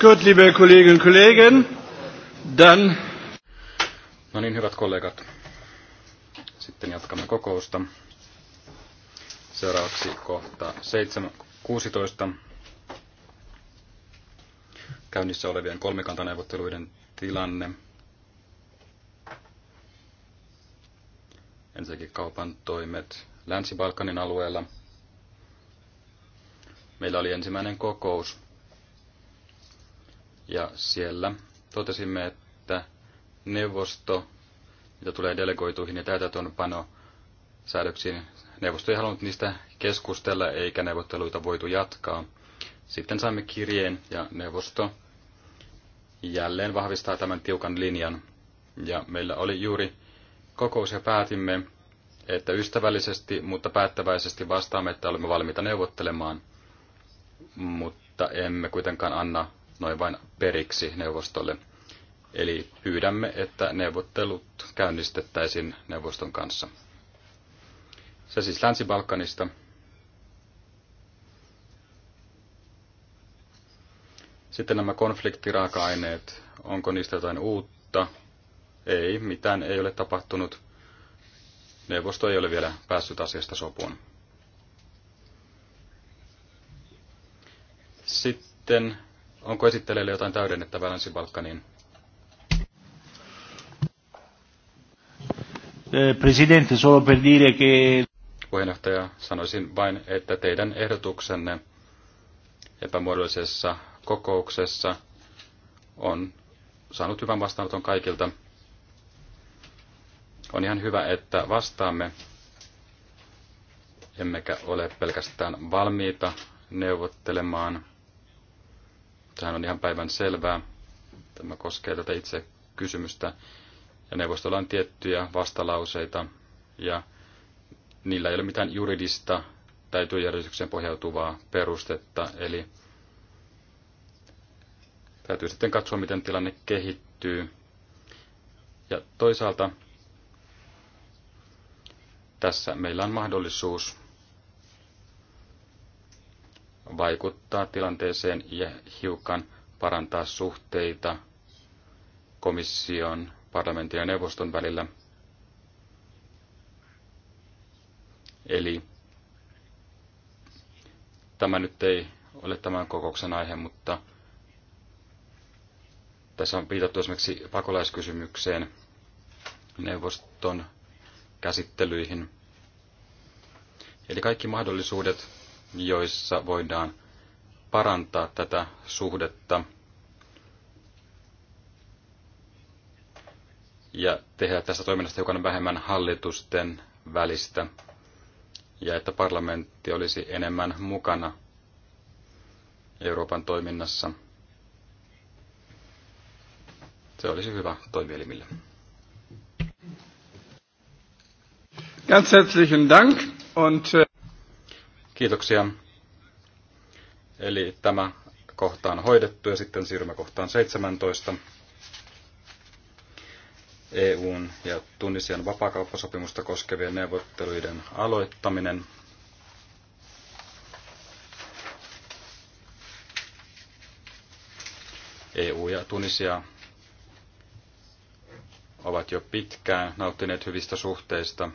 Gut, liebe Kolleginnen und Kollegen, dann... No niin, hyvät kollegat. Sitten jatkamme kokousta. Seuraavaksi kohta 7.16. Käynnissä olevien kolmikantaneuvotteluiden tilanne. Ensinnäkin kaupan toimet Länsi-Balkanin alueella. Meillä oli ensimmäinen kokous ja siellä totesimme, että neuvosto, mitä tulee delegoituihin ja täytäntöönpano säädöksiin, neuvosto ei halunnut niistä keskustella eikä neuvotteluita voitu jatkaa. Sitten saimme kirjeen ja neuvosto jälleen vahvistaa tämän tiukan linjan. Ja meillä oli juuri kokous ja päätimme, että ystävällisesti, mutta päättäväisesti vastaamme, että olemme valmiita neuvottelemaan, mutta emme kuitenkaan anna noin vain periksi neuvostolle. Eli pyydämme, että neuvottelut käynnistettäisiin neuvoston kanssa. Se siis Länsi-Balkanista. Sitten nämä konfliktiraaka-aineet, onko niistä jotain uutta? Ei, mitään ei ole tapahtunut. Neuvosto ei ole vielä päässyt asiasta sopuun. Sitten Onko esittelijälle jotain täydennettävää Länsi-Balkaniin? Eh, Presidente, solo per dire che... Puheenjohtaja, sanoisin vain, että teidän ehdotuksenne epämuodollisessa kokouksessa on saanut hyvän vastaanoton kaikilta. On ihan hyvä, että vastaamme, emmekä ole pelkästään valmiita neuvottelemaan – Tähän on ihan päivän selvää. Tämä koskee tätä itse kysymystä. Ja neuvostolla on tiettyjä vastalauseita ja niillä ei ole mitään juridista tai työjärjestykseen pohjautuvaa perustetta. Eli täytyy sitten katsoa, miten tilanne kehittyy. Ja toisaalta tässä meillä on mahdollisuus vaikuttaa tilanteeseen ja hiukan parantaa suhteita komission, parlamentin ja neuvoston välillä. Eli tämä nyt ei ole tämän kokouksen aihe, mutta tässä on viitattu esimerkiksi pakolaiskysymykseen, neuvoston käsittelyihin. Eli kaikki mahdollisuudet joissa voidaan parantaa tätä suhdetta ja tehdä tästä toiminnasta hiukan vähemmän hallitusten välistä ja että parlamentti olisi enemmän mukana Euroopan toiminnassa. Se olisi hyvä toimielimille. Ganz herzlichen Dank und äh, Kiitoksia. Eli tämä kohta on hoidettu ja sitten siirrymme kohtaan 17. EUn ja Tunisian vapaakauppasopimusta koskevien neuvotteluiden aloittaminen. EU ja Tunisia ovat jo pitkään nauttineet hyvistä suhteista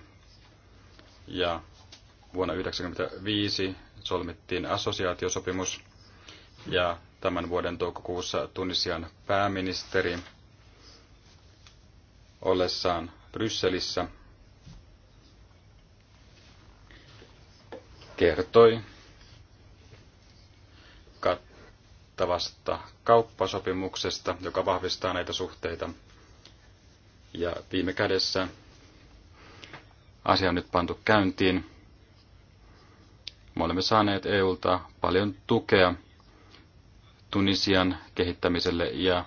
ja vuonna 1995 solmittiin assosiaatiosopimus ja tämän vuoden toukokuussa Tunisian pääministeri ollessaan Brysselissä kertoi kattavasta kauppasopimuksesta, joka vahvistaa näitä suhteita. Ja viime kädessä asia on nyt pantu käyntiin. Me olemme saaneet EUlta paljon tukea Tunisian kehittämiselle ja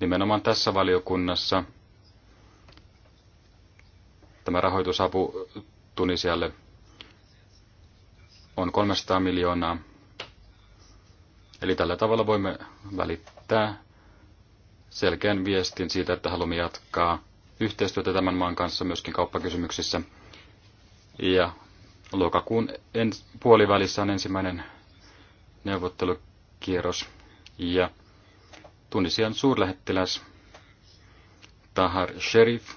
nimenomaan tässä valiokunnassa tämä rahoitusapu Tunisialle on 300 miljoonaa. Eli tällä tavalla voimme välittää selkeän viestin siitä, että haluamme jatkaa yhteistyötä tämän maan kanssa myöskin kauppakysymyksissä. Ja Lokakuun ens, puolivälissä on ensimmäinen neuvottelukierros ja Tunisian suurlähettiläs Tahar Sherif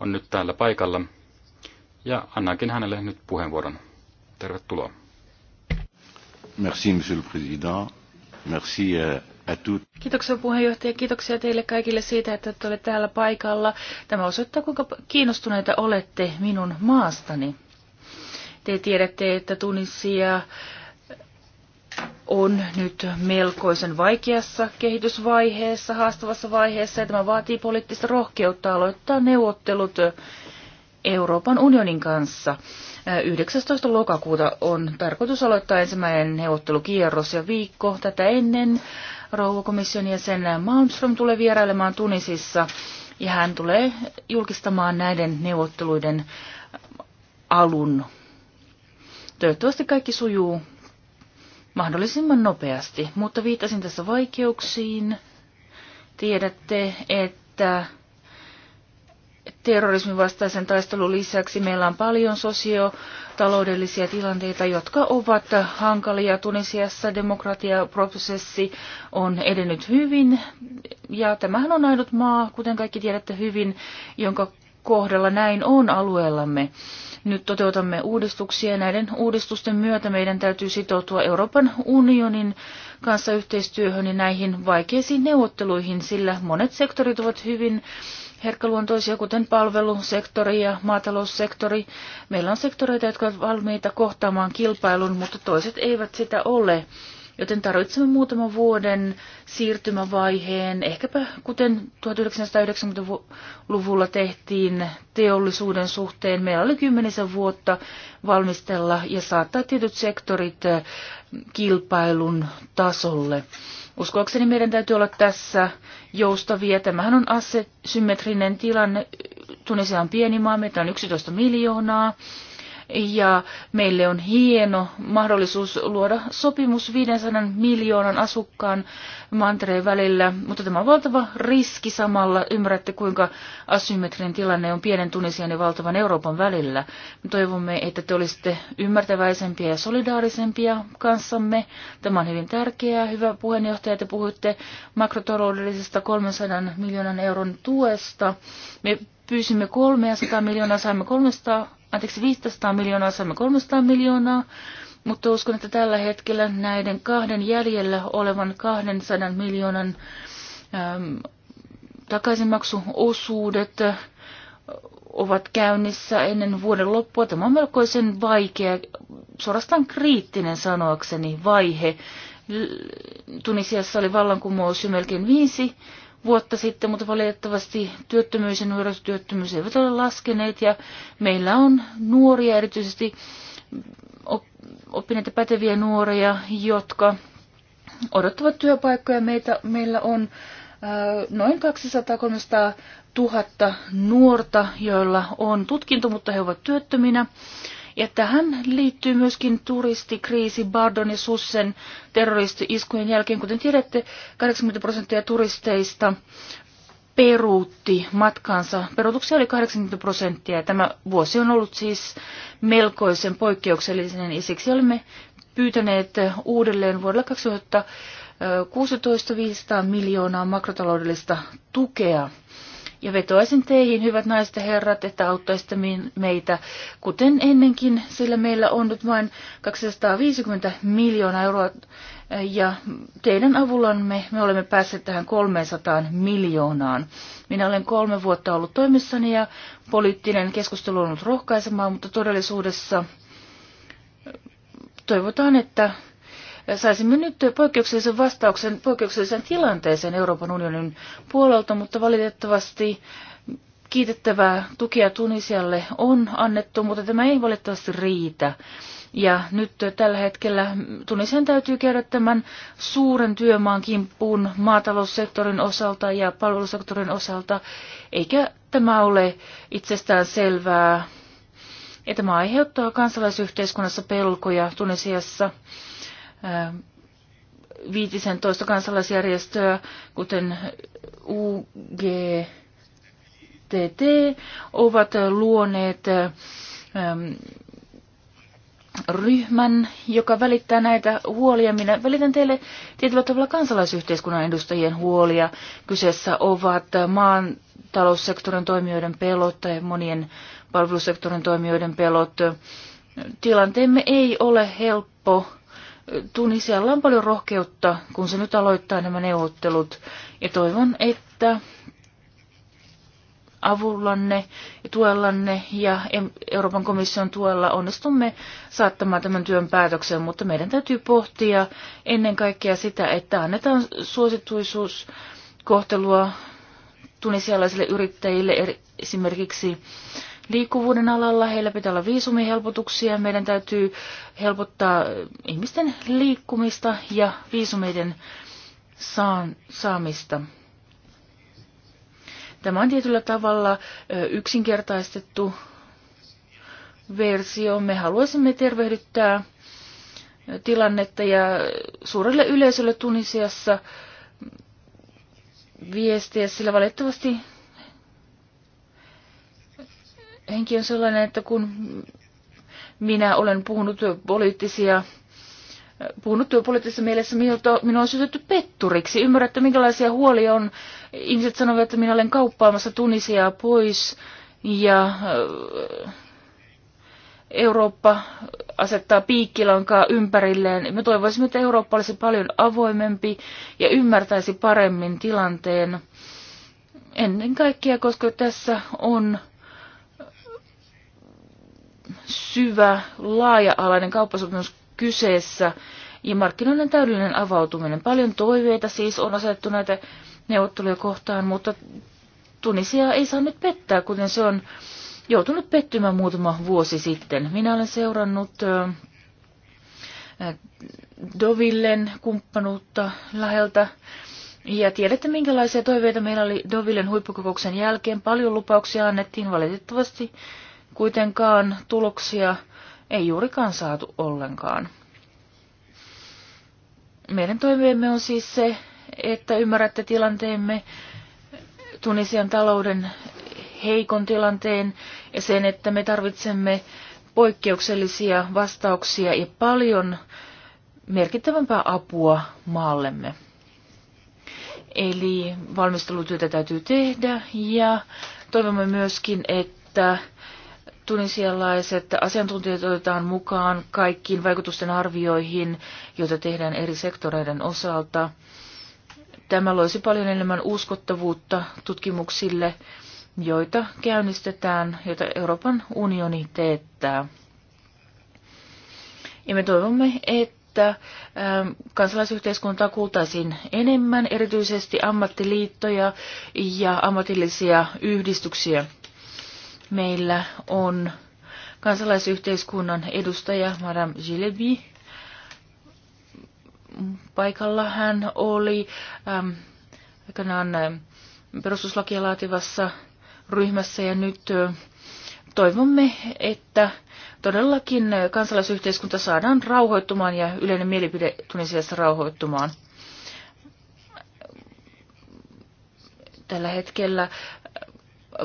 on nyt täällä paikalla ja annankin hänelle nyt puheenvuoron. Tervetuloa. Merci, monsieur le président. Merci eh, à tout. Kiitoksia puheenjohtaja. Kiitoksia teille kaikille siitä, että olette täällä paikalla. Tämä osoittaa, kuinka kiinnostuneita olette minun maastani. Te tiedätte, että Tunisia on nyt melkoisen vaikeassa kehitysvaiheessa, haastavassa vaiheessa, ja tämä vaatii poliittista rohkeutta aloittaa neuvottelut Euroopan unionin kanssa. 19. lokakuuta on tarkoitus aloittaa ensimmäinen neuvottelukierros ja viikko tätä ennen. komission jäsen Malmström tulee vierailemaan Tunisissa ja hän tulee julkistamaan näiden neuvotteluiden alun Toivottavasti kaikki sujuu mahdollisimman nopeasti, mutta viittasin tässä vaikeuksiin. Tiedätte, että terrorismin vastaisen taistelun lisäksi meillä on paljon sosiotaloudellisia tilanteita, jotka ovat hankalia. Tunisiassa demokratiaprosessi on edennyt hyvin ja tämähän on ainut maa, kuten kaikki tiedätte hyvin, jonka kohdalla näin on alueellamme. Nyt toteutamme uudistuksia ja näiden uudistusten myötä meidän täytyy sitoutua Euroopan unionin kanssa yhteistyöhön ja näihin vaikeisiin neuvotteluihin, sillä monet sektorit ovat hyvin herkkäluontoisia, kuten palvelusektori ja maataloussektori. Meillä on sektoreita, jotka ovat valmiita kohtaamaan kilpailun, mutta toiset eivät sitä ole joten tarvitsemme muutaman vuoden siirtymävaiheen, ehkäpä kuten 1990-luvulla tehtiin teollisuuden suhteen. Meillä oli kymmenisen vuotta valmistella ja saattaa tietyt sektorit eh, kilpailun tasolle. Uskoakseni meidän täytyy olla tässä joustavia. Tämähän on asymmetrinen tilanne. Tunisia on pieni maa, meitä on 11 miljoonaa ja meille on hieno mahdollisuus luoda sopimus 500 miljoonan asukkaan mantereen välillä, mutta tämä on valtava riski samalla. Ymmärrätte, kuinka asymmetrinen tilanne on pienen Tunisian ja valtavan Euroopan välillä. Me toivomme, että te olisitte ymmärtäväisempiä ja solidaarisempia kanssamme. Tämä on hyvin tärkeää. Hyvä puheenjohtaja, te puhuitte makrotaloudellisesta 300 miljoonan euron tuesta. Me pyysimme 300 miljoonaa, saimme 300 anteeksi, 500 miljoonaa, saamme 300 miljoonaa, mutta uskon, että tällä hetkellä näiden kahden jäljellä olevan 200 miljoonan äm, takaisinmaksuosuudet äh, ovat käynnissä ennen vuoden loppua. Tämä on melkoisen vaikea, suorastaan kriittinen sanoakseni vaihe. Tunisiassa oli vallankumous jo melkein viisi vuotta sitten, mutta valitettavasti työttömyys ja nuorisotyöttömyys eivät ole laskeneet ja meillä on nuoria, erityisesti oppineita päteviä nuoria, jotka odottavat työpaikkoja. Meitä, meillä on äh, noin 200-300 000 nuorta, joilla on tutkinto, mutta he ovat työttöminä. Ja tähän liittyy myöskin turistikriisi Bardon ja Sussen terroristi-iskujen jälkeen. Kuten tiedätte, 80 prosenttia turisteista peruutti matkansa. Peruutuksia oli 80 prosenttia. Tämä vuosi on ollut siis melkoisen poikkeuksellinen ja siksi olemme pyytäneet uudelleen vuodelle 2016 500 miljoonaa makrotaloudellista tukea. Ja vetoaisin teihin, hyvät naiset ja herrat, että auttaisitte meitä, kuten ennenkin, sillä meillä on nyt vain 250 miljoonaa euroa eh, ja teidän avullanne me olemme päässeet tähän 300 miljoonaan. Minä olen kolme vuotta ollut toimissani ja poliittinen keskustelu on ollut rohkaisemaan, mutta todellisuudessa toivotaan, että saisimme nyt poikkeuksellisen vastauksen poikkeuksellisen tilanteeseen Euroopan unionin puolelta, mutta valitettavasti kiitettävää tukea Tunisialle on annettu, mutta tämä ei valitettavasti riitä. Ja nyt tällä hetkellä Tunisian täytyy käydä tämän suuren työmaan kimppuun maataloussektorin osalta ja palvelusektorin osalta, eikä tämä ole itsestään selvää. Ja tämä aiheuttaa kansalaisyhteiskunnassa pelkoja Tunisiassa. Viitisen toista kansalaisjärjestöä, kuten UGTT, ovat luoneet ähm, ryhmän, joka välittää näitä huolia. Minä välitän teille tietyllä tavalla kansalaisyhteiskunnan edustajien huolia. Kyseessä ovat maan taloussektorin toimijoiden pelot tai monien palvelusektorin toimijoiden pelot. Tilanteemme ei ole helppo Tunisialla on paljon rohkeutta, kun se nyt aloittaa nämä neuvottelut. Ja toivon, että avullanne ja tuellanne ja Euroopan komission tuella onnistumme saattamaan tämän työn päätökseen, mutta meidän täytyy pohtia ennen kaikkea sitä, että annetaan kohtelua tunisialaisille yrittäjille esimerkiksi liikkuvuuden alalla. Heillä pitää olla viisumihelpotuksia. Meidän täytyy helpottaa ihmisten liikkumista ja viisumeiden saamista. Tämä on tietyllä tavalla yksinkertaistettu versio. Me haluaisimme tervehdyttää tilannetta ja suurelle yleisölle Tunisiassa viestiä, sillä valitettavasti henki on sellainen, että kun minä olen puhunut poliittisia puhunut työpoliittisessa mielessä, minulta, minua on syytetty petturiksi. Ymmärrätte, minkälaisia huolia on. Ihmiset sanovat, että minä olen kauppaamassa Tunisiaa pois ja äh, Eurooppa asettaa piikkilankaa ympärilleen. Me toivoisimme, että Eurooppa olisi paljon avoimempi ja ymmärtäisi paremmin tilanteen. Ennen kaikkea, koska tässä on syvä, laaja-alainen kauppasopimus kyseessä ja markkinoiden täydellinen avautuminen. Paljon toiveita siis on asetettu näitä neuvotteluja kohtaan, mutta Tunisia ei saa nyt pettää, kuten se on joutunut pettymään muutama vuosi sitten. Minä olen seurannut Dovillen kumppanuutta läheltä. Ja tiedätte, minkälaisia toiveita meillä oli Dovillen huippukokouksen jälkeen. Paljon lupauksia annettiin, valitettavasti Kuitenkaan tuloksia ei juurikaan saatu ollenkaan. Meidän toiveemme on siis se, että ymmärrätte tilanteemme, Tunisian talouden heikon tilanteen ja sen, että me tarvitsemme poikkeuksellisia vastauksia ja paljon merkittävämpää apua maallemme. Eli valmistelutyötä täytyy tehdä ja toivomme myöskin, että tunisialaiset asiantuntijat otetaan mukaan kaikkiin vaikutusten arvioihin, joita tehdään eri sektoreiden osalta. Tämä loisi paljon enemmän uskottavuutta tutkimuksille, joita käynnistetään, joita Euroopan unioni teettää. Ja me toivomme, että ähm, kansalaisyhteiskuntaa kuultaisiin enemmän, erityisesti ammattiliittoja ja ammatillisia yhdistyksiä. Meillä on kansalaisyhteiskunnan edustaja Madame Gilebi paikalla. Hän oli ähm, aikanaan ähm, perustuslakia laativassa ryhmässä ja nyt ä, äh, toivomme, että todellakin kansalaisyhteiskunta saadaan rauhoittumaan ja yleinen mielipide Tunisiassa rauhoittumaan. Tällä hetkellä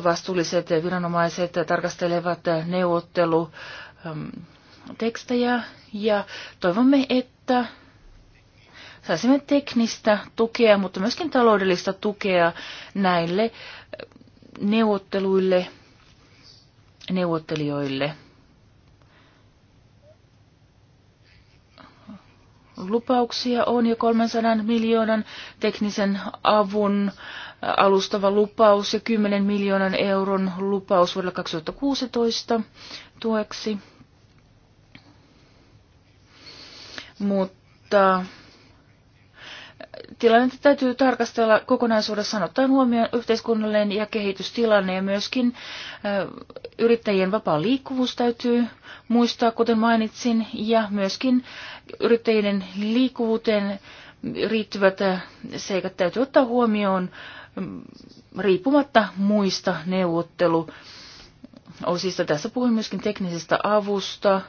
vastuulliset viranomaiset tarkastelevat neuvottelutekstejä ähm, ja toivomme, että saisimme teknistä tukea, mutta myöskin taloudellista tukea näille äh, neuvotteluille, neuvottelijoille. Lupauksia on jo 300 miljoonan teknisen avun äh, alustava lupaus ja 10 miljoonan euron lupaus vuodelle 2016 tueksi. Mutta äh, tilannetta täytyy tarkastella kokonaisuudessaan ottaen huomioon yhteiskunnallinen ja kehitystilanne ja myöskin äh, yrittäjien vapaa liikkuvuus täytyy muistaa, kuten mainitsin, ja myöskin yrittäjien liikkuvuuteen riittyvät äh, seikat täytyy ottaa huomioon riippumatta muista neuvotteluosista. Tässä puhuin myöskin teknisestä avusta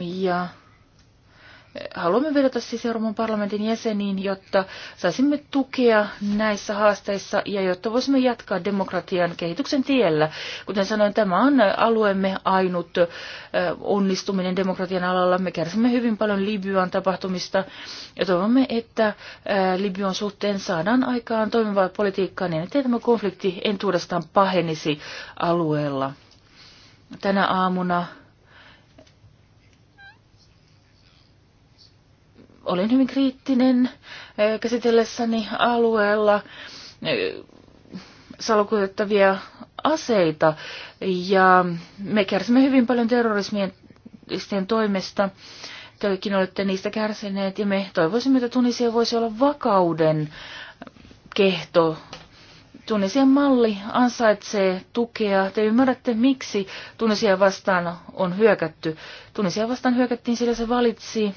ja haluamme vedota siis Euroopan parlamentin jäseniin, jotta saisimme tukea näissä haasteissa ja jotta voisimme jatkaa demokratian kehityksen tiellä. Kuten sanoin, tämä on alueemme ainut onnistuminen demokratian alalla. Me kärsimme hyvin paljon Libyan tapahtumista ja toivomme, että Libyan suhteen saadaan aikaan toimivaa politiikkaa niin, että tämä konflikti entuudestaan pahenisi alueella. Tänä aamuna Olin hyvin kriittinen käsitellessäni alueella salakuljettavia aseita ja me kärsimme hyvin paljon terrorismien toimesta. Tekin olette niistä kärsineet ja me toivoisimme, että Tunisia voisi olla vakauden kehto. Tunisian malli ansaitsee tukea. Te ymmärrätte, miksi Tunisia vastaan on hyökätty. Tunisia vastaan hyökättiin, sillä se valitsi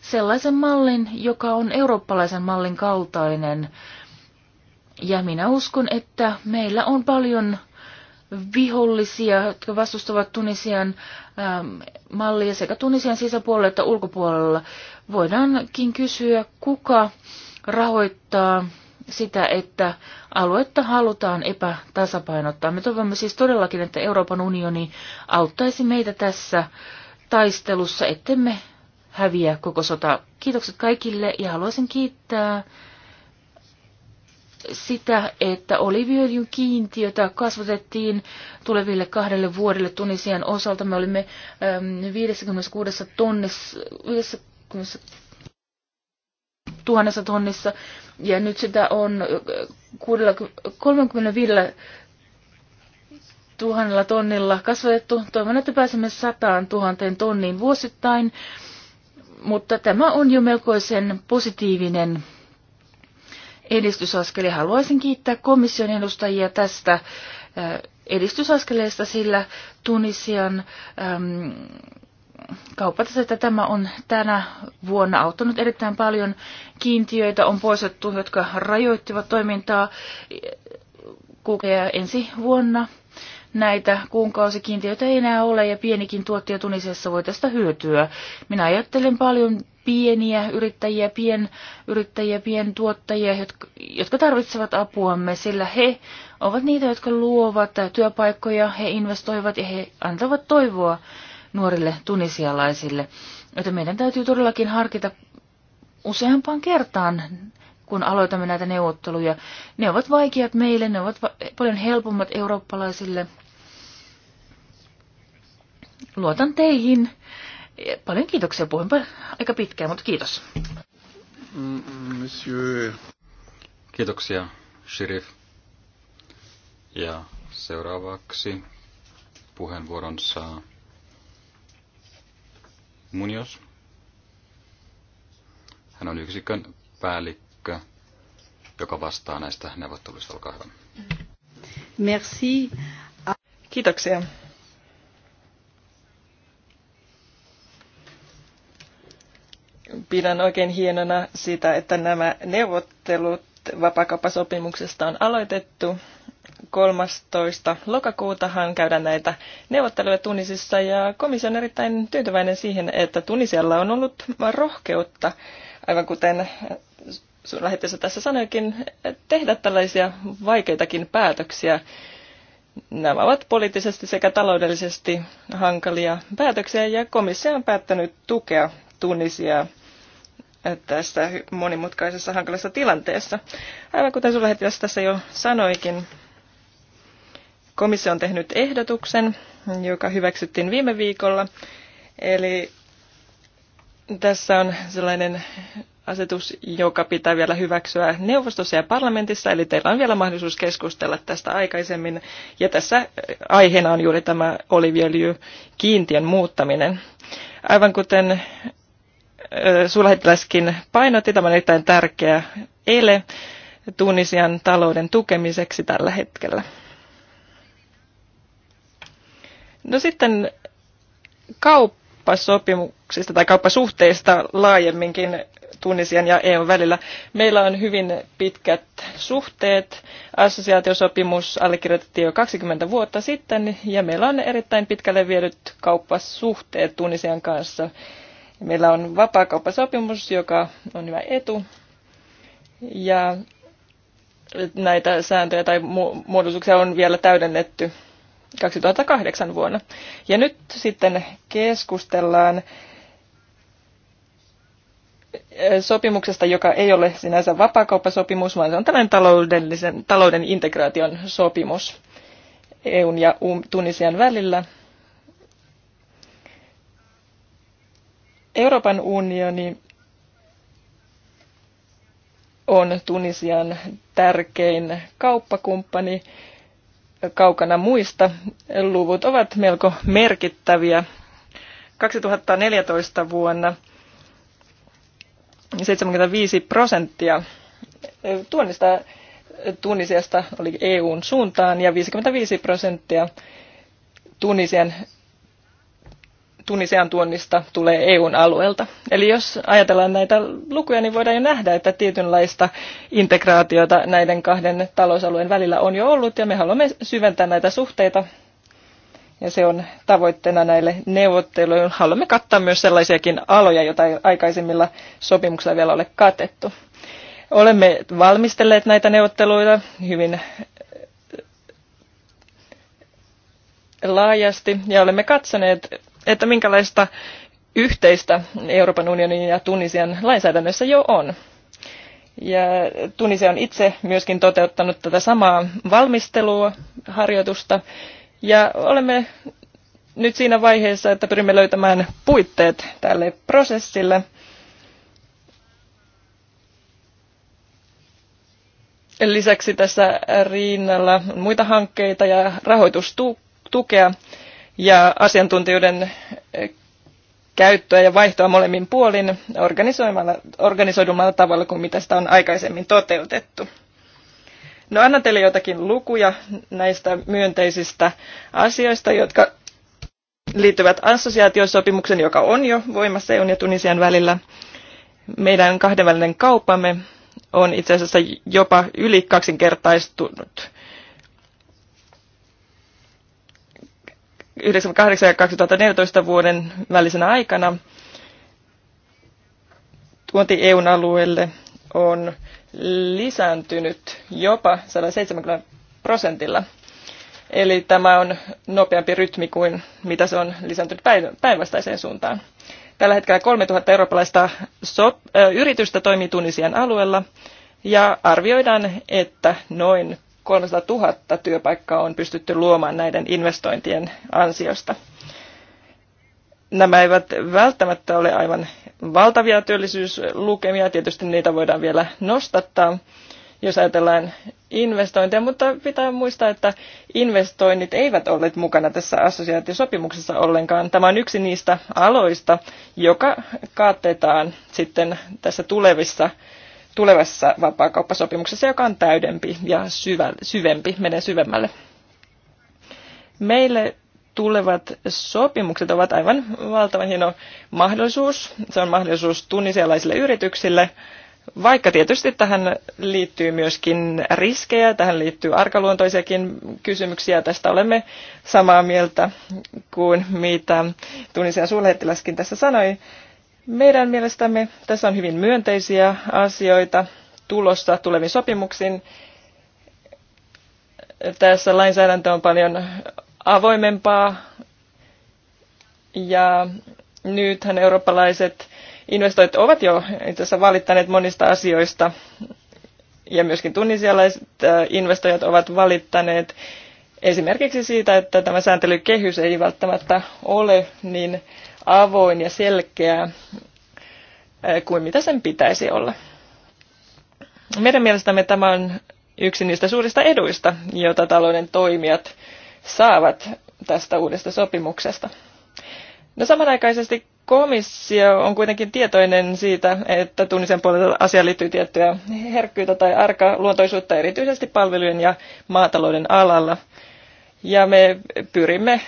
sellaisen mallin, joka on eurooppalaisen mallin kaltainen. Ja minä uskon, että meillä on paljon vihollisia, jotka vastustavat Tunisian ähm, mallia sekä Tunisian sisäpuolella että ulkopuolella. Voidaankin kysyä, kuka rahoittaa sitä, että aluetta halutaan epätasapainottaa. Me toivomme siis todellakin, että Euroopan unioni auttaisi meitä tässä taistelussa, ettemme häviä koko sota. Kiitokset kaikille ja haluaisin kiittää sitä, että oliviöljyn kiintiötä kasvatettiin tuleville kahdelle vuodelle Tunisian osalta. Me olimme 56 tonnissa, 50 tuhannessa tonnissa ja nyt sitä on 35 äh, tuhannella tonnilla kasvatettu. Toivon, että pääsemme sataan tuhanteen tonniin vuosittain mutta tämä on jo melkoisen positiivinen edistysaskel haluaisin kiittää komission edustajia tästä äh, edistysaskeleesta, sillä Tunisian äm, että tämä on tänä vuonna auttanut erittäin paljon. Kiintiöitä on poistettu, jotka rajoittivat toimintaa äh, kukea ensi vuonna näitä kuukausikiintiöitä ei enää ole ja pienikin tuottaja Tunisessa voi tästä hyötyä. Minä ajattelen paljon pieniä yrittäjiä, pienyrittäjiä, pientuottajia, jotka, jotka tarvitsevat apuamme, sillä he ovat niitä, jotka luovat työpaikkoja, he investoivat ja he antavat toivoa nuorille tunisialaisille. Joten meidän täytyy todellakin harkita useampaan kertaan kun aloitamme näitä neuvotteluja. Ne ovat vaikeat meille, ne ovat paljon helpommat eurooppalaisille luotan teihin. Paljon kiitoksia. Puhuinpa aika pitkään, mutta kiitos. Monsieur. Kiitoksia, Shirif. Ja seuraavaksi puheenvuoron saa Munios. Hän on yksikön päällikkö, joka vastaa näistä neuvotteluista. Olkaa hyvä. Merci. Kiitoksia. pidän oikein hienona sitä, että nämä neuvottelut vapakauppasopimuksesta on aloitettu. 13. lokakuutahan käydään näitä neuvotteluja Tunisissa ja komissio on erittäin tyytyväinen siihen, että Tunisialla on ollut rohkeutta, aivan kuten sun lähetessä tässä sanoikin, tehdä tällaisia vaikeitakin päätöksiä. Nämä ovat poliittisesti sekä taloudellisesti hankalia päätöksiä ja komissio on päättänyt tukea Tunisiaa tässä monimutkaisessa hankalassa tilanteessa. Aivan kuten suurlähettiläs tässä jo sanoikin, komissio on tehnyt ehdotuksen, joka hyväksyttiin viime viikolla. Eli tässä on sellainen asetus, joka pitää vielä hyväksyä neuvostossa ja parlamentissa, eli teillä on vielä mahdollisuus keskustella tästä aikaisemmin. Ja tässä äh, aiheena on juuri tämä oliviöljy kiintiön muuttaminen. Aivan kuten suurlähettiläskin painotti, tämä on erittäin tärkeä ele Tunisian talouden tukemiseksi tällä hetkellä. No sitten kauppasopimuksista tai kauppasuhteista laajemminkin Tunisian ja EUn välillä. Meillä on hyvin pitkät suhteet. Assosiaatiosopimus allekirjoitettiin jo 20 vuotta sitten ja meillä on erittäin pitkälle viedyt kauppasuhteet Tunisian kanssa. Meillä on vapaakauppasopimus, joka on hyvä etu. Ja näitä sääntöjä tai muodostuksia on vielä täydennetty 2008 vuonna. Ja nyt sitten keskustellaan eh, sopimuksesta, joka ei ole sinänsä vapaakauppasopimus, vaan se on tällainen taloudellisen, talouden integraation sopimus EUn ja Tunisian välillä – Euroopan unioni on Tunisian tärkein kauppakumppani kaukana muista. Luvut ovat melko merkittäviä. 2014 vuonna 75 prosenttia tuonnista Tunisiasta oli EUn suuntaan ja 55 prosenttia Tunisian Tunisian tuonnista tulee EUn alueelta. Eli jos ajatellaan näitä lukuja, niin voidaan jo nähdä, että tietynlaista integraatiota näiden kahden talousalueen välillä on jo ollut, ja me haluamme syventää näitä suhteita, ja se on tavoitteena näille neuvotteluille. Haluamme kattaa myös sellaisiakin aloja, joita ei aikaisemmilla sopimuksilla vielä ole katettu. Olemme valmistelleet näitä neuvotteluita hyvin äh, laajasti ja olemme katsoneet että minkälaista yhteistä Euroopan unionin ja Tunisian lainsäädännössä jo on. Ja Tunisia on itse myöskin toteuttanut tätä samaa valmistelua, harjoitusta, ja olemme nyt siinä vaiheessa, että pyrimme löytämään puitteet tälle prosessille. Lisäksi tässä rinnalla on muita hankkeita ja rahoitustukea ja asiantuntijoiden eh, käyttöä ja vaihtoa molemmin puolin organisoimalla, organisoidummalla tavalla kuin mitä sitä on aikaisemmin toteutettu. No annan teille jotakin lukuja näistä myönteisistä asioista, jotka liittyvät assosiaatiosopimuksen, joka on jo voimassa EUn ja Tunisian välillä. Meidän kahdenvälinen kauppamme on itse asiassa jopa yli kaksinkertaistunut 1998 ja 2014 vuoden välisenä aikana tuonti EUn alueelle on lisääntynyt jopa 170 prosentilla. Eli tämä on nopeampi rytmi kuin mitä se on lisääntynyt päinvastaiseen suuntaan. Tällä hetkellä 3000 eurooppalaista sop- yritystä toimii Tunisian alueella ja arvioidaan, että noin 300 000 työpaikkaa on pystytty luomaan näiden investointien ansiosta. Nämä eivät välttämättä ole aivan valtavia työllisyyslukemia, tietysti niitä voidaan vielä nostattaa, jos ajatellaan investointeja, mutta pitää muistaa, että investoinnit eivät olleet mukana tässä assosiaatiosopimuksessa ollenkaan. Tämä on yksi niistä aloista, joka kaatetaan sitten tässä tulevissa tulevassa vapaakauppasopimuksessa, joka on täydempi ja syvä, syvempi, menee syvemmälle. Meille tulevat sopimukset ovat aivan valtavan hieno mahdollisuus. Se on mahdollisuus tunnisialaisille yrityksille, vaikka tietysti tähän liittyy myöskin riskejä, tähän liittyy arkaluontoisiakin kysymyksiä, tästä olemme samaa mieltä kuin mitä Tunisian suurlähettiläskin tässä sanoi, meidän mielestämme tässä on hyvin myönteisiä asioita tulossa tuleviin sopimuksiin. Tässä lainsäädäntö on paljon avoimempaa ja nythän eurooppalaiset investoijat ovat jo itse asiassa valittaneet monista asioista ja myöskin tunnisialaiset äh, investoijat ovat valittaneet esimerkiksi siitä, että tämä sääntelykehys ei välttämättä ole niin avoin ja selkeä kuin mitä sen pitäisi olla. Meidän mielestämme tämä on yksi niistä suurista eduista, joita talouden toimijat saavat tästä uudesta sopimuksesta. No samanaikaisesti komissio on kuitenkin tietoinen siitä, että tunnisen puolella asiaan liittyy tiettyä herkkyyttä tai luontoisuutta erityisesti palvelujen ja maatalouden alalla. Ja me pyrimme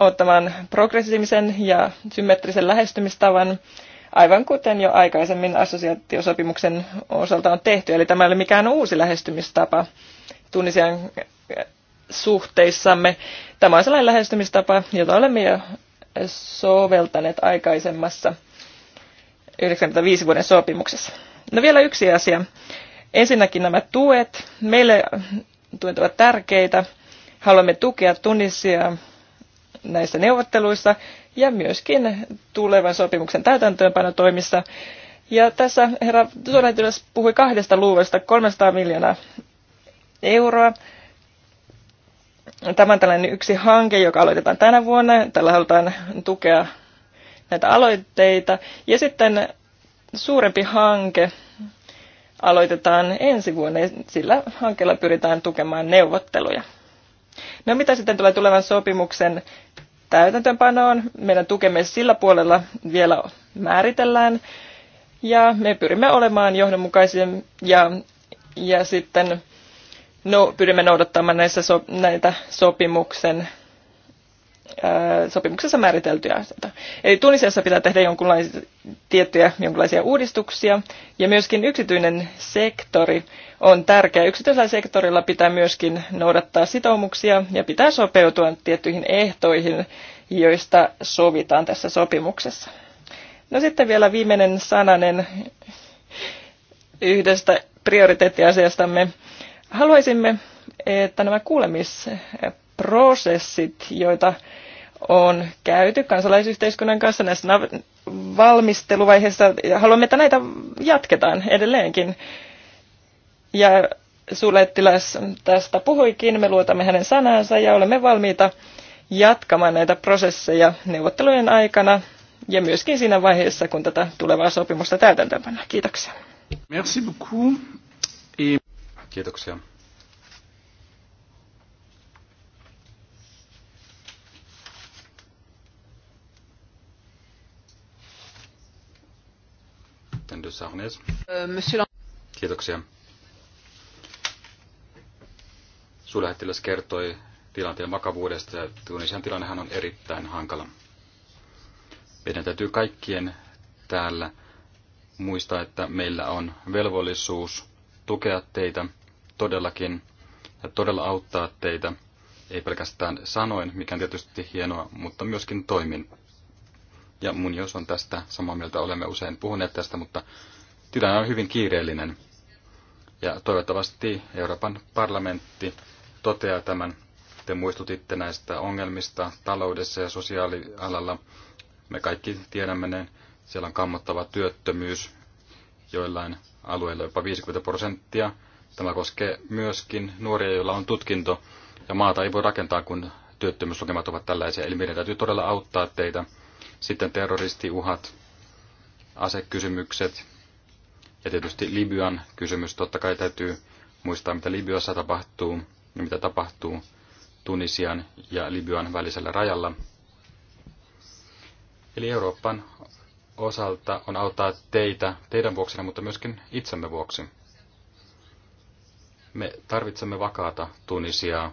ottamaan progressiivisen ja symmetrisen lähestymistavan, aivan kuten jo aikaisemmin assosiaatiosopimuksen osalta on tehty. Eli tämä ei ole mikään uusi lähestymistapa Tunisian äh, suhteissamme. Tämä on sellainen lähestymistapa, jota olemme jo soveltaneet aikaisemmassa 95 vuoden sopimuksessa. No vielä yksi asia. Ensinnäkin nämä tuet. Meille tuet ovat tärkeitä. Haluamme tukea Tunisia näissä neuvotteluissa ja myöskin tulevan sopimuksen täytäntöönpanotoimissa. Ja tässä herra suurlähettiläs puhui kahdesta luvusta, 300 miljoonaa euroa. Tämä on tällainen yksi hanke, joka aloitetaan tänä vuonna. Tällä halutaan tukea näitä aloitteita. Ja sitten suurempi hanke aloitetaan ensi vuonna. Sillä hankkeella pyritään tukemaan neuvotteluja. No mitä sitten tulee tulevan sopimuksen täytäntöönpanoon? Meidän tukemme sillä puolella vielä määritellään ja me pyrimme olemaan johdonmukaisia ja, ja sitten no, pyrimme noudattamaan näissä so, näitä sopimuksen sopimuksessa määriteltyjä asioita. Eli Tunisiassa pitää tehdä jonkinlaisia, tiettyjä jonkinlaisia uudistuksia, ja myöskin yksityinen sektori on tärkeä. Yksityisellä sektorilla pitää myöskin noudattaa sitoumuksia ja pitää sopeutua tiettyihin ehtoihin, joista sovitaan tässä sopimuksessa. No sitten vielä viimeinen sananen yhdestä prioriteettiasiastamme. Haluaisimme, että nämä kuulemis prosessit, joita on käyty kansalaisyhteiskunnan kanssa näissä valmisteluvaiheissa. Haluamme, että näitä jatketaan edelleenkin. Ja sulettilas tästä puhuikin, me luotamme hänen sanansa ja olemme valmiita jatkamaan näitä prosesseja neuvottelujen aikana ja myöskin siinä vaiheessa, kun tätä tulevaa sopimusta täytäntöönpannaan. Kiitoksia. Merci beaucoup. Kiitoksia. Euh, sitten Kiitoksia. Suurlähettiläs kertoi tilanteen vakavuudesta ja Tunisian tilannehan on erittäin hankala. Meidän täytyy kaikkien täällä muistaa, että meillä on velvollisuus tukea teitä todellakin ja todella auttaa teitä, ei pelkästään sanoin, mikä on tietysti hienoa, mutta myöskin toimin ja jos on tästä samaa mieltä, olemme usein puhuneet tästä, mutta tilanne on hyvin kiireellinen. Ja toivottavasti Euroopan parlamentti toteaa tämän. Te muistutitte näistä ongelmista taloudessa ja sosiaalialalla. Me kaikki tiedämme ne. Siellä on kammottava työttömyys joillain alueilla jopa 50 prosenttia. Tämä koskee myöskin nuoria, joilla on tutkinto. Ja maata ei voi rakentaa, kun työttömyyslukemat ovat tällaisia. Eli meidän täytyy todella auttaa teitä sitten terroristiuhat, asekysymykset ja tietysti Libyan kysymys. Totta kai täytyy muistaa, mitä Libyassa tapahtuu ja mitä tapahtuu Tunisian ja Libyan välisellä rajalla. Eli Euroopan osalta on auttaa teitä, teidän vuoksi, mutta myöskin itsemme vuoksi. Me tarvitsemme vakaata Tunisiaa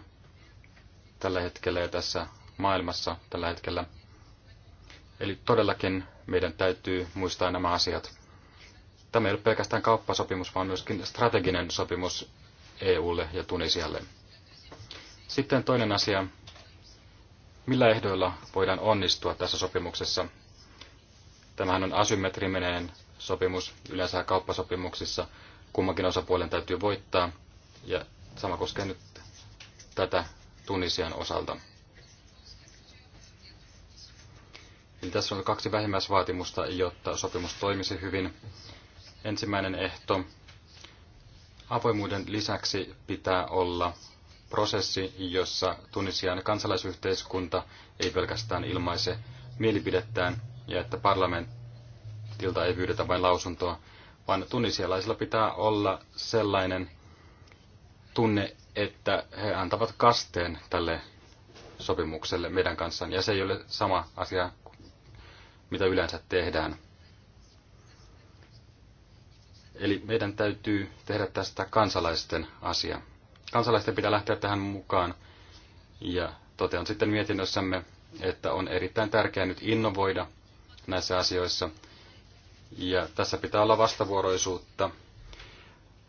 tällä hetkellä ja tässä maailmassa tällä hetkellä – Eli todellakin meidän täytyy muistaa nämä asiat. Tämä ei ole pelkästään kauppasopimus, vaan myöskin strateginen sopimus EUlle ja Tunisialle. Sitten toinen asia. Millä ehdoilla voidaan onnistua tässä sopimuksessa? Tämähän on asymmetriminen sopimus. Yleensä kauppasopimuksissa kummankin osapuolen täytyy voittaa. Ja sama koskee nyt tätä Tunisian osalta. Eli niin tässä on kaksi vähimmäisvaatimusta, jotta sopimus toimisi hyvin. Ensimmäinen ehto. Avoimuuden lisäksi pitää olla prosessi, jossa Tunisian kansalaisyhteiskunta ei pelkästään ilmaise mielipidettään ja että parlamentilta ei pyydetä vain lausuntoa, vaan tunisialaisilla pitää olla sellainen tunne, että he antavat kasteen tälle sopimukselle meidän kanssaan. Ja se ei ole sama asia mitä yleensä tehdään. Eli meidän täytyy tehdä tästä kansalaisten asia. Kansalaisten pitää lähteä tähän mukaan ja totean sitten mietinnössämme, että on erittäin tärkeää nyt innovoida näissä asioissa. Ja tässä pitää olla vastavuoroisuutta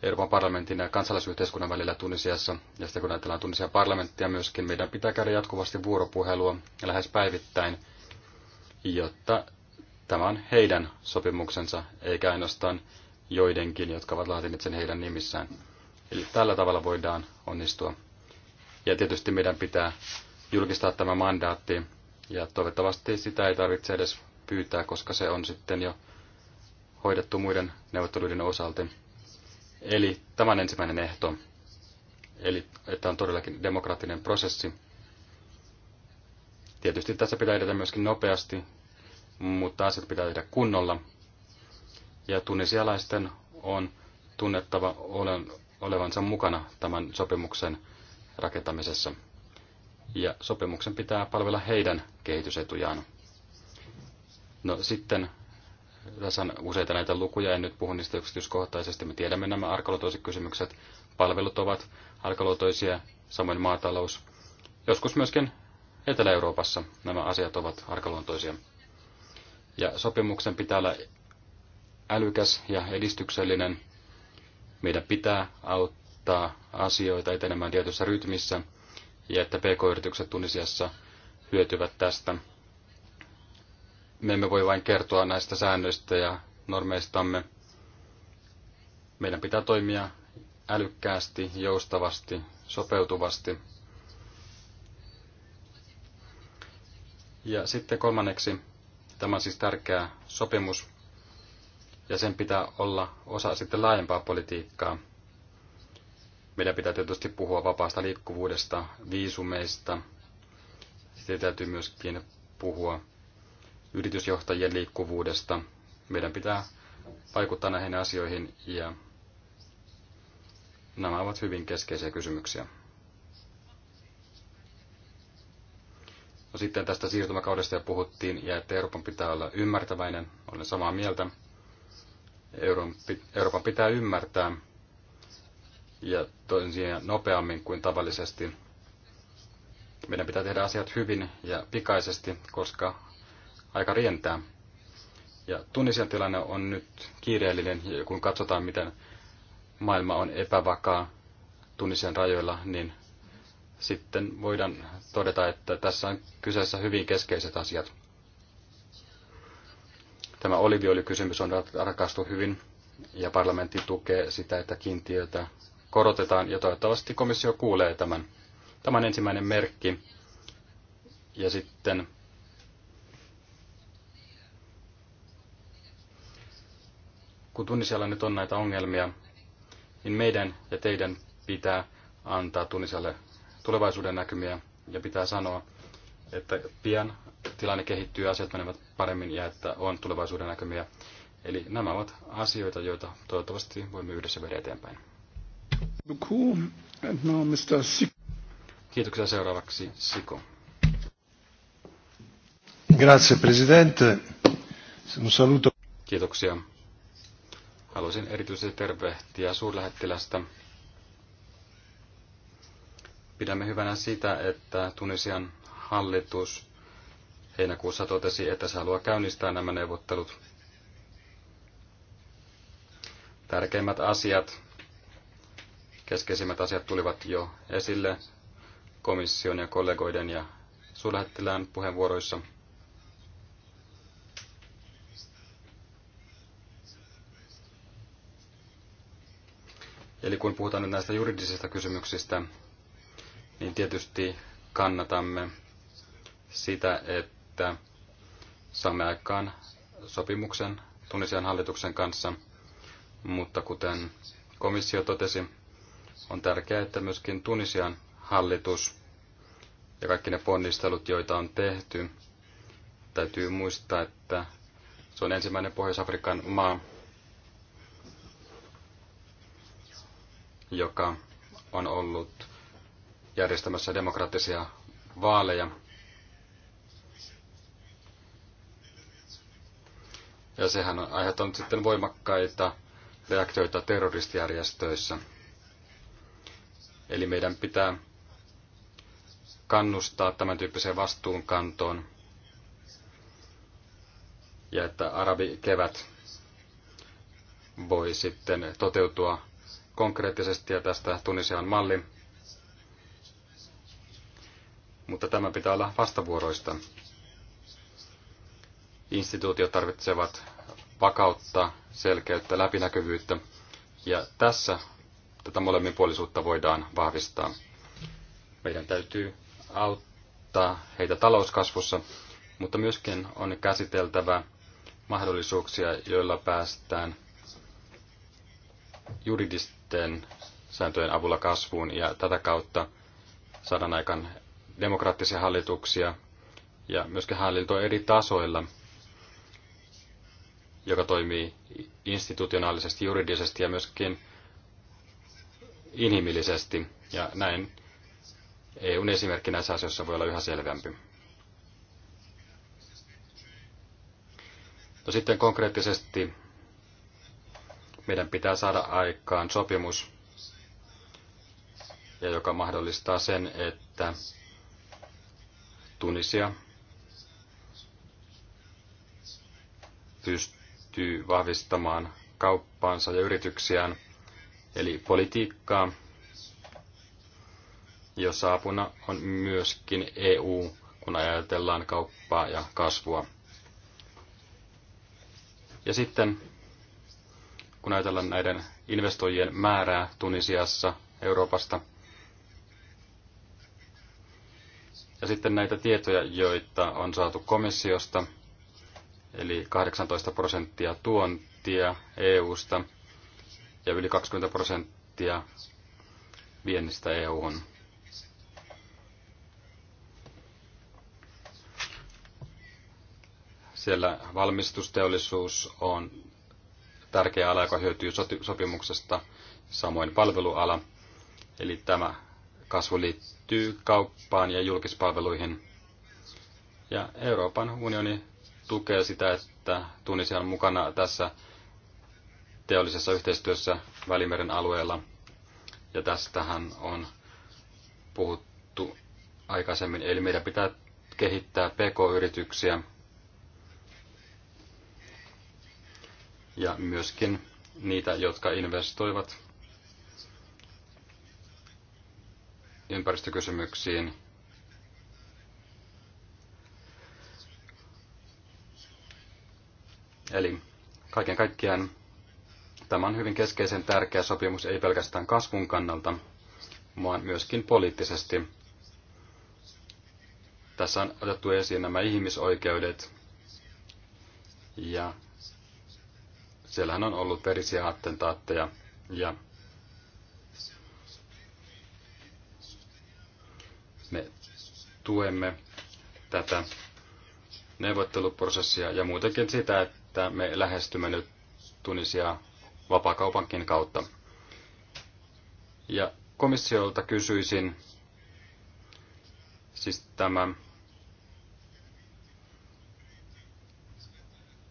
Euroopan parlamentin ja kansalaisyhteiskunnan välillä Tunisiassa. Ja sitten kun ajatellaan Tunisia parlamenttia myöskin, meidän pitää käydä jatkuvasti vuoropuhelua ja lähes päivittäin – jotta tämä on heidän sopimuksensa, eikä ainoastaan joidenkin, jotka ovat laatineet sen heidän nimissään. Eli tällä tavalla voidaan onnistua. Ja tietysti meidän pitää julkistaa tämä mandaatti, ja toivottavasti sitä ei tarvitse edes pyytää, koska se on sitten jo hoidettu muiden neuvotteluiden osalta. Eli tämä on ensimmäinen ehto. Eli että on todellakin demokraattinen prosessi. Tietysti tässä pitää edetä myöskin nopeasti, mutta asiat pitää tehdä kunnolla. Ja tunisialaisten on tunnettava olevansa mukana tämän sopimuksen rakentamisessa. Ja sopimuksen pitää palvella heidän kehitysetujaan. No sitten, tässä on useita näitä lukuja, en nyt puhu niistä yksityiskohtaisesti. Me tiedämme nämä arkaluotoiset kysymykset. Palvelut ovat arkaluotoisia, samoin maatalous. Joskus myöskin Etelä-Euroopassa nämä asiat ovat arkaluontoisia. Ja sopimuksen pitää olla älykäs ja edistyksellinen. Meidän pitää auttaa asioita etenemään tietyssä rytmissä ja että pk-yritykset Tunisiassa hyötyvät tästä. Me emme voi vain kertoa näistä säännöistä ja normeistamme. Meidän pitää toimia älykkäästi, joustavasti, sopeutuvasti. Ja sitten kolmanneksi Tämä on siis tärkeä sopimus ja sen pitää olla osa sitten laajempaa politiikkaa. Meidän pitää tietysti puhua vapaasta liikkuvuudesta, viisumeista. Sitten täytyy myöskin puhua yritysjohtajien liikkuvuudesta. Meidän pitää vaikuttaa näihin asioihin ja nämä ovat hyvin keskeisiä kysymyksiä. No sitten tästä siirtymäkaudesta jo puhuttiin ja että Euroopan pitää olla ymmärtäväinen. Olen samaa mieltä. Euroopan pitää ymmärtää ja toisin nopeammin kuin tavallisesti. Meidän pitää tehdä asiat hyvin ja pikaisesti, koska aika rientää. Ja Tunisian tilanne on nyt kiireellinen, ja kun katsotaan, miten maailma on epävakaa Tunisian rajoilla, niin sitten voidaan todeta, että tässä on kyseessä hyvin keskeiset asiat. Tämä oliviolikysymys on rakastu hyvin ja parlamentti tukee sitä, että kiintiötä korotetaan ja toivottavasti komissio kuulee tämän. Tämä on ensimmäinen merkki. Ja sitten kun Tunisialla nyt on näitä ongelmia, niin meidän ja teidän pitää antaa Tunisialle tulevaisuuden näkymiä ja pitää sanoa, että pian tilanne kehittyy, asiat menevät paremmin ja että on tulevaisuuden näkymiä. Eli nämä ovat asioita, joita toivottavasti voimme yhdessä viedä eteenpäin. Kiitoksia seuraavaksi Siko. Grazie Presidente. Un saluto. Kiitoksia. Haluaisin erityisesti tervehtiä suurlähettilästä Pidämme hyvänä sitä, että Tunisian hallitus heinäkuussa totesi, että se haluaa käynnistää nämä neuvottelut. Tärkeimmät asiat, keskeisimmät asiat tulivat jo esille komission ja kollegoiden ja suurlähettilään puheenvuoroissa. Eli kun puhutaan nyt näistä juridisista kysymyksistä, niin tietysti kannatamme sitä, että saamme aikaan sopimuksen Tunisian hallituksen kanssa, mutta kuten komissio totesi, on tärkeää, että myöskin Tunisian hallitus ja kaikki ne ponnistelut, joita on tehty, täytyy muistaa, että se on ensimmäinen Pohjois-Afrikan maa, joka on ollut järjestämässä demokraattisia vaaleja. Ja sehän on aiheuttanut sitten voimakkaita reaktioita terroristijärjestöissä. Eli meidän pitää kannustaa tämän tyyppiseen vastuunkantoon. Ja että arabikevät voi sitten toteutua konkreettisesti ja tästä Tunisian malli mutta tämä pitää olla vastavuoroista. Instituutiot tarvitsevat vakautta, selkeyttä, läpinäkyvyyttä, ja tässä tätä molemminpuolisuutta voidaan vahvistaa. Meidän täytyy auttaa heitä talouskasvussa, mutta myöskin on käsiteltävä mahdollisuuksia, joilla päästään juridisten sääntöjen avulla kasvuun ja tätä kautta saadaan aikaan demokraattisia hallituksia ja myöskin hallintoa eri tasoilla, joka toimii institutionaalisesti, juridisesti ja myöskin inhimillisesti. Ja näin EUn esimerkki näissä asioissa voi olla yhä selvempi. No sitten konkreettisesti meidän pitää saada aikaan sopimus, ja joka mahdollistaa sen, että Tunisia pystyy vahvistamaan kauppaansa ja yrityksiään, eli politiikkaa, jossa apuna on myöskin EU, kun ajatellaan kauppaa ja kasvua. Ja sitten, kun ajatellaan näiden investoijien määrää Tunisiassa, Euroopasta – Ja sitten näitä tietoja, joita on saatu komissiosta, eli 18 prosenttia tuontia EU-sta ja yli 20 prosenttia viennistä EU-hun. Siellä valmistusteollisuus on tärkeä ala, joka hyötyy sopimuksesta, samoin palveluala. Eli tämä kasvu liittyy kauppaan ja julkispalveluihin. Ja Euroopan unioni tukee sitä, että Tunisia on mukana tässä teollisessa yhteistyössä Välimeren alueella. Ja tästähän on puhuttu aikaisemmin. Eli meidän pitää kehittää pk-yrityksiä ja myöskin niitä, jotka investoivat ympäristökysymyksiin. Eli kaiken kaikkiaan tämä on hyvin keskeisen tärkeä sopimus ei pelkästään kasvun kannalta, vaan myöskin poliittisesti. Tässä on otettu esiin nämä ihmisoikeudet ja siellähän on ollut verisiä attentaatteja ja Me tuemme tätä neuvotteluprosessia ja muutenkin sitä, että me lähestymme nyt Tunisia vapaakaupankin kautta. Ja komissiolta kysyisin, siis tämä,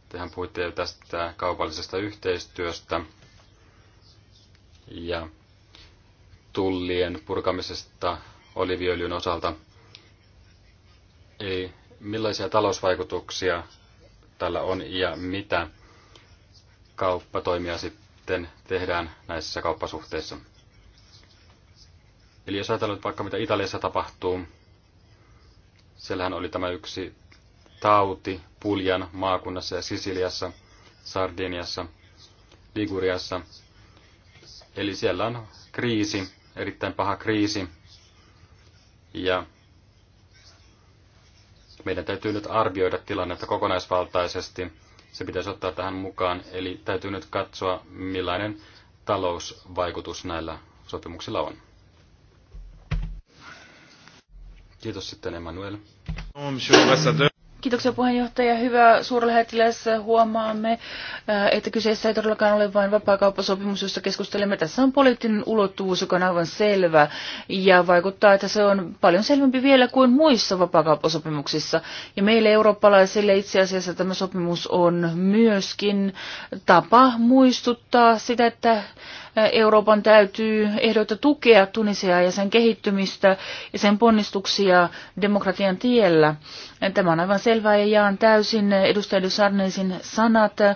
tehän puhuitte jo tästä kaupallisesta yhteistyöstä ja tullien purkamisesta oliviöljyn osalta. Eli millaisia talousvaikutuksia tällä on ja mitä kauppatoimia sitten tehdään näissä kauppasuhteissa. Eli jos ajatellaan vaikka mitä Italiassa tapahtuu, siellähän oli tämä yksi tauti Puljan maakunnassa ja Sisiliassa, Sardiniassa, Liguriassa. Eli siellä on kriisi, erittäin paha kriisi, ja meidän täytyy nyt arvioida tilannetta kokonaisvaltaisesti. Se pitäisi ottaa tähän mukaan, eli täytyy nyt katsoa, millainen talousvaikutus näillä sopimuksilla on. Kiitos sitten Emmanuel. Kiitoksia puheenjohtaja. Hyvä suurlähettiläs. Huomaamme, äh, että kyseessä ei todellakaan ole vain vapaakauppasopimus, josta keskustelemme. Tässä on poliittinen ulottuvuus, joka on aivan selvä ja vaikuttaa, että se on paljon selvempi vielä kuin muissa vapaakauppasopimuksissa. Ja meille eurooppalaisille itse asiassa tämä sopimus on myöskin tapa muistuttaa sitä, että Euroopan täytyy ehdoitta tukea Tunisiaa ja sen kehittymistä ja sen ponnistuksia demokratian tiellä. Tämä on aivan selvää ja jaan täysin edustaja Sarnesin sanat. Äh,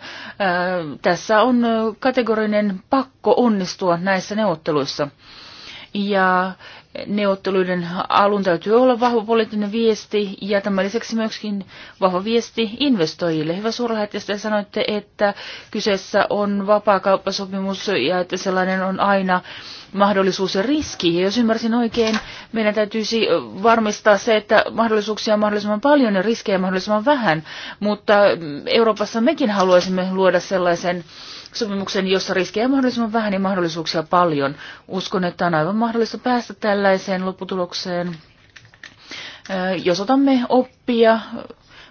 tässä on kategorinen pakko onnistua näissä neuvotteluissa. Ja neuvotteluiden alun täytyy olla vahva poliittinen viesti ja tämän lisäksi myöskin vahva viesti investoijille. Hyvä suurlähettäjä, te sanoitte, että kyseessä on vapaakauppasopimus ja että sellainen on aina mahdollisuus ja riski. Ja jos ymmärsin oikein, meidän täytyisi varmistaa se, että mahdollisuuksia on mahdollisimman paljon ja riskejä mahdollisimman vähän, mutta Euroopassa mekin haluaisimme luoda sellaisen sopimuksen, jossa riskejä on mahdollisimman vähän ja niin mahdollisuuksia paljon. Uskon, että on aivan mahdollista päästä tällaiseen lopputulokseen. Jos otamme oppia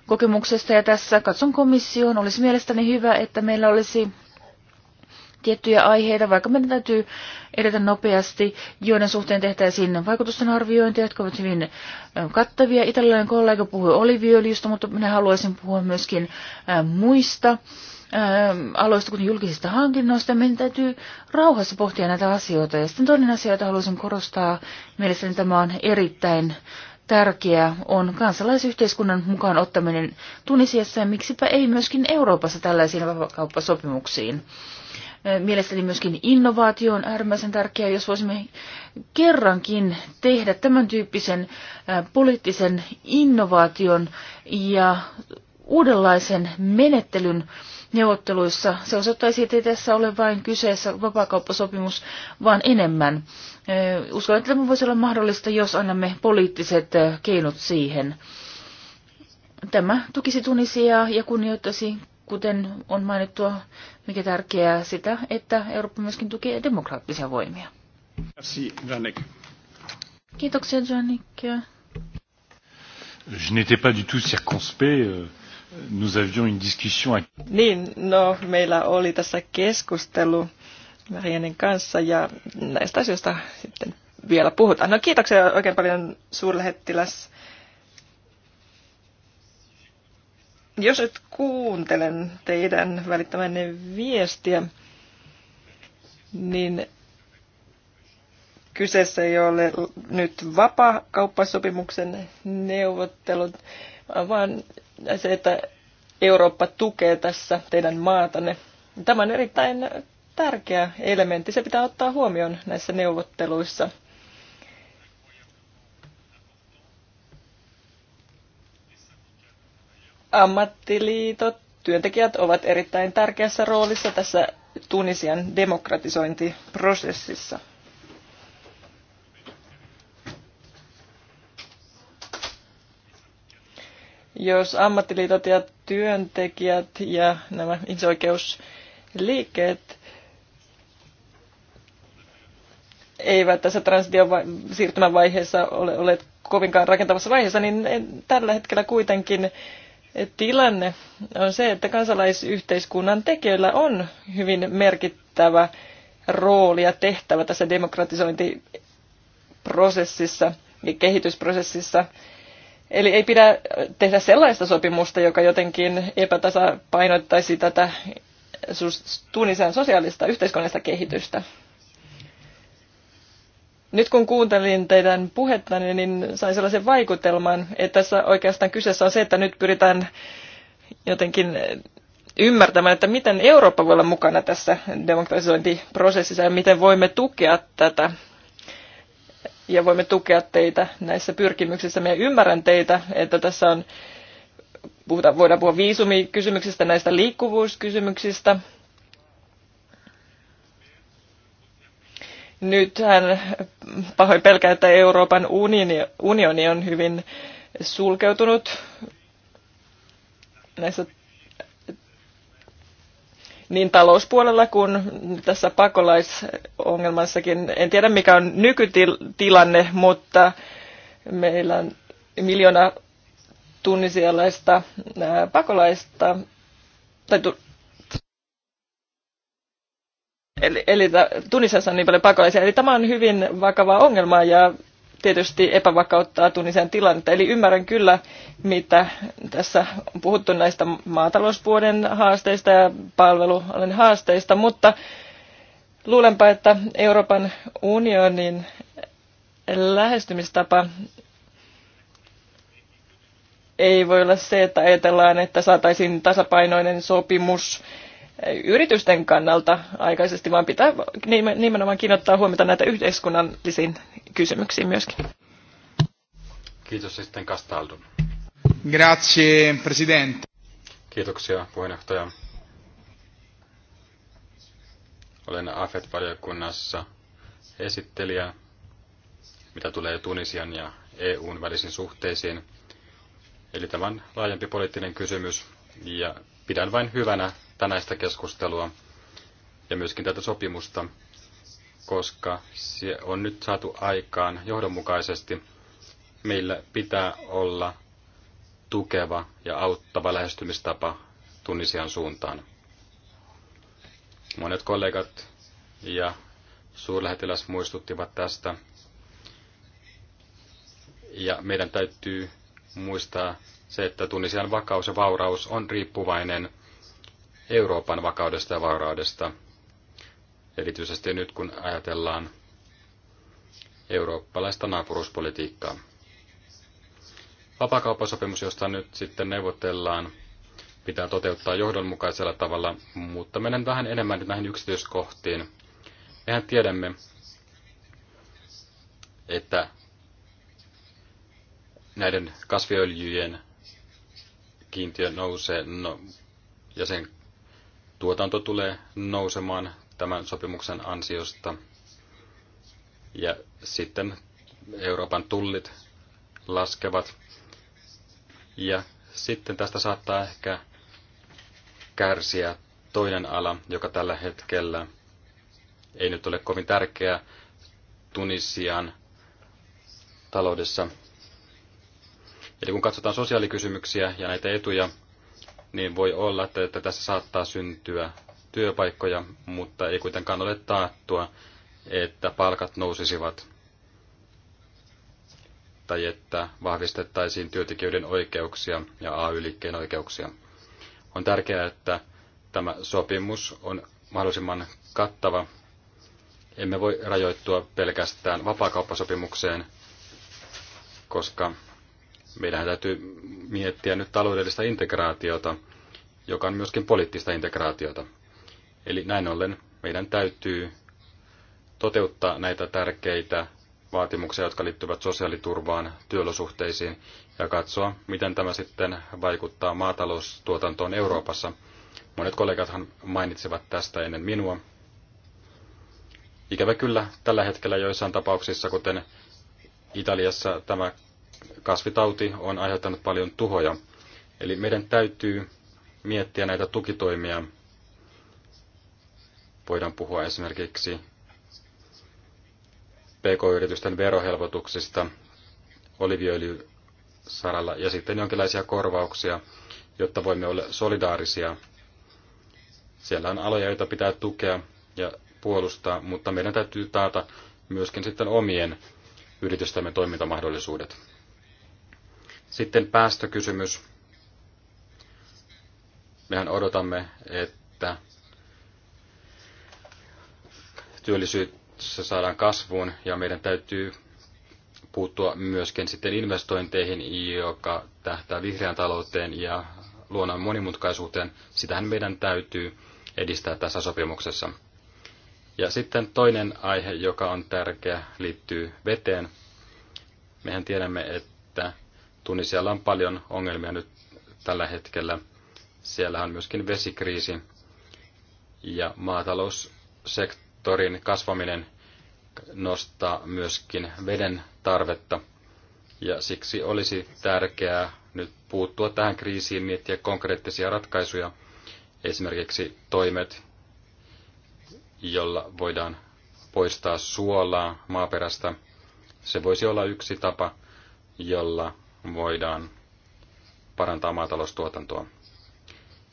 kokemuksesta ja tässä katson komissioon, olisi mielestäni hyvä, että meillä olisi tiettyjä aiheita, vaikka meidän täytyy edetä nopeasti, joiden suhteen tehtäisiin vaikutusten arviointia, jotka ovat hyvin kattavia. Italialainen kollega puhui oliviöljystä, mutta minä haluaisin puhua myöskin muista Ähm, aloista kuin julkisista hankinnoista. Meidän täytyy rauhassa pohtia näitä asioita. Ja sitten toinen asia, jota haluaisin korostaa, mielestäni tämä on erittäin tärkeää on kansalaisyhteiskunnan mukaan ottaminen Tunisiassa ja miksipä ei myöskin Euroopassa tällaisiin vapakauppasopimuksiin. Äh, mielestäni myöskin innovaatio on äärimmäisen tärkeää, jos voisimme kerrankin tehdä tämän tyyppisen äh, poliittisen innovaation ja uudenlaisen menettelyn neuvotteluissa. Se osoittaisi, että ei tässä ole vain kyseessä vapaakauppasopimus, vaan enemmän. Eh, uskon, että tämä voisi olla mahdollista, jos annamme poliittiset eh, keinot siihen. Tämä tukisi Tunisiaa ja kunnioittaisi, kuten on mainittua, mikä tärkeää sitä, että Eurooppa myöskin tukee demokraattisia voimia. Kiitoksia, Janik. Je n'étais pas du tout circonspect. Euh, nous avions une discussion. Niin, no meillä oli tässä keskustelu Marianen kanssa ja näistä asioista sitten vielä puhutaan. No kiitoksia oikein paljon suurlähettiläs. Jos nyt kuuntelen teidän välittämänne viestiä, niin kyseessä ei ole nyt vapaa kauppasopimuksen neuvottelut, vaan se, että Eurooppa tukee tässä teidän maatanne. Tämä on erittäin tärkeä elementti. Se pitää ottaa huomioon näissä neuvotteluissa. Ammattiliitot, työntekijät ovat erittäin tärkeässä roolissa tässä Tunisian demokratisointiprosessissa. Jos ammattiliitot ja työntekijät ja nämä ihmisoikeusliikkeet eivät tässä transition vaiheessa ole, ole kovinkaan rakentavassa vaiheessa, niin tällä hetkellä kuitenkin tilanne on se, että kansalaisyhteiskunnan tekijöillä on hyvin merkittävä rooli ja tehtävä tässä demokratisointiprosessissa ja kehitysprosessissa. Eli ei pidä tehdä sellaista sopimusta, joka jotenkin epätasapainottaisi tätä tunnisen sosiaalista yhteiskunnallista kehitystä. Nyt kun kuuntelin teidän puhetta, niin sain sellaisen vaikutelman, että tässä oikeastaan kyseessä on se, että nyt pyritään jotenkin ymmärtämään, että miten Eurooppa voi olla mukana tässä demokratisointiprosessissa ja miten voimme tukea tätä ja voimme tukea teitä näissä pyrkimyksissä. Me ymmärrän teitä, että tässä on, puhuta, voidaan puhua viisumikysymyksistä, näistä liikkuvuuskysymyksistä. Nythän pahoin pelkää, että Euroopan unioni, unioni on hyvin sulkeutunut näissä niin talouspuolella kuin tässä pakolaisongelmassakin. En tiedä mikä on nykytilanne, mutta meillä on miljoona tunnisialaista pakolaista. Tai tu- eli eli Tunisessa on niin paljon pakolaisia. Eli tämä on hyvin vakava ongelma ja tietysti epävakauttaa Tunisian tilannetta. Eli ymmärrän kyllä, mitä tässä on puhuttu näistä maatalousvuoden haasteista ja palvelualan haasteista, mutta luulenpa, että Euroopan unionin lähestymistapa ei voi olla se, että ajatellaan, että saataisiin tasapainoinen sopimus yritysten kannalta aikaisesti, vaan pitää nimenomaan kiinnittää huomiota näitä yhteiskunnallisiin kysymyksiin myöskin. Kiitos sitten Castaldon. Grazie, presidente. Kiitoksia, puheenjohtaja. Olen AFET-valiokunnassa esittelijä, mitä tulee Tunisian ja EUn välisiin suhteisiin. Eli on laajempi poliittinen kysymys, ja pidän vain hyvänä tänäistä keskustelua ja myöskin tätä sopimusta, koska se on nyt saatu aikaan johdonmukaisesti. Meillä pitää olla tukeva ja auttava lähestymistapa Tunisian suuntaan. Monet kollegat ja suurlähetiläs muistuttivat tästä. Ja meidän täytyy muistaa se, että Tunisian vakaus ja vauraus on riippuvainen – Euroopan vakaudesta ja vauraudesta. Erityisesti nyt kun ajatellaan eurooppalaista naapuruuspolitiikkaa. Vapakauppasopimus, josta nyt sitten neuvotellaan, pitää toteuttaa johdonmukaisella tavalla, mutta menen vähän enemmän nyt näihin yksityiskohtiin. Mehän tiedämme, että näiden kasviöljyjen kiintiö nousee no, ja sen tuotanto tulee nousemaan tämän sopimuksen ansiosta. Ja sitten Euroopan tullit laskevat. Ja sitten tästä saattaa ehkä kärsiä toinen ala, joka tällä hetkellä ei nyt ole kovin tärkeä Tunisian taloudessa. Eli kun katsotaan sosiaalikysymyksiä ja näitä etuja, niin voi olla, että, että tässä saattaa syntyä työpaikkoja, mutta ei kuitenkaan ole taattua, että palkat nousisivat tai että vahvistettaisiin työntekijöiden oikeuksia ja AY-liikkeen oikeuksia. On tärkeää, että tämä sopimus on mahdollisimman kattava. Emme voi rajoittua pelkästään vapaakauppasopimukseen, koska meidän täytyy miettiä nyt taloudellista integraatiota, joka on myöskin poliittista integraatiota. Eli näin ollen meidän täytyy toteuttaa näitä tärkeitä vaatimuksia, jotka liittyvät sosiaaliturvaan, työolosuhteisiin ja katsoa, miten tämä sitten vaikuttaa maataloustuotantoon Euroopassa. Monet kollegathan mainitsivat tästä ennen minua. Ikävä kyllä tällä hetkellä joissain tapauksissa, kuten Italiassa tämä kasvitauti on aiheuttanut paljon tuhoja. Eli meidän täytyy miettiä näitä tukitoimia. Voidaan puhua esimerkiksi pk-yritysten verohelpotuksista oliviöljysaralla ja sitten jonkinlaisia korvauksia, jotta voimme olla solidaarisia. Siellä on aloja, joita pitää tukea ja puolustaa, mutta meidän täytyy taata myöskin sitten omien yritystämme toimintamahdollisuudet. Sitten päästökysymys. Mehän odotamme, että työllisyys saadaan kasvuun ja meidän täytyy puuttua myöskin sitten investointeihin, joka tähtää vihreään talouteen ja luonnon monimutkaisuuteen. Sitähän meidän täytyy edistää tässä sopimuksessa. Ja sitten toinen aihe, joka on tärkeä, liittyy veteen. Mehän tiedämme, että Tunisialla on paljon ongelmia nyt tällä hetkellä. Siellä on myöskin vesikriisi ja maataloussektorin kasvaminen nostaa myöskin veden tarvetta. Ja siksi olisi tärkeää nyt puuttua tähän kriisiin, miettiä konkreettisia ratkaisuja, esimerkiksi toimet, jolla voidaan poistaa suolaa maaperästä. Se voisi olla yksi tapa, jolla voidaan parantaa maataloustuotantoa.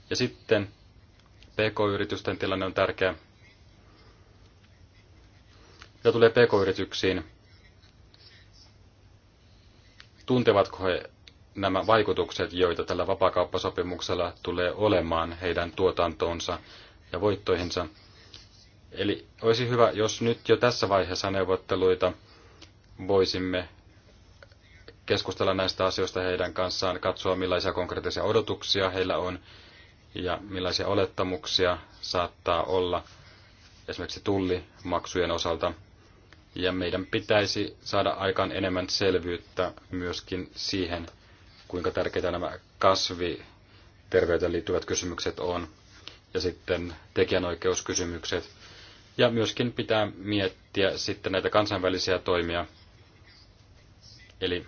Ja sitten PK-yritysten tilanne on tärkeä. Mitä tulee PK-yrityksiin, tuntevatko he nämä vaikutukset, joita tällä vapakauppasopimuksella tulee olemaan heidän tuotantoonsa ja voittoihinsa. Eli olisi hyvä, jos nyt jo tässä vaiheessa neuvotteluita voisimme keskustella näistä asioista heidän kanssaan, katsoa millaisia konkreettisia odotuksia heillä on ja millaisia olettamuksia saattaa olla esimerkiksi tullimaksujen osalta. Ja meidän pitäisi saada aikaan enemmän selvyyttä myöskin siihen, kuinka tärkeitä nämä kasviterveyteen liittyvät kysymykset on ja sitten tekijänoikeuskysymykset. Ja myöskin pitää miettiä sitten näitä kansainvälisiä toimia. Eli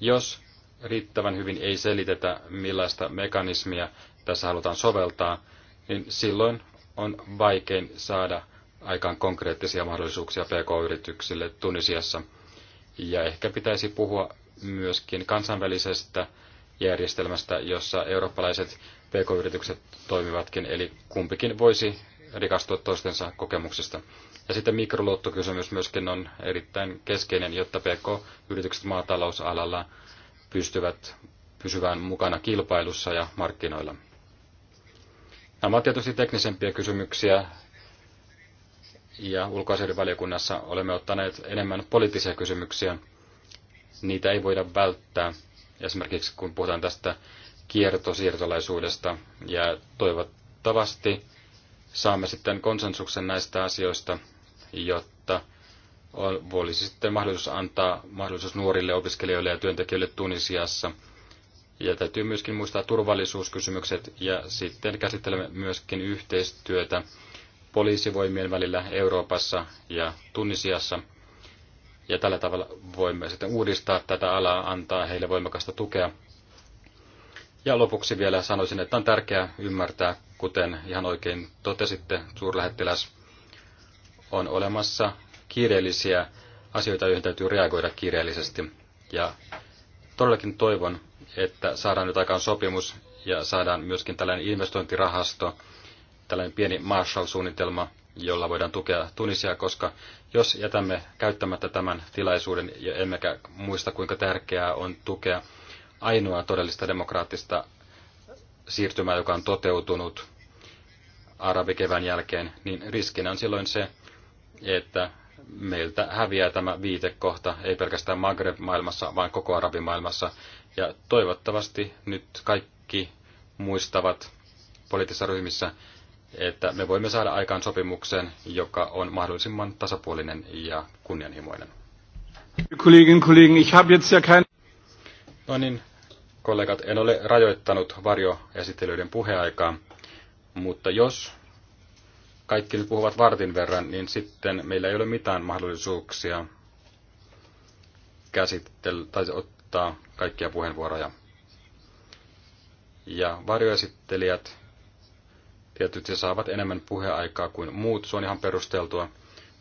jos riittävän hyvin ei selitetä, millaista mekanismia tässä halutaan soveltaa, niin silloin on vaikein saada aikaan konkreettisia mahdollisuuksia pk-yrityksille Tunisiassa. Ja ehkä pitäisi puhua myöskin kansainvälisestä järjestelmästä, jossa eurooppalaiset pk-yritykset toimivatkin, eli kumpikin voisi rikastua toistensa kokemuksista. Ja sitten mikroluottokysymys myöskin on erittäin keskeinen, jotta PK-yritykset maatalousalalla pystyvät pysyvään mukana kilpailussa ja markkinoilla. Nämä ovat tietysti teknisempiä kysymyksiä, ja ulkoasioiden olemme ottaneet enemmän poliittisia kysymyksiä. Niitä ei voida välttää, esimerkiksi kun puhutaan tästä kiertosiirtolaisuudesta, ja toivottavasti saamme sitten konsensuksen näistä asioista, jotta olisi sitten mahdollisuus antaa mahdollisuus nuorille opiskelijoille ja työntekijöille Tunisiassa. Ja täytyy myöskin muistaa turvallisuuskysymykset ja sitten käsittelemme myöskin yhteistyötä poliisivoimien välillä Euroopassa ja Tunisiassa. Ja tällä tavalla voimme sitten uudistaa tätä alaa, antaa heille voimakasta tukea. Ja lopuksi vielä sanoisin, että on tärkeää ymmärtää, kuten ihan oikein totesitte, suurlähettiläs, on olemassa kiireellisiä asioita, joihin täytyy reagoida kiireellisesti. Ja todellakin toivon, että saadaan nyt aikaan sopimus ja saadaan myöskin tällainen investointirahasto, tällainen pieni Marshall-suunnitelma, jolla voidaan tukea Tunisia, koska jos jätämme käyttämättä tämän tilaisuuden ja emmekä muista, kuinka tärkeää on tukea ainoa todellista demokraattista siirtymää, joka on toteutunut arabikevän jälkeen, niin riskinä on silloin se, että meiltä häviää tämä viitekohta, ei pelkästään Maghreb-maailmassa, vaan koko arabimaailmassa. Ja toivottavasti nyt kaikki muistavat poliittisissa ryhmissä, että me voimme saada aikaan sopimuksen, joka on mahdollisimman tasapuolinen ja kunnianhimoinen. Kollegin, kollegin, ich habe jetzt ja kein... No niin, kollegat, en ole rajoittanut varjoesittelyiden puheaikaa, mutta jos kaikki nyt puhuvat vartin verran, niin sitten meillä ei ole mitään mahdollisuuksia käsitellä tai ottaa kaikkia puheenvuoroja. Ja varjoesittelijät tietysti saavat enemmän puheaikaa kuin muut, se on ihan perusteltua,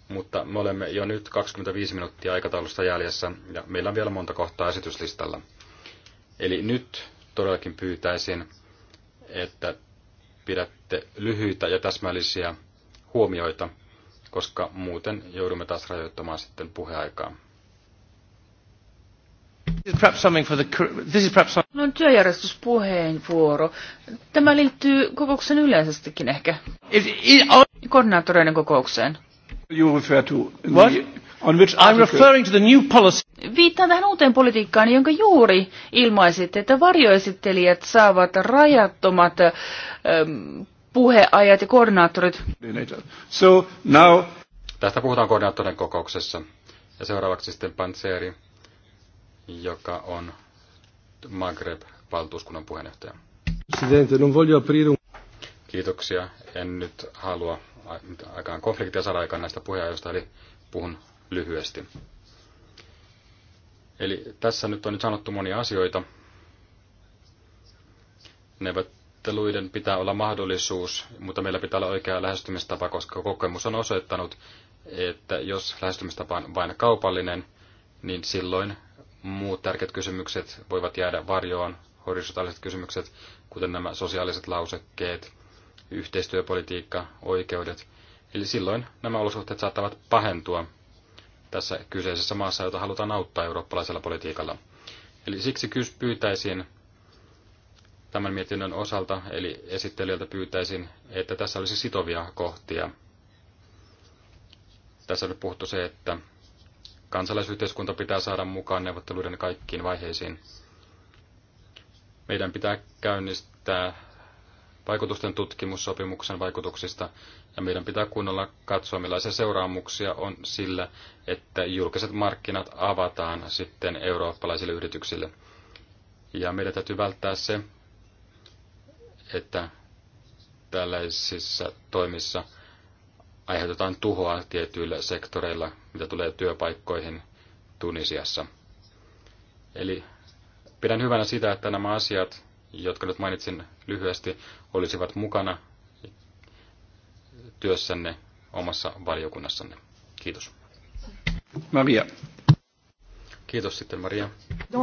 mutta me olemme jo nyt 25 minuuttia aikataulusta jäljessä ja meillä on vielä monta kohtaa esityslistalla. Eli nyt todellakin pyytäisin, että pidätte lyhyitä ja täsmällisiä huomioita, koska muuten joudumme taas rajoittamaan sitten puheaikaa. No työjärjestyspuheenvuoro. Tämä liittyy kokouksen yleisestikin ehkä. Oh- Koordinaattoreiden kokoukseen. You refer to What? On which I'm referring to the new policy. Viittaan tähän uuteen politiikkaan, jonka juuri ilmaisitte, että varjoesittelijät saavat rajattomat ähm, puheajat ja koordinaattorit. So now... Tästä puhutaan koordinaattorin kokouksessa. Ja seuraavaksi sitten Pantseri, joka on Maghreb-valtuuskunnan puheenjohtaja. Presidente, non voglio aprire un... Kiitoksia. En nyt halua aikaan konfliktia saada aikaan näistä puheenjohtajista, eli puhun lyhyesti. Eli tässä nyt on nyt sanottu monia asioita. Ne eivät neuvotteluiden pitää olla mahdollisuus, mutta meillä pitää olla oikea lähestymistapa, koska kokemus on osoittanut, että jos lähestymistapa on vain kaupallinen, niin silloin muut tärkeät kysymykset voivat jäädä varjoon, horisontaaliset kysymykset, kuten nämä sosiaaliset lausekkeet, yhteistyöpolitiikka, oikeudet. Eli silloin nämä olosuhteet saattavat pahentua tässä kyseisessä maassa, jota halutaan auttaa eurooppalaisella politiikalla. Eli siksi pyytäisin, tämän mietinnön osalta, eli esittelijältä pyytäisin, että tässä olisi sitovia kohtia. Tässä nyt puhuttu se, että kansalaisyhteiskunta pitää saada mukaan neuvotteluiden kaikkiin vaiheisiin. Meidän pitää käynnistää vaikutusten tutkimus sopimuksen vaikutuksista, ja meidän pitää kunnolla katsoa, millaisia seuraamuksia on sillä, että julkiset markkinat avataan sitten eurooppalaisille yrityksille. Ja meidän täytyy välttää se, että tällaisissa toimissa aiheutetaan tuhoa tietyillä sektoreilla, mitä tulee työpaikkoihin Tunisiassa. Eli pidän hyvänä sitä, että nämä asiat, jotka nyt mainitsin lyhyesti, olisivat mukana työssänne omassa valiokunnassanne. Kiitos. Maria. Kiitos sitten Maria. No,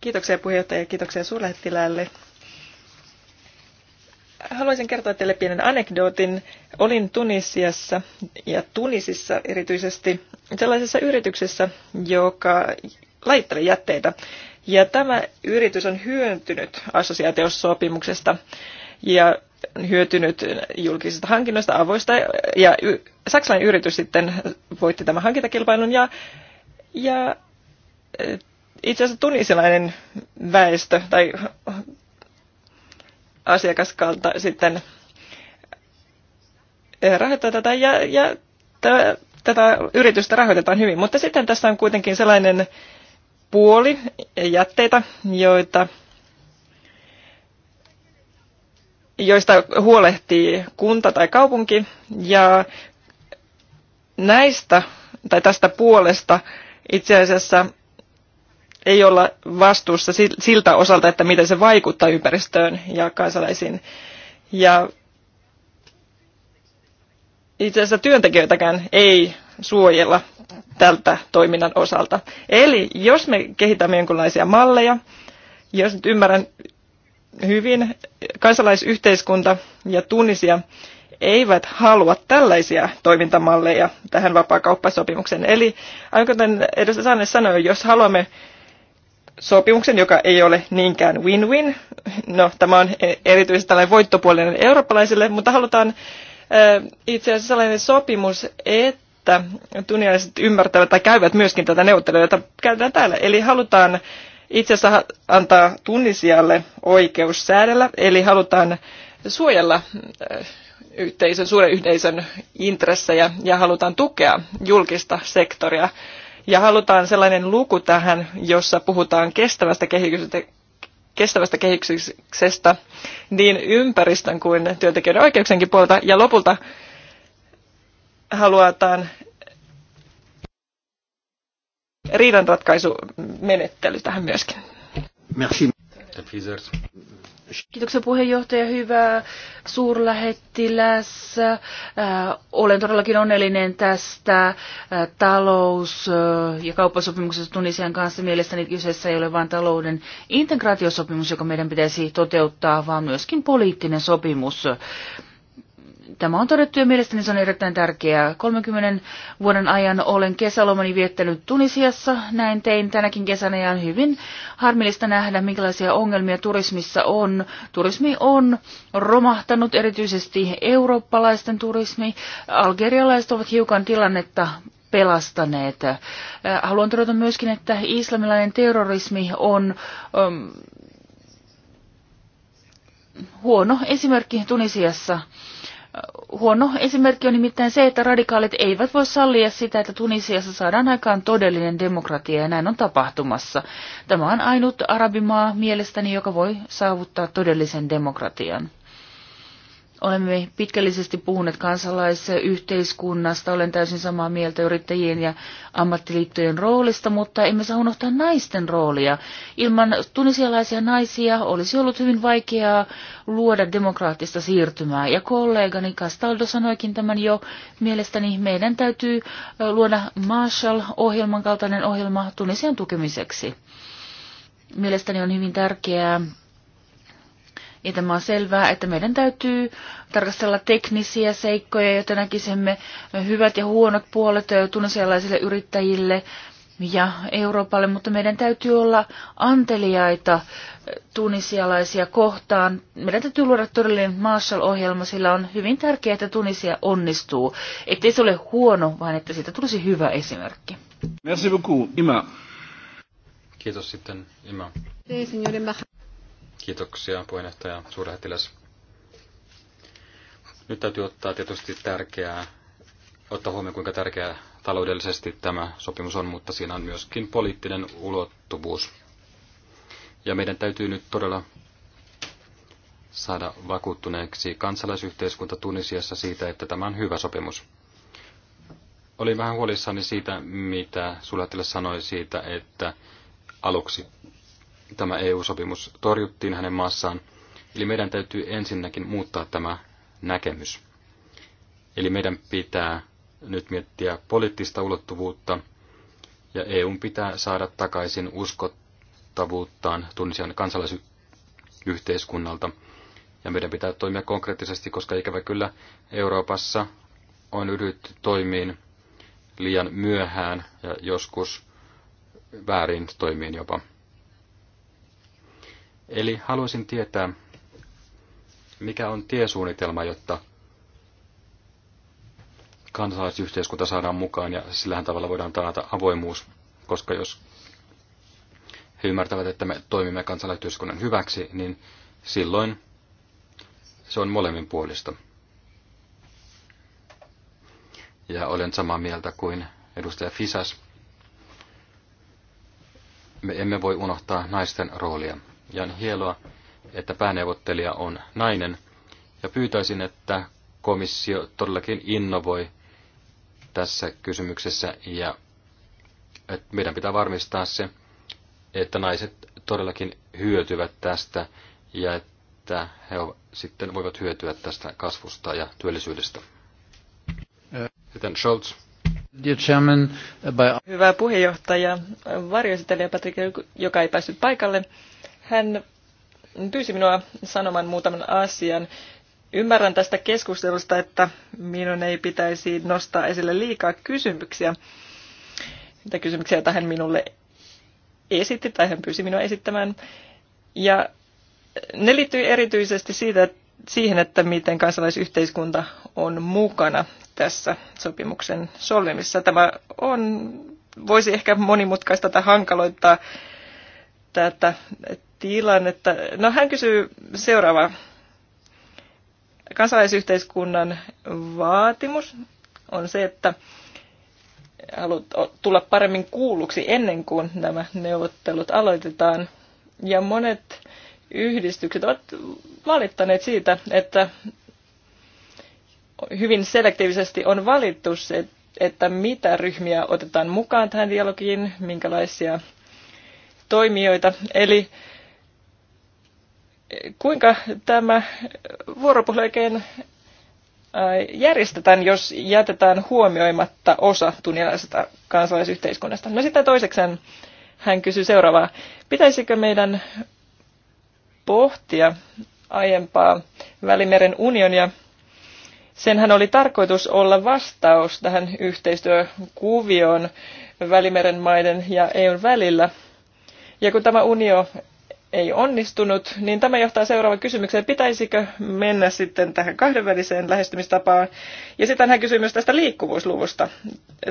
kiitoksia puheenjohtaja ja kiitoksia suurlähettiläälle haluaisin kertoa teille pienen anekdootin. Olin Tunisiassa ja Tunisissa erityisesti sellaisessa yrityksessä, joka laitteli jätteitä. Ja tämä yritys on hyötynyt assosiaatiosopimuksesta ja hyötynyt julkisista hankinnoista, avoista. Ja y- saksalainen yritys sitten voitti tämän hankintakilpailun ja, ja itse asiassa tunisilainen väestö tai asiakaskalta sitten rahoittaa tätä ja, ja tätä yritystä rahoitetaan hyvin. Mutta sitten tässä on kuitenkin sellainen puoli jätteitä, joita, joista huolehtii kunta tai kaupunki ja näistä tai tästä puolesta itse asiassa ei olla vastuussa siltä osalta, että miten se vaikuttaa ympäristöön ja kansalaisiin. Ja itse asiassa työntekijöitäkään ei suojella tältä toiminnan osalta. Eli jos me kehitämme jonkinlaisia malleja, jos nyt ymmärrän hyvin, kansalaisyhteiskunta ja tunnisia, eivät halua tällaisia toimintamalleja tähän vapaakauppasopimukseen. Eli aivan kuten edustaja Sanne sanoi, jos haluamme sopimuksen, joka ei ole niinkään win-win. No, tämä on e- erityisesti tällainen voittopuolinen eurooppalaisille, mutta halutaan itse asiassa sellainen sopimus, että tunnialaiset ymmärtävät tai käyvät myöskin tätä neuvottelua, jota käydään täällä. Eli halutaan itse asiassa antaa tunnisijalle oikeus säädellä, eli halutaan suojella yhteisön, suuren yhteisön intressejä ja halutaan tukea julkista sektoria ja halutaan sellainen luku tähän, jossa puhutaan kestävästä kehityksestä, kestävästä kehityksestä niin ympäristön kuin työntekijöiden oikeuksienkin puolta. Ja lopulta halutaan riidanratkaisumenettely tähän myöskin. Merci. Kiitoksia puheenjohtaja, hyvä suurlähettiläs. Äh, olen todellakin onnellinen tästä äh, talous- ja kauppasopimuksesta Tunisian kanssa. Mielestäni kyseessä ei ole vain talouden integraatiosopimus, joka meidän pitäisi toteuttaa, vaan myöskin poliittinen sopimus. Tämä on todettu ja mielestäni se on erittäin tärkeää. 30 vuoden ajan olen kesälomani viettänyt Tunisiassa. Näin tein tänäkin kesänä ja on hyvin harmillista nähdä, minkälaisia ongelmia turismissa on. Turismi on romahtanut, erityisesti eurooppalaisten turismi. Algerialaiset ovat hiukan tilannetta pelastaneet. Äh, haluan todeta myöskin, että islamilainen terrorismi on um, huono esimerkki Tunisiassa. Huono esimerkki on nimittäin se, että radikaalit eivät voi sallia sitä, että Tunisiassa saadaan aikaan todellinen demokratia ja näin on tapahtumassa. Tämä on ainut arabimaa mielestäni, joka voi saavuttaa todellisen demokratian. Olemme pitkällisesti puhuneet kansalaisyhteiskunnasta, olen täysin samaa mieltä yrittäjien ja ammattiliittojen roolista, mutta emme saa unohtaa naisten roolia. Ilman tunisialaisia naisia olisi ollut hyvin vaikeaa luoda demokraattista siirtymää, ja kollegani Castaldo sanoikin tämän jo. Mielestäni meidän täytyy luoda Marshall-ohjelman kaltainen ohjelma Tunisian tukemiseksi. Mielestäni on hyvin tärkeää ja tämä on selvää, että meidän täytyy tarkastella teknisiä seikkoja, joita näkisimme hyvät ja huonot puolet tunisialaisille yrittäjille ja Euroopalle, mutta meidän täytyy olla anteliaita tunisialaisia kohtaan. Meidän täytyy luoda todellinen Marshall-ohjelma, sillä on hyvin tärkeää, että Tunisia onnistuu. Ettei se ole huono, vaan että siitä tulisi hyvä esimerkki. Merci beaucoup, Ima. Kiitos sitten, Ima. Kiitoksia puheenjohtaja suurlähettiläs. Nyt täytyy ottaa tietysti tärkeää, ottaa huomioon kuinka tärkeää taloudellisesti tämä sopimus on, mutta siinä on myöskin poliittinen ulottuvuus. Ja meidän täytyy nyt todella saada vakuuttuneeksi kansalaisyhteiskunta Tunisiassa siitä, että tämä on hyvä sopimus. Olin vähän huolissani siitä, mitä sulatille sanoi siitä, että aluksi tämä EU-sopimus torjuttiin hänen maassaan. Eli meidän täytyy ensinnäkin muuttaa tämä näkemys. Eli meidän pitää nyt miettiä poliittista ulottuvuutta, ja EUn pitää saada takaisin uskottavuuttaan tunnisian kansalaisyhteiskunnalta. Ja meidän pitää toimia konkreettisesti, koska ikävä kyllä Euroopassa on yritetty toimiin liian myöhään ja joskus väärin toimiin jopa. Eli haluaisin tietää, mikä on tiesuunnitelma, jotta kansalaisyhteiskunta saadaan mukaan ja sillä tavalla voidaan taata avoimuus, koska jos he ymmärtävät, että me toimimme kansalaisyhteiskunnan hyväksi, niin silloin se on molemmin puolista. Ja olen samaa mieltä kuin edustaja Fisas. Me emme voi unohtaa naisten roolia ja on hienoa, että pääneuvottelija on nainen. Ja pyytäisin, että komissio todellakin innovoi tässä kysymyksessä ja että meidän pitää varmistaa se, että naiset todellakin hyötyvät tästä ja että he sitten voivat hyötyä tästä kasvusta ja työllisyydestä. Sitten Scholz. Hyvä puheenjohtaja, varjoesittelijä Patrick, joka ei päässyt paikalle, hän pyysi minua sanomaan muutaman asian. Ymmärrän tästä keskustelusta, että minun ei pitäisi nostaa esille liikaa kysymyksiä. Niitä kysymyksiä, joita hän minulle esitti tai hän pyysi minua esittämään. Ja ne liittyy erityisesti siitä, siihen, että miten kansalaisyhteiskunta on mukana tässä sopimuksen solmimissa. Tämä on, voisi ehkä monimutkaista tai hankaloittaa tätä tilannetta. No hän kysyy seuraava Kansalaisyhteiskunnan vaatimus on se, että haluat tulla paremmin kuulluksi ennen kuin nämä neuvottelut aloitetaan. Ja monet yhdistykset ovat valittaneet siitä, että hyvin selektiivisesti on valittu se, että mitä ryhmiä otetaan mukaan tähän dialogiin, minkälaisia toimijoita. Eli kuinka tämä vuoropuhelu oikein järjestetään, jos jätetään huomioimatta osa tunnilaisesta kansalaisyhteiskunnasta. No sitten toisekseen hän kysyy seuraavaa. Pitäisikö meidän pohtia aiempaa Välimeren unionia? Senhän oli tarkoitus olla vastaus tähän yhteistyökuvioon Välimeren maiden ja EUn välillä. Ja kun tämä unio ei onnistunut, niin tämä johtaa seuraavaan kysymykseen, pitäisikö mennä sitten tähän kahdenväliseen lähestymistapaan. Ja sitten hän kysyy myös tästä liikkuvuusluvusta.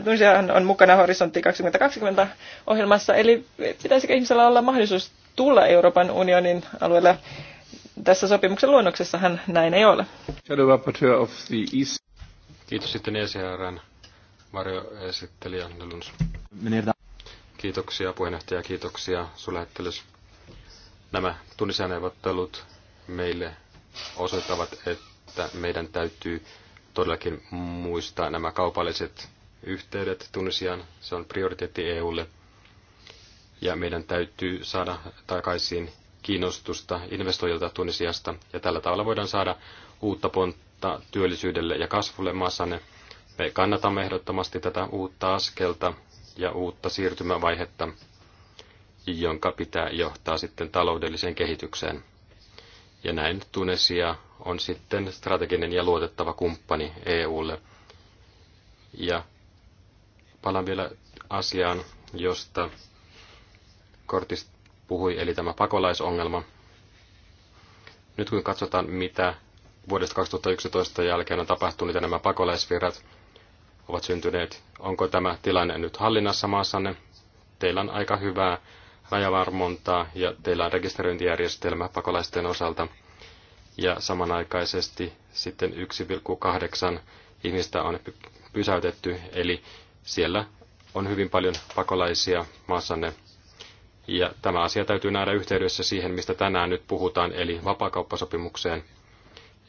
Tunisiahan on mukana Horisontti 2020 ohjelmassa, eli pitäisikö ihmisellä olla mahdollisuus tulla Euroopan unionin alueella tässä sopimuksen luonnoksessahan näin ei ole. Kiitos sitten ECRn Mario esittelijä. Kiitoksia puheenjohtaja, kiitoksia sulähettelys. Nämä tunnisäneuvottelut meille osoittavat, että meidän täytyy todellakin muistaa nämä kaupalliset yhteydet Tunisiaan. Se on prioriteetti EUlle. Ja meidän täytyy saada takaisin kiinnostusta investoijilta Tunisiasta. Ja tällä tavalla voidaan saada uutta pontta työllisyydelle ja kasvulle maassanne. Me kannatamme ehdottomasti tätä uutta askelta ja uutta siirtymävaihetta jonka pitää johtaa sitten taloudelliseen kehitykseen. Ja näin Tunesia on sitten strateginen ja luotettava kumppani EUlle. Ja palaan vielä asiaan, josta Kortis puhui, eli tämä pakolaisongelma. Nyt kun katsotaan, mitä vuodesta 2011 jälkeen on tapahtunut ja nämä pakolaisvirrat ovat syntyneet, onko tämä tilanne nyt hallinnassa maassanne? Teillä on aika hyvää rajavarmontaa ja teillä on rekisteröintijärjestelmä pakolaisten osalta. Ja samanaikaisesti sitten 1,8 ihmistä on pysäytetty, eli siellä on hyvin paljon pakolaisia maassanne. Ja tämä asia täytyy nähdä yhteydessä siihen, mistä tänään nyt puhutaan, eli vapakauppasopimukseen.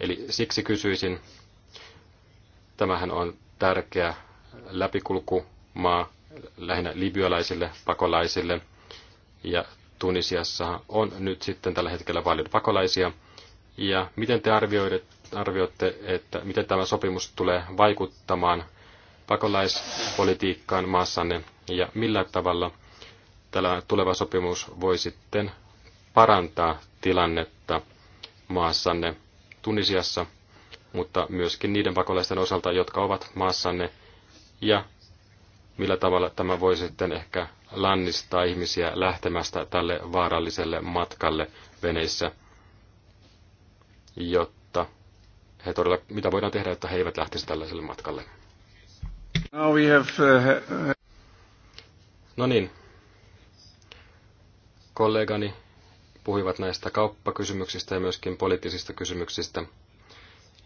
Eli siksi kysyisin, tämähän on tärkeä läpikulkumaa lähinnä libyalaisille pakolaisille – ja Tunisiassa on nyt sitten tällä hetkellä paljon pakolaisia. Ja miten te arvioitte, että miten tämä sopimus tulee vaikuttamaan pakolaispolitiikkaan maassanne ja millä tavalla tällä tuleva sopimus voi sitten parantaa tilannetta maassanne Tunisiassa, mutta myöskin niiden pakolaisten osalta, jotka ovat maassanne ja millä tavalla tämä voi sitten ehkä lannistaa ihmisiä lähtemästä tälle vaaralliselle matkalle veneissä, jotta he todella, mitä voidaan tehdä, että he eivät lähtisi tällaiselle matkalle. Now we have, uh, no niin, kollegani puhuivat näistä kauppakysymyksistä ja myöskin poliittisista kysymyksistä.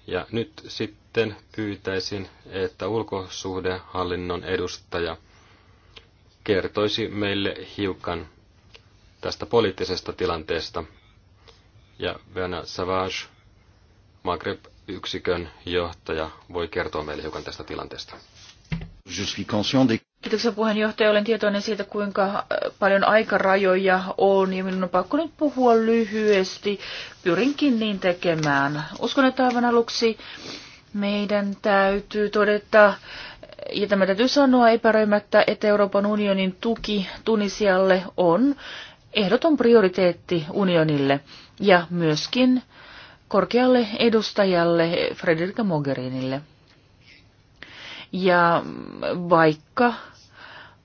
Ja nyt sitten pyytäisin, että ulkosuhdehallinnon edustaja – kertoisi meille hiukan tästä poliittisesta tilanteesta. Ja Vena Savage, Maghreb-yksikön johtaja, voi kertoa meille hiukan tästä tilanteesta. Kiitoksia puheenjohtaja. Olen tietoinen siitä, kuinka äh, paljon aikarajoja on ja minun on pakko nyt puhua lyhyesti. Pyrinkin niin tekemään. Uskon, että aivan aluksi meidän täytyy todeta, ja tämä täytyy sanoa epäröimättä, että Euroopan unionin tuki Tunisialle on ehdoton prioriteetti unionille ja myöskin korkealle edustajalle Frederica Mogherinille. Ja vaikka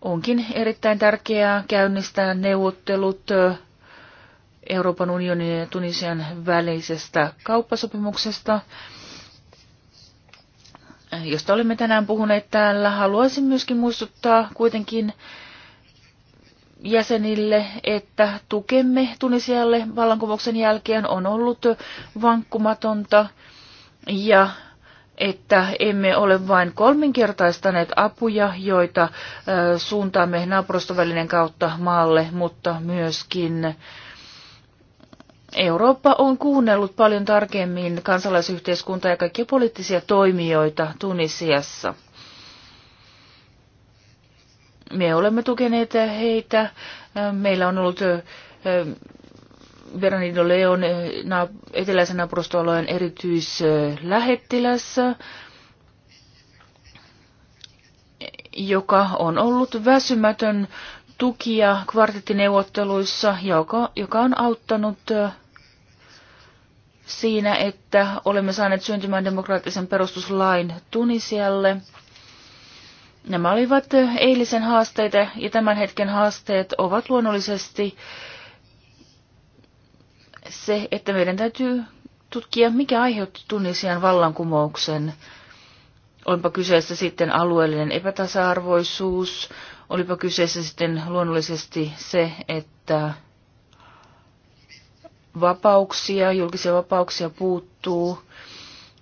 onkin erittäin tärkeää käynnistää neuvottelut Euroopan unionin ja Tunisian välisestä kauppasopimuksesta, josta olemme tänään puhuneet täällä. Haluaisin myöskin muistuttaa kuitenkin jäsenille, että tukemme Tunisialle vallankumouksen jälkeen on ollut vankkumatonta ja että emme ole vain kolminkertaistaneet apuja, joita suuntaamme naapurustovälinen kautta maalle, mutta myöskin Eurooppa on kuunnellut paljon tarkemmin kansalaisyhteiskuntaa ja kaikkia poliittisia toimijoita Tunisiassa. Me olemme tukeneet heitä. Meillä on ollut eh, Bernardo Leon eh, eteläisen naapurustoalueen erityislähettilässä, joka on ollut väsymätön tukija kvartettineuvotteluissa, joka, joka on auttanut eh, siinä, että olemme saaneet syntymään demokraattisen perustuslain Tunisialle. Nämä olivat eilisen haasteita ja tämän hetken haasteet ovat luonnollisesti se, että meidän täytyy tutkia, mikä aiheutti Tunisian vallankumouksen. Olipa kyseessä sitten alueellinen epätasa-arvoisuus, olipa kyseessä sitten luonnollisesti se, että vapauksia, julkisia vapauksia puuttuu.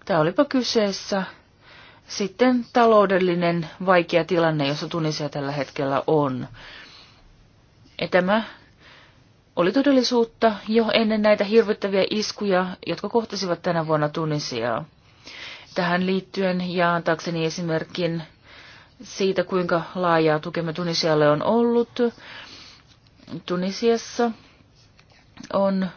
Tämä olipa kyseessä sitten taloudellinen vaikea tilanne, jossa Tunisia tällä hetkellä on. Ja tämä oli todellisuutta jo ennen näitä hirvittäviä iskuja, jotka kohtasivat tänä vuonna Tunisiaa. Tähän liittyen jaantaakseni esimerkin siitä, kuinka laajaa tukemme Tunisialle on ollut. Tunisiassa on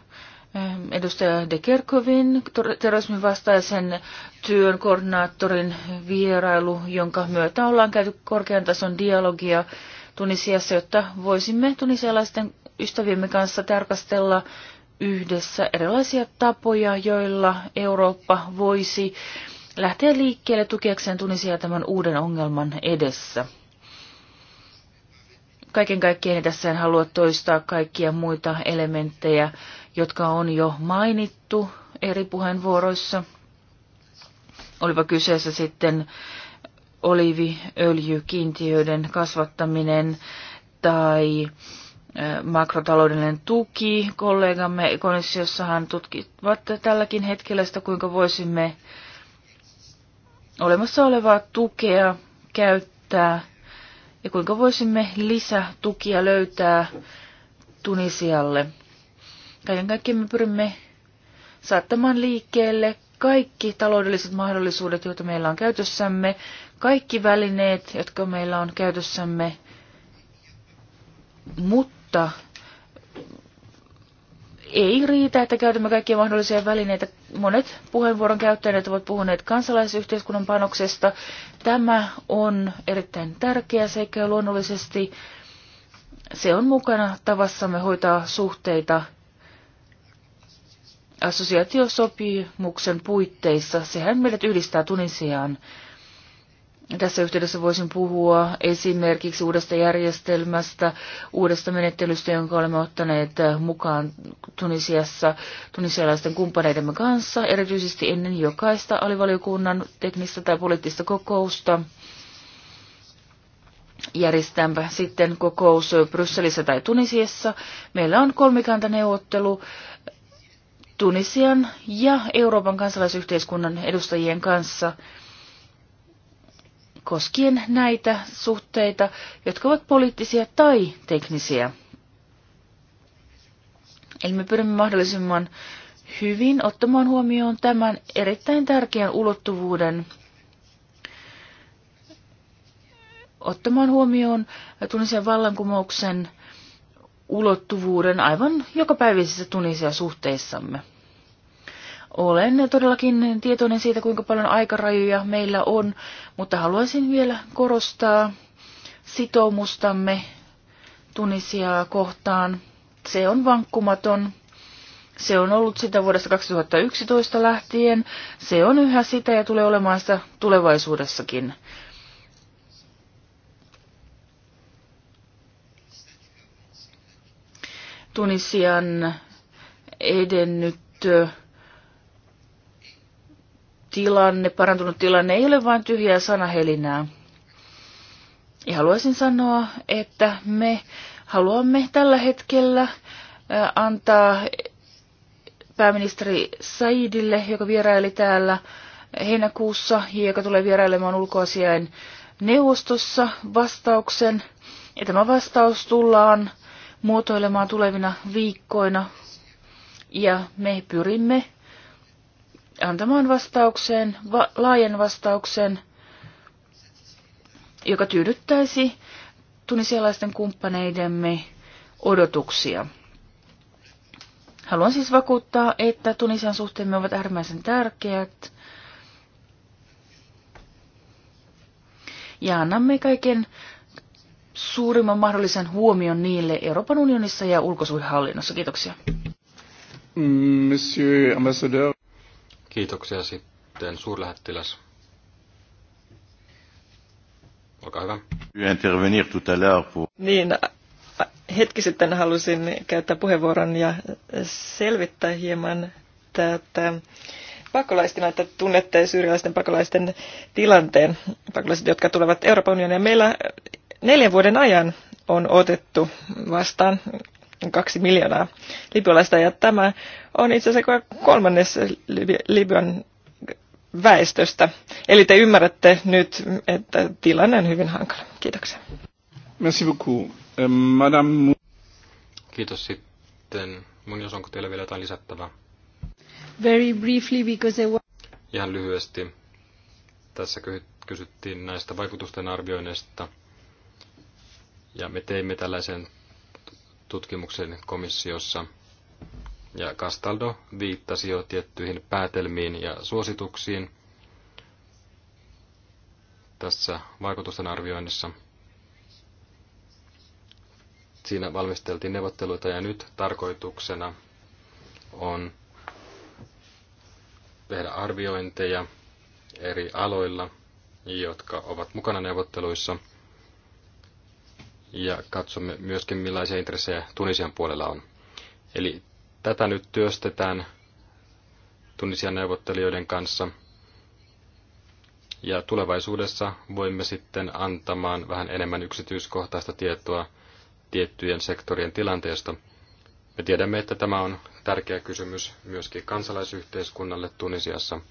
edustaja De Kerkovin, terrorismin vastaisen työn koordinaattorin vierailu, jonka myötä ollaan käyty korkean tason dialogia Tunisiassa, jotta voisimme tunisialaisten ystäviemme kanssa tarkastella yhdessä erilaisia tapoja, joilla Eurooppa voisi lähteä liikkeelle tukeakseen Tunisia tämän uuden ongelman edessä. Kaiken kaikkiaan tässä en halua toistaa kaikkia muita elementtejä, jotka on jo mainittu eri puheenvuoroissa. Olipa kyseessä sitten oliiviöljykiintiöiden kasvattaminen tai makrotaloudellinen tuki. Kollegamme komissiossahan tutkivat tälläkin hetkellä sitä, kuinka voisimme olemassa olevaa tukea käyttää ja kuinka voisimme lisätukia löytää Tunisialle. Kaiken kaikkiaan me pyrimme saattamaan liikkeelle kaikki taloudelliset mahdollisuudet, joita meillä on käytössämme, kaikki välineet, jotka meillä on käytössämme, mutta ei riitä, että käytämme kaikkia mahdollisia välineitä. Monet puheenvuoron käyttäjät ovat puhuneet kansalaisyhteiskunnan panoksesta. Tämä on erittäin tärkeä seikka luonnollisesti se on mukana tavassamme hoitaa suhteita assosiaatiosopimuksen puitteissa. Sehän meidät yhdistää Tunisiaan. Tässä yhteydessä voisin puhua esimerkiksi uudesta järjestelmästä, uudesta menettelystä, jonka olemme ottaneet eh, mukaan Tunisiassa tunisialaisten kumppaneidemme kanssa, erityisesti ennen jokaista alivaliokunnan teknistä tai poliittista kokousta. Järjestämpä sitten kokous Brysselissä tai Tunisiassa. Meillä on kolmikantaneuvottelu Tunisian ja Euroopan kansalaisyhteiskunnan edustajien kanssa koskien näitä suhteita, jotka ovat poliittisia tai teknisiä. Eli me pyrimme mahdollisimman hyvin ottamaan huomioon tämän erittäin tärkeän ulottuvuuden, ottamaan huomioon Tunisian vallankumouksen ulottuvuuden aivan jokapäiväisissä tunnisia suhteissamme. Olen todellakin tietoinen siitä, kuinka paljon aikarajoja meillä on, mutta haluaisin vielä korostaa sitoumustamme Tunisiaa kohtaan. Se on vankkumaton. Se on ollut sitä vuodesta 2011 lähtien. Se on yhä sitä ja tulee olemaan sitä tulevaisuudessakin. Tunisian edennyt tilanne, parantunut tilanne ei ole vain tyhjää sanahelinää. Ja haluaisin sanoa, että me haluamme tällä hetkellä antaa pääministeri Saidille, joka vieraili täällä heinäkuussa ja joka tulee vierailemaan ulkoasiain neuvostossa vastauksen. Ja tämä vastaus tullaan muotoilemaan tulevina viikkoina. Ja me pyrimme antamaan vastaukseen, va- laajen vastauksen, joka tyydyttäisi tunisialaisten kumppaneidemme odotuksia. Haluan siis vakuuttaa, että Tunisian suhteemme ovat äärimmäisen tärkeät. Ja annamme kaiken suurimman mahdollisen huomion niille Euroopan unionissa ja ulkosuhdehallinnossa. Kiitoksia. Mm, monsieur Ambassadeur. Kiitoksia sitten suurlähettiläs. Olkaa hyvä. Intervenir tout à Niin, hetki sitten halusin käyttää puheenvuoron ja selvittää hieman tätä pakolaistina, että tunnette syyrialaisten pakolaisten tilanteen, pakolaiset, jotka tulevat Euroopan unioniin. Meillä neljän vuoden ajan on otettu vastaan kaksi miljoonaa libyalaista ja tämä on itse asiassa kolmannes Libyan väestöstä. Eli te ymmärrätte nyt, että tilanne on hyvin hankala. Kiitoksia. Merci beaucoup. Euh, Madame... Kiitos sitten. Mun jos onko teillä vielä jotain lisättävää? Very briefly because I... Ihan lyhyesti. Tässä kysyttiin näistä vaikutusten arvioinneista – ja me teimme tällaisen tutkimuksen komissiossa. Ja Castaldo viittasi jo tiettyihin päätelmiin ja suosituksiin tässä vaikutusten arvioinnissa. Siinä valmisteltiin neuvotteluita ja nyt tarkoituksena on tehdä arviointeja eri aloilla, jotka ovat mukana neuvotteluissa – ja katsomme myöskin millaisia intressejä Tunisian puolella on. Eli tätä nyt työstetään Tunisian neuvottelijoiden kanssa. Ja tulevaisuudessa voimme sitten antamaan vähän enemmän yksityiskohtaista tietoa tiettyjen sektorien tilanteesta. Me tiedämme, että tämä on tärkeä kysymys myöskin kansalaisyhteiskunnalle Tunisiassa.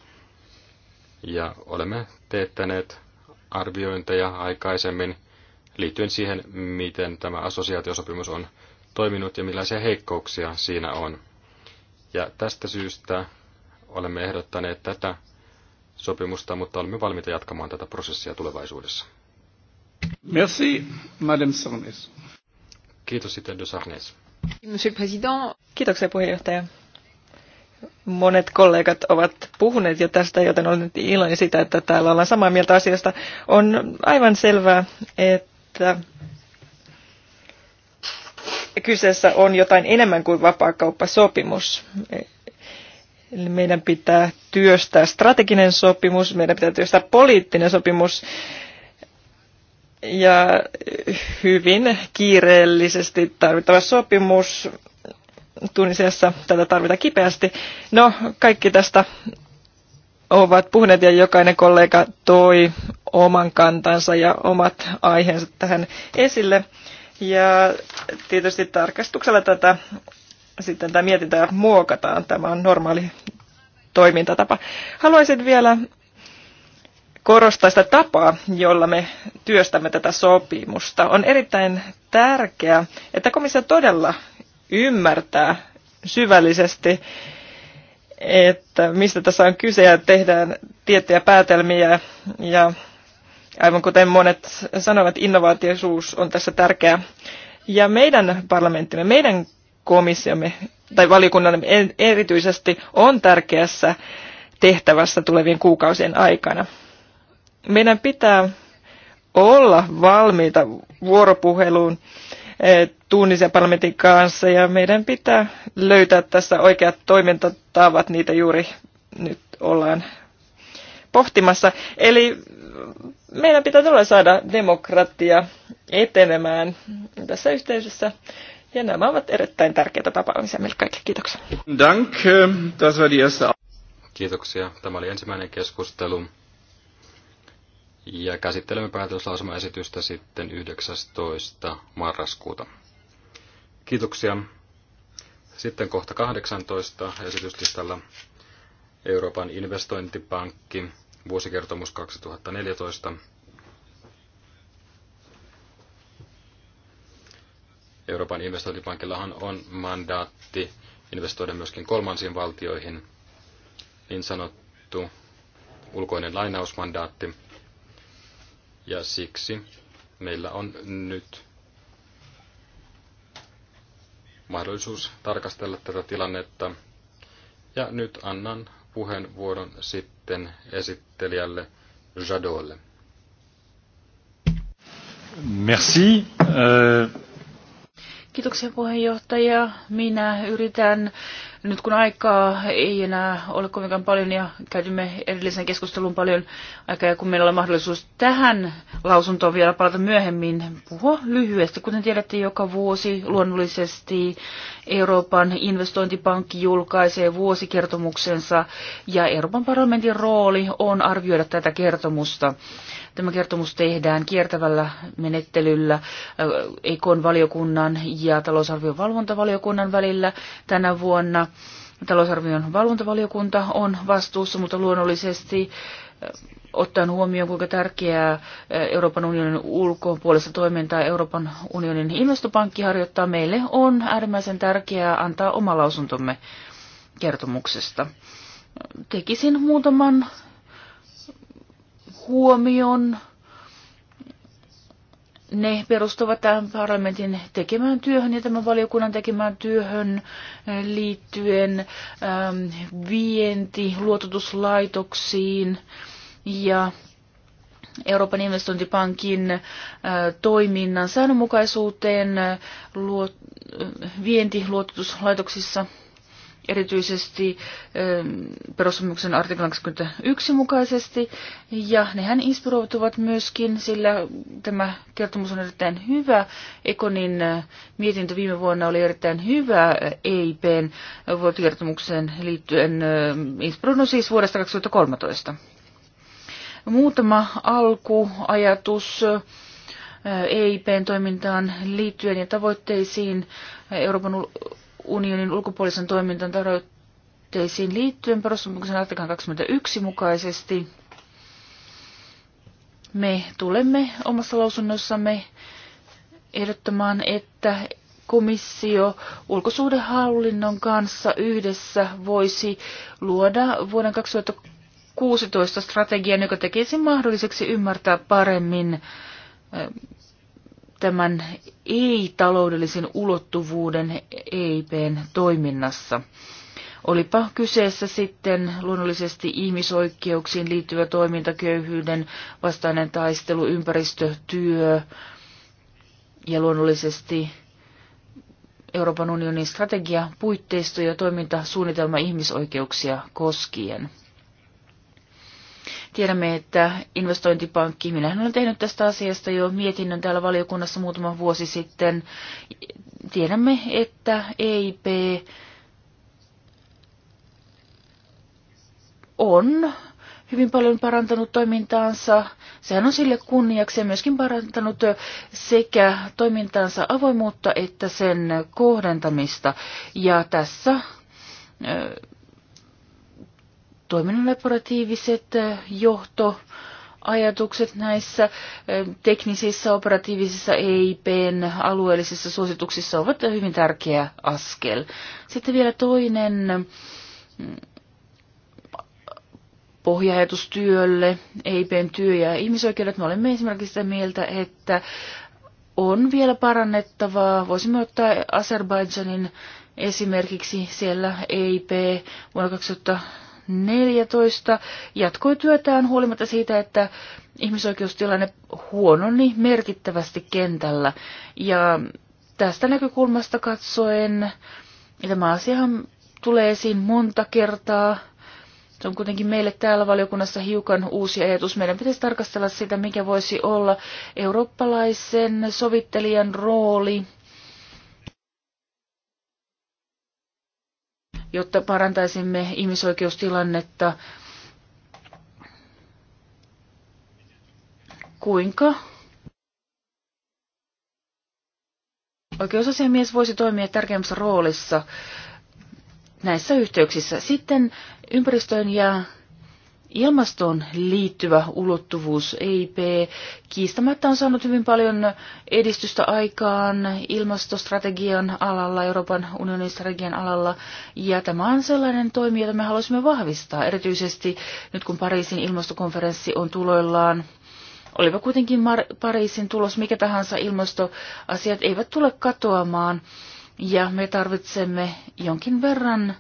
Ja olemme teettäneet arviointeja aikaisemmin liittyen siihen, miten tämä assosiaatiosopimus on toiminut ja millaisia heikkouksia siinä on. Ja tästä syystä olemme ehdottaneet tätä sopimusta, mutta olemme valmiita jatkamaan tätä prosessia tulevaisuudessa. Merci, Madame Sarnes. Kiitos sitten, de Sarnes. Monsieur le Président. Kiitoksia puheenjohtaja. Monet kollegat ovat puhuneet jo tästä, joten olen nyt iloinen sitä, että täällä ollaan samaa mieltä asiasta. On aivan selvää, että että kyseessä on jotain enemmän kuin vapaakauppasopimus. Eli meidän pitää työstää strateginen sopimus, meidän pitää työstää poliittinen sopimus ja hyvin kiireellisesti tarvittava sopimus Tunisiassa tätä tarvitaan kipeästi. No, kaikki tästä ovat puhuneet ja jokainen kollega toi oman kantansa ja omat aiheensa tähän esille. Ja tietysti tarkastuksella tätä sitten tämä mietintää muokataan. Tämä on normaali toimintatapa. Haluaisin vielä korostaa sitä tapaa, jolla me työstämme tätä sopimusta. On erittäin tärkeää, että komissio todella ymmärtää syvällisesti että mistä tässä on kyse ja tehdään tiettyjä päätelmiä ja aivan kuten monet sanovat, innovaatioisuus on tässä tärkeää. Ja meidän parlamenttimme, meidän komissiomme tai valiokunnan erityisesti on tärkeässä tehtävässä tulevien kuukausien aikana. Meidän pitää olla valmiita vuoropuheluun Eh, Tunisian parlamentin kanssa ja meidän pitää löytää tässä oikeat toimintatavat, niitä juuri nyt ollaan pohtimassa. Eli meidän pitää todella saada demokratia etenemään tässä yhteisössä. Ja nämä ovat erittäin tärkeitä tapaamisia meille kaikille. Kiitoksia. Dank, das war die erste. Kiitoksia. Tämä oli ensimmäinen keskustelu ja käsittelemme päätöslausumaesitystä sitten 19. marraskuuta. Kiitoksia. Sitten kohta 18 esityslistalla Euroopan investointipankki, vuosikertomus 2014. Euroopan investointipankillahan on mandaatti investoida myöskin kolmansiin valtioihin, niin sanottu ulkoinen lainausmandaatti. Ja siksi meillä on nyt mahdollisuus tarkastella tätä tilannetta. Ja nyt annan puheenvuoron sitten esittelijälle Jadolle. Merci. Euh, Kiitoksia puheenjohtaja. Minä yritän nyt kun aikaa ei enää ole kovinkaan paljon ja käytimme edellisen keskustelun paljon aikaa ja kun meillä on mahdollisuus tähän lausuntoon vielä palata myöhemmin, puhua lyhyesti. Kuten tiedätte, joka vuosi luonnollisesti Euroopan investointipankki julkaisee vuosikertomuksensa ja Euroopan parlamentin rooli on arvioida tätä kertomusta. Tämä kertomus tehdään kiertävällä menettelyllä äh, EKON valiokunnan ja talousarvion valvontavaliokunnan välillä tänä vuonna talousarvion valvontavaliokunta on vastuussa, mutta luonnollisesti ottaen huomioon, kuinka tärkeää Euroopan unionin ulkopuolista toimintaa Euroopan unionin investopankki harjoittaa, meille on äärimmäisen tärkeää antaa oma lausuntomme kertomuksesta. Tekisin muutaman huomion ne perustuvat tämän parlamentin tekemään työhön ja tämän valiokunnan tekemään työhön liittyen äm, vienti, luototuslaitoksiin ja Euroopan investointipankin ä, äh, toiminnan säännönmukaisuuteen äh, luot, äh, vientiluototuslaitoksissa erityisesti ähm, perussopimuksen artiklan 21 mukaisesti. Ja nehän inspiroituvat myöskin, sillä tämä kertomus on erittäin hyvä. Ekonin äh, mietintö viime vuonna oli erittäin hyvä äh, EIPn äh, vuotikertomukseen liittyen, inspiroinut siis vuodesta 2013. Muutama alkuajatus. EIPn toimintaan liittyen ja tavoitteisiin Euroopan unionin ulkopuolisen toimintan tarjoitteisiin liittyen perussopimuksen artikan 21 mukaisesti. Me tulemme omassa lausunnossamme ehdottamaan, että komissio ulkosuhdehallinnon kanssa yhdessä voisi luoda vuoden 2016 strategian, joka tekisi mahdolliseksi ymmärtää paremmin tämän ei-taloudellisen ulottuvuuden EIPn toiminnassa. Olipa kyseessä sitten luonnollisesti ihmisoikeuksiin liittyvä toiminta, köyhyyden vastainen taistelu, ympäristötyö ja luonnollisesti Euroopan unionin strategia, puitteisto ja toimintasuunnitelma ihmisoikeuksia koskien. Tiedämme, että investointipankki, minähän olen tehnyt tästä asiasta jo mietinnön täällä valiokunnassa muutama vuosi sitten. Tiedämme, että EIP on hyvin paljon parantanut toimintaansa. Sehän on sille kunniaksi ja myöskin parantanut sekä toimintaansa avoimuutta että sen kohdentamista. Ja tässä toiminnan operatiiviset eh, johto ajatukset näissä eh, teknisissä, operatiivisissa EIPn alueellisissa suosituksissa ovat hyvin tärkeä askel. Sitten vielä toinen mm, pohjaajatus työlle, EIPn työ ja ihmisoikeudet. Me olemme esimerkiksi sitä mieltä, että on vielä parannettavaa. Voisimme ottaa Azerbaidžanin esimerkiksi siellä EIP vuonna 2000 2014 jatkoi työtään huolimatta siitä, että ihmisoikeustilanne huononi merkittävästi kentällä. Ja tästä näkökulmasta katsoen, tämä asiahan tulee esiin monta kertaa, se on kuitenkin meille täällä valiokunnassa hiukan uusi ajatus. Meidän pitäisi tarkastella sitä, mikä voisi olla eurooppalaisen sovittelijan rooli jotta parantaisimme ihmisoikeustilannetta. Kuinka oikeusasiamies voisi toimia tärkeimmässä roolissa näissä yhteyksissä? Sitten ympäristöön ja ilmastoon liittyvä ulottuvuus, EIP, kiistämättä on saanut hyvin paljon edistystä aikaan ilmastostrategian alalla, Euroopan unionin strategian alalla, ja tämä on sellainen toimi, jota me haluaisimme vahvistaa, erityisesti nyt kun Pariisin ilmastokonferenssi on tuloillaan. Olipa kuitenkin Mar- Pariisin tulos mikä tahansa, ilmastoasiat eivät tule katoamaan, ja me tarvitsemme jonkin verran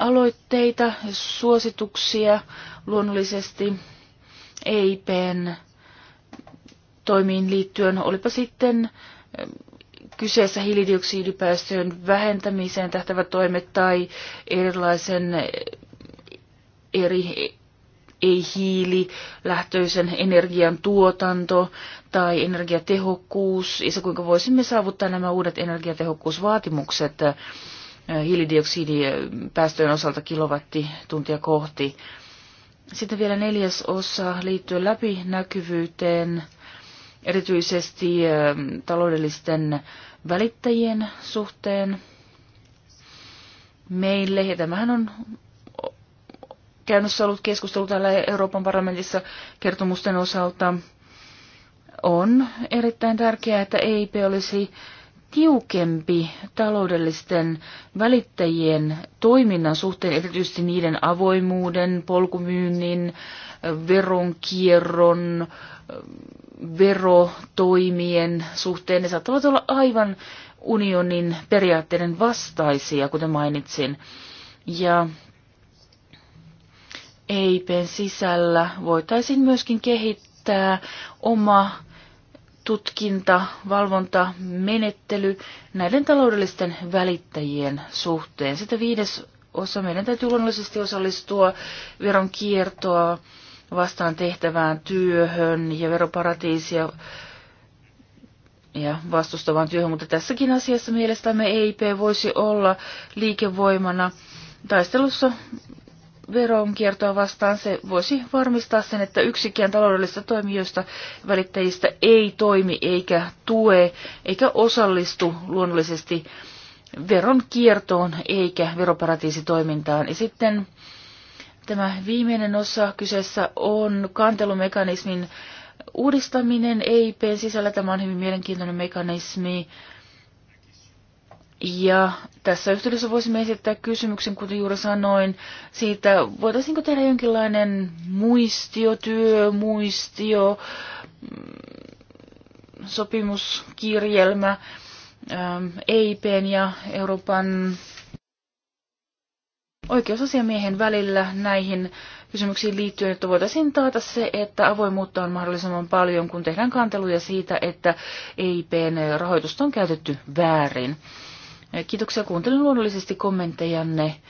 aloitteita, suosituksia luonnollisesti EIPn toimiin liittyen, olipa sitten ähm, kyseessä hiilidioksidipäästöjen vähentämiseen tähtävä toimet tai erilaisen äh, eri ei-hiililähtöisen energian tuotanto tai energiatehokkuus ja se, kuinka voisimme saavuttaa nämä uudet energiatehokkuusvaatimukset hiilidioksidipäästöjen eh, osalta kilowattituntia kohti. Sitten vielä neljäs osa liittyen läpinäkyvyyteen, erityisesti eh, taloudellisten välittäjien suhteen meille. Ja tämähän on käynnissä ollut keskustelu täällä Euroopan parlamentissa kertomusten osalta. On erittäin tärkeää, että EIP olisi tiukempi taloudellisten välittäjien toiminnan suhteen, erityisesti niiden avoimuuden, polkumyynnin, veronkierron, verotoimien suhteen. Ne saattavat olla aivan unionin periaatteiden vastaisia, kuten mainitsin. Ja EIPn sisällä voitaisiin myöskin kehittää oma tutkinta, valvonta, menettely näiden taloudellisten välittäjien suhteen. Sitä viides osa meidän täytyy luonnollisesti osallistua veron kiertoa vastaan tehtävään työhön ja veroparatiisia ja vastustavaan työhön, mutta tässäkin asiassa mielestämme EIP voisi olla liikevoimana taistelussa veronkiertoa vastaan. Se voisi varmistaa sen, että yksikään taloudellisista toimijoista välittäjistä ei toimi eikä tue eikä osallistu luonnollisesti veronkiertoon eikä veroparatiisitoimintaan. Ja sitten tämä viimeinen osa kyseessä on kantelumekanismin uudistaminen EIPn sisällä. Tämä on hyvin mielenkiintoinen mekanismi. Ja tässä yhteydessä voisimme esittää kysymyksen, kuten juuri sanoin, siitä voitaisiinko tehdä jonkinlainen muistio, työmuistio, mm, sopimuskirjelmä ähm, EIPn ja Euroopan oikeusasiamiehen välillä näihin kysymyksiin liittyen, että voitaisiin taata se, että avoimuutta on mahdollisimman paljon, kun tehdään kanteluja siitä, että EIPn rahoitusta on käytetty väärin. Kiitoksia. Kuuntelen luonnollisesti kommenttejanne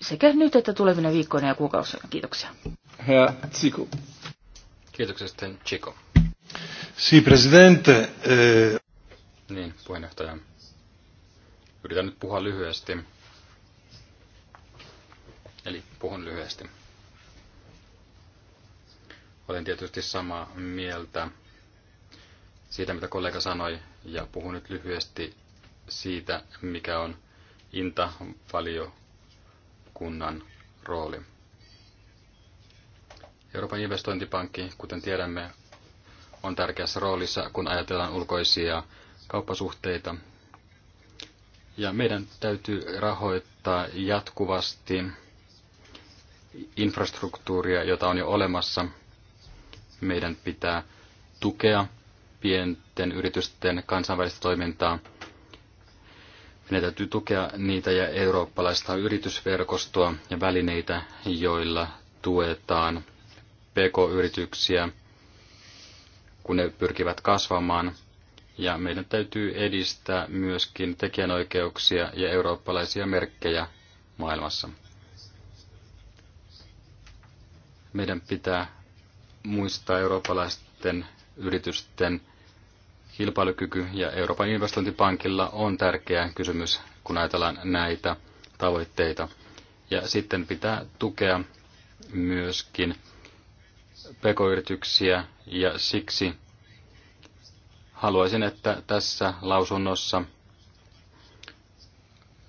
sekä nyt että tulevina viikkoina ja kuukausina. Kiitoksia. Herra Tsiku. Kiitoksia sitten Tsiku. Si, presidente. Eh. Niin, puheenjohtaja. Yritän nyt puhua lyhyesti. Eli puhun lyhyesti. Olen tietysti samaa mieltä siitä, mitä kollega sanoi, ja puhun nyt lyhyesti siitä, mikä on intavaliokunnan rooli. Euroopan investointipankki, kuten tiedämme, on tärkeässä roolissa, kun ajatellaan ulkoisia kauppasuhteita. Ja meidän täytyy rahoittaa jatkuvasti infrastruktuuria, jota on jo olemassa. Meidän pitää tukea pienten yritysten kansainvälistä toimintaa – meidän täytyy tukea niitä ja eurooppalaista yritysverkostoa ja välineitä, joilla tuetaan pk-yrityksiä, kun ne pyrkivät kasvamaan. Ja meidän täytyy edistää myöskin tekijänoikeuksia ja eurooppalaisia merkkejä maailmassa. Meidän pitää muistaa eurooppalaisten yritysten kilpailukyky ja Euroopan investointipankilla on tärkeä kysymys, kun ajatellaan näitä tavoitteita. Ja sitten pitää tukea myöskin pekoyrityksiä ja siksi haluaisin, että tässä lausunnossa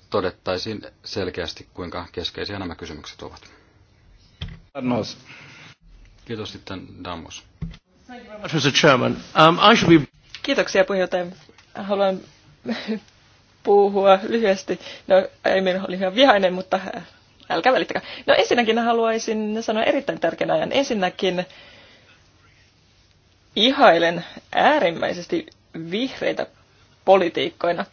todettaisiin selkeästi, kuinka keskeisiä nämä kysymykset ovat. Damos. Kiitos sitten Damos. Mr. Chairman. Um, I should be Kiitoksia puheenjohtaja. Haluan puhua lyhyesti. No, ei minun ole ihan vihainen, mutta äh, älkää välittäkää. No ensinnäkin haluaisin sanoa erittäin tärkeän ajan. Ensinnäkin ihailen äärimmäisesti vihreitä politiikkoina.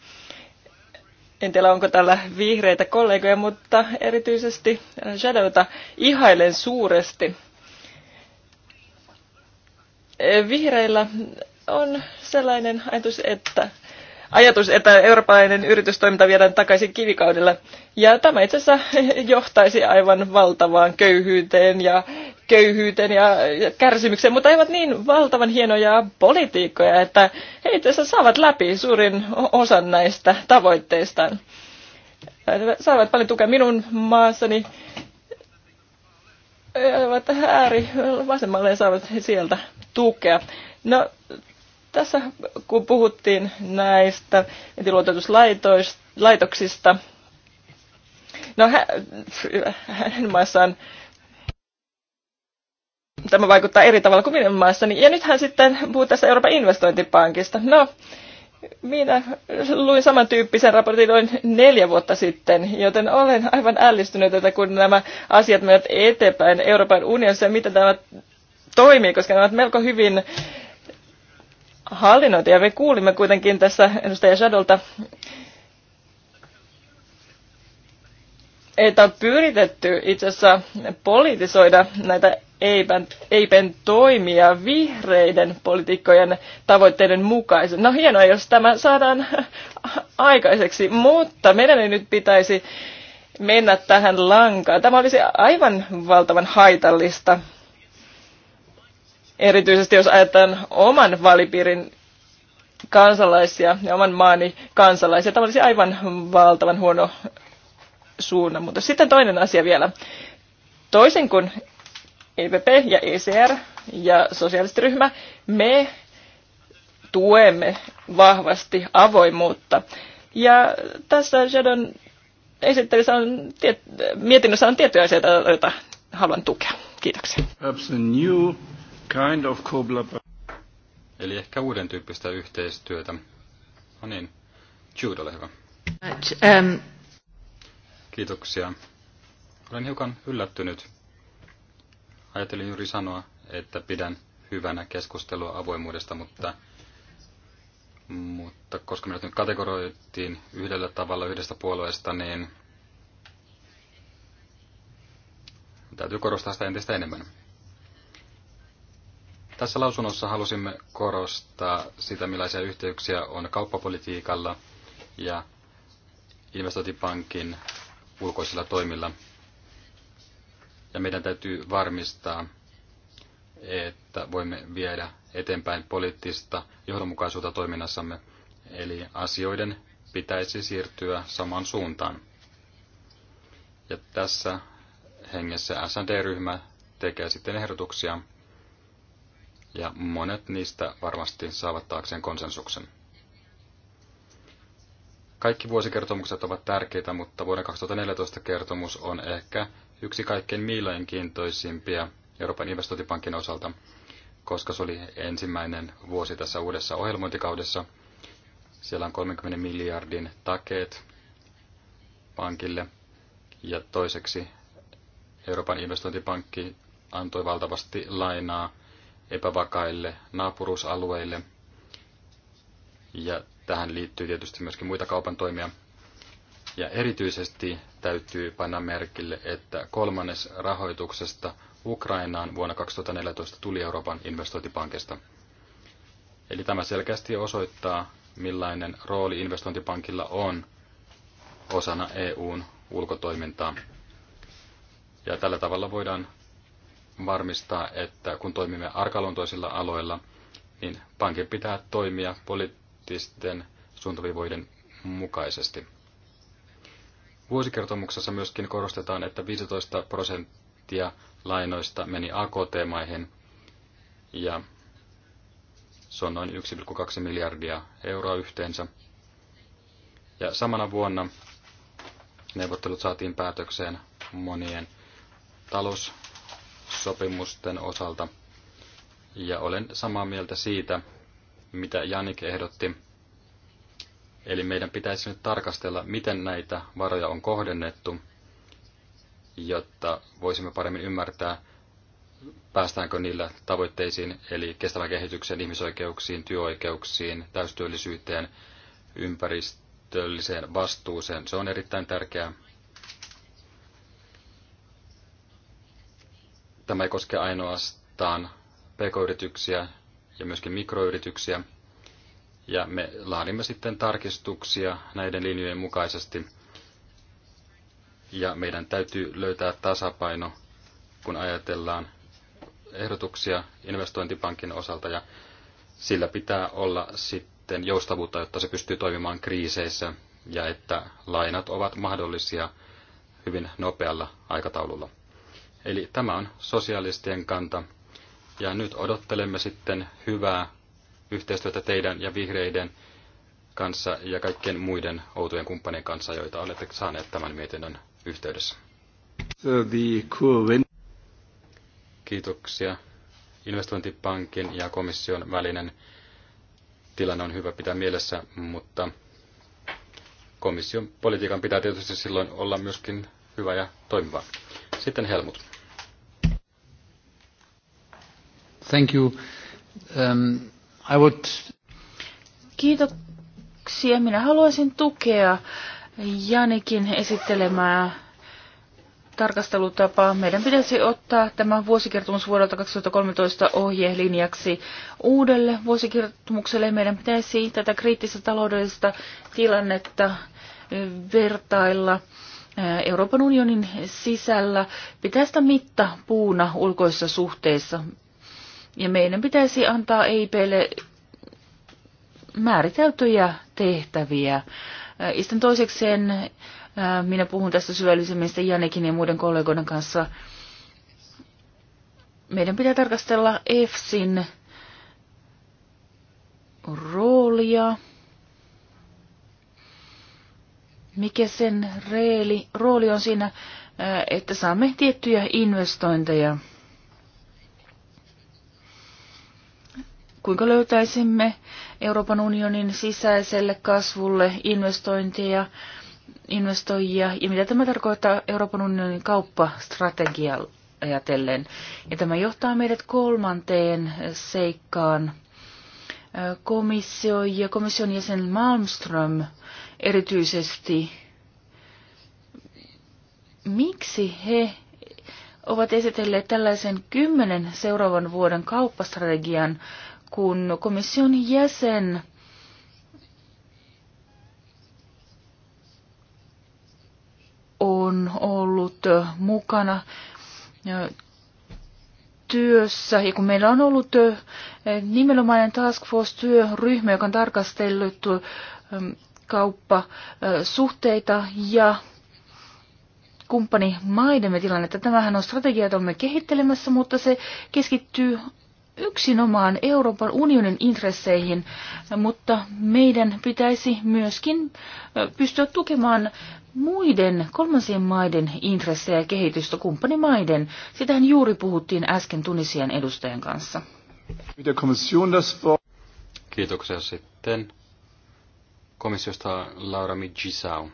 En tiedä, onko täällä vihreitä kollegoja, mutta erityisesti äh, Shadowta ihailen suuresti. Äh, vihreillä on sellainen ajatus, että ajatus, että eurooppalainen yritystoiminta viedään takaisin kivikaudella. Ja tämä itse asiassa johtaisi aivan valtavaan köyhyyteen ja köyhyyteen ja kärsimykseen, mutta eivät niin valtavan hienoja politiikkoja, että he itse asiassa saavat läpi suurin osan näistä tavoitteistaan. Saavat paljon tukea minun maassani. He ovat ääri vasemmalle ja saavat sieltä tukea. No, tässä kun puhuttiin näistä laitoksista, no hä, hänen maassaan tämä vaikuttaa eri tavalla kuin minun maassani. Ja nythän sitten puhuu tässä Euroopan investointipankista. No, minä luin samantyyppisen raportin noin neljä vuotta sitten, joten olen aivan ällistynyt, että kun nämä asiat menevät eteenpäin Euroopan unionissa, miten tämä toimii, koska ne ovat melko hyvin hallinnointi. Ja me kuulimme kuitenkin tässä edustaja Shadolta, että on pyritetty itse asiassa politisoida näitä Eipän, EIPen toimia vihreiden politiikkojen tavoitteiden mukaisen. No hienoa, jos tämä saadaan aikaiseksi, mutta meidän ei nyt pitäisi mennä tähän lankaan. Tämä olisi aivan valtavan haitallista Erityisesti jos ajatellaan oman valipiirin kansalaisia ja oman maani kansalaisia. Tämä olisi aivan valtavan huono suunnan. Mutta sitten toinen asia vielä. Toisin kuin EPP ja ECR ja sosiaalistiryhmä, me tuemme vahvasti avoimuutta. Ja tässä Jadon esittelyssä on, mietinnössä on tiettyjä asioita, joita haluan tukea. Kiitoksia kind of Eli ehkä uuden tyyppistä yhteistyötä. No niin, Jude, ole hyvä. Um. Kiitoksia. Olen hiukan yllättynyt. Ajattelin juuri sanoa, että pidän hyvänä keskustelua avoimuudesta, mutta, mutta koska minut nyt kategoroitiin yhdellä tavalla yhdestä puolueesta, niin täytyy korostaa sitä entistä enemmän. Tässä lausunnossa halusimme korostaa sitä, millaisia yhteyksiä on kauppapolitiikalla ja investointipankin ulkoisilla toimilla. Ja meidän täytyy varmistaa, että voimme viedä eteenpäin poliittista johdonmukaisuutta toiminnassamme, eli asioiden pitäisi siirtyä samaan suuntaan. Ja tässä hengessä SND-ryhmä tekee sitten ehdotuksia, ja monet niistä varmasti saavat taakseen konsensuksen. Kaikki vuosikertomukset ovat tärkeitä, mutta vuoden 2014 kertomus on ehkä yksi kaikkein mielenkiintoisimpia Euroopan investointipankin osalta, koska se oli ensimmäinen vuosi tässä uudessa ohjelmointikaudessa. Siellä on 30 miljardin takeet pankille ja toiseksi Euroopan investointipankki antoi valtavasti lainaa epävakaille naapurusalueille. Ja tähän liittyy tietysti myöskin muita kaupan toimia. Ja erityisesti täytyy panna merkille, että kolmannes rahoituksesta Ukrainaan vuonna 2014 tuli Euroopan investointipankista. Eli tämä selkeästi osoittaa, millainen rooli investointipankilla on osana EUn ulkotoimintaa. Ja tällä tavalla voidaan varmistaa, että kun toimimme arkaluontoisilla aloilla, niin pankin pitää toimia poliittisten suuntaviivoiden mukaisesti. Vuosikertomuksessa myöskin korostetaan, että 15 prosenttia lainoista meni AKT-maihin ja se on noin 1,2 miljardia euroa yhteensä. Ja samana vuonna neuvottelut saatiin päätökseen monien talous- sopimusten osalta. Ja olen samaa mieltä siitä, mitä Janik ehdotti. Eli meidän pitäisi nyt tarkastella, miten näitä varoja on kohdennettu, jotta voisimme paremmin ymmärtää, päästäänkö niillä tavoitteisiin, eli kestävän kehityksen, ihmisoikeuksiin, työoikeuksiin, täystyöllisyyteen, ympäristölliseen vastuuseen. Se on erittäin tärkeää. Tämä ei koske ainoastaan pk-yrityksiä ja myöskin mikroyrityksiä. Ja me laadimme sitten tarkistuksia näiden linjojen mukaisesti. Ja meidän täytyy löytää tasapaino, kun ajatellaan ehdotuksia investointipankin osalta. Ja sillä pitää olla sitten joustavuutta, jotta se pystyy toimimaan kriiseissä ja että lainat ovat mahdollisia hyvin nopealla aikataululla. Eli tämä on sosialistien kanta. Ja nyt odottelemme sitten hyvää yhteistyötä teidän ja vihreiden kanssa ja kaikkien muiden outojen kumppanien kanssa, joita olette saaneet tämän mietinnön yhteydessä. Kiitoksia. Investointipankin ja komission välinen tilanne on hyvä pitää mielessä, mutta komission politiikan pitää tietysti silloin olla myöskin hyvä ja toimiva. Sitten Helmut. Um, Kiitoksia. Minä haluaisin tukea Janikin esittelemää tarkastelutapaa. Meidän pitäisi ottaa tämä vuosikertomus vuodelta 2013 ohjelinjaksi uudelle vuosikertomukselle. Meidän pitäisi tätä kriittistä taloudellista tilannetta vertailla eh, Euroopan unionin sisällä. Pitää sitä mittapuuna ulkoisissa suhteissa. Ja meidän pitäisi antaa EIPlle määriteltyjä tehtäviä. Äh, Isten toisekseen äh, minä puhun tästä syvällisemmin Janekin ja muiden kollegoiden kanssa. Meidän pitää tarkastella EFSin roolia. Mikä sen reeli, rooli on siinä, äh, että saamme tiettyjä investointeja kuinka löytäisimme Euroopan unionin sisäiselle kasvulle investointeja, investoijia ja mitä tämä tarkoittaa Euroopan unionin kauppastrategialle ajatellen. Ja tämä johtaa meidät kolmanteen seikkaan. Komissio ja komission jäsen Malmström erityisesti, miksi he ovat esitelleet tällaisen kymmenen seuraavan vuoden kauppastrategian kun komission jäsen on ollut mukana työssä, ja kun meillä on ollut nimenomainen Task Force-työryhmä, joka on tarkastellut kauppasuhteita ja kumppanimaidemme tilannetta. Tämähän on strategia, jota olemme kehittelemässä, mutta se keskittyy yksinomaan Euroopan unionin intresseihin, mutta meidän pitäisi myöskin pystyä tukemaan muiden kolmansien maiden intressejä ja kehitystä kumppanimaiden. Sitähän juuri puhuttiin äsken Tunisian edustajan kanssa. Kiitoksia sitten komissiosta Laura Mijisau.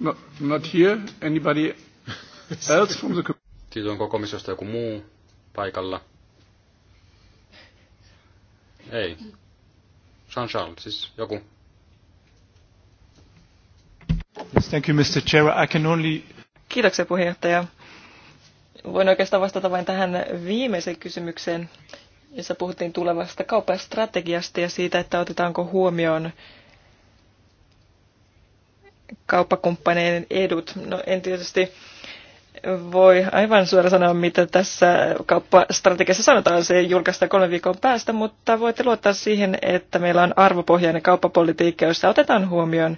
No, not here. Anybody else from the... Siis onko komissiosta joku muu paikalla? Ei. Jean-Charles, siis joku. Yes, thank you, Mr. Chair. I can only... Kiitoksia puheenjohtaja. Voin oikeastaan vastata vain tähän viimeiseen kysymykseen, jossa puhuttiin tulevasta kauppastrategiasta ja siitä, että otetaanko huomioon kauppakumppaneiden edut. No en tietysti voi aivan suora sanoa, mitä tässä kauppastrategiassa sanotaan. Se julkaistaan kolme viikon päästä, mutta voitte luottaa siihen, että meillä on arvopohjainen kauppapolitiikka, jossa otetaan huomioon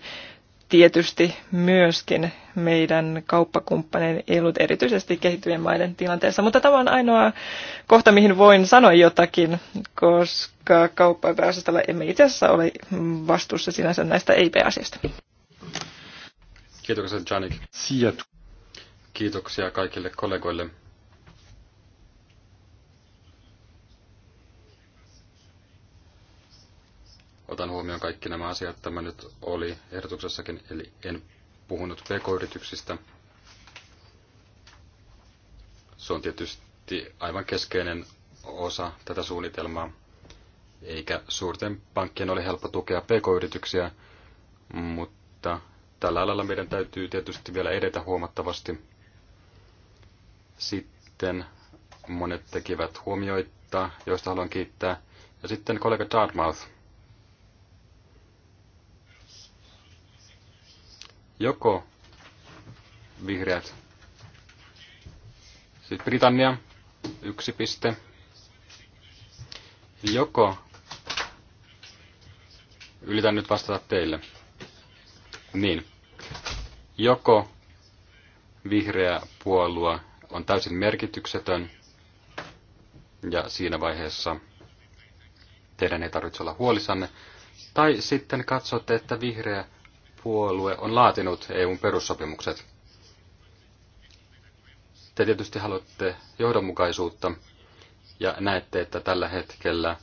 tietysti myöskin meidän kauppakumppaneiden edut, erityisesti kehittyvien maiden tilanteessa. Mutta tämä on ainoa kohta, mihin voin sanoa jotakin, koska kauppa emme itse asiassa ole vastuussa sinänsä näistä EIP-asioista. Kiitoksia Janik. Kiitoksia kaikille kollegoille. Otan huomioon kaikki nämä asiat. Tämä nyt oli ehdotuksessakin, eli en puhunut pk-yrityksistä. Se on tietysti aivan keskeinen osa tätä suunnitelmaa. Eikä suurten pankkien ole helppo tukea pk-yrityksiä, mutta Tällä alalla meidän täytyy tietysti vielä edetä huomattavasti. Sitten monet tekivät huomioita, joista haluan kiittää. Ja sitten kollega Dartmouth. Joko vihreät, sitten siis Britannia, yksi piste. Joko yritän nyt vastata teille. Niin. Joko vihreä puolue on täysin merkityksetön ja siinä vaiheessa teidän ei tarvitse olla huolissanne, tai sitten katsotte, että vihreä puolue on laatinut EUn perussopimukset. Te tietysti haluatte johdonmukaisuutta ja näette, että tällä hetkellä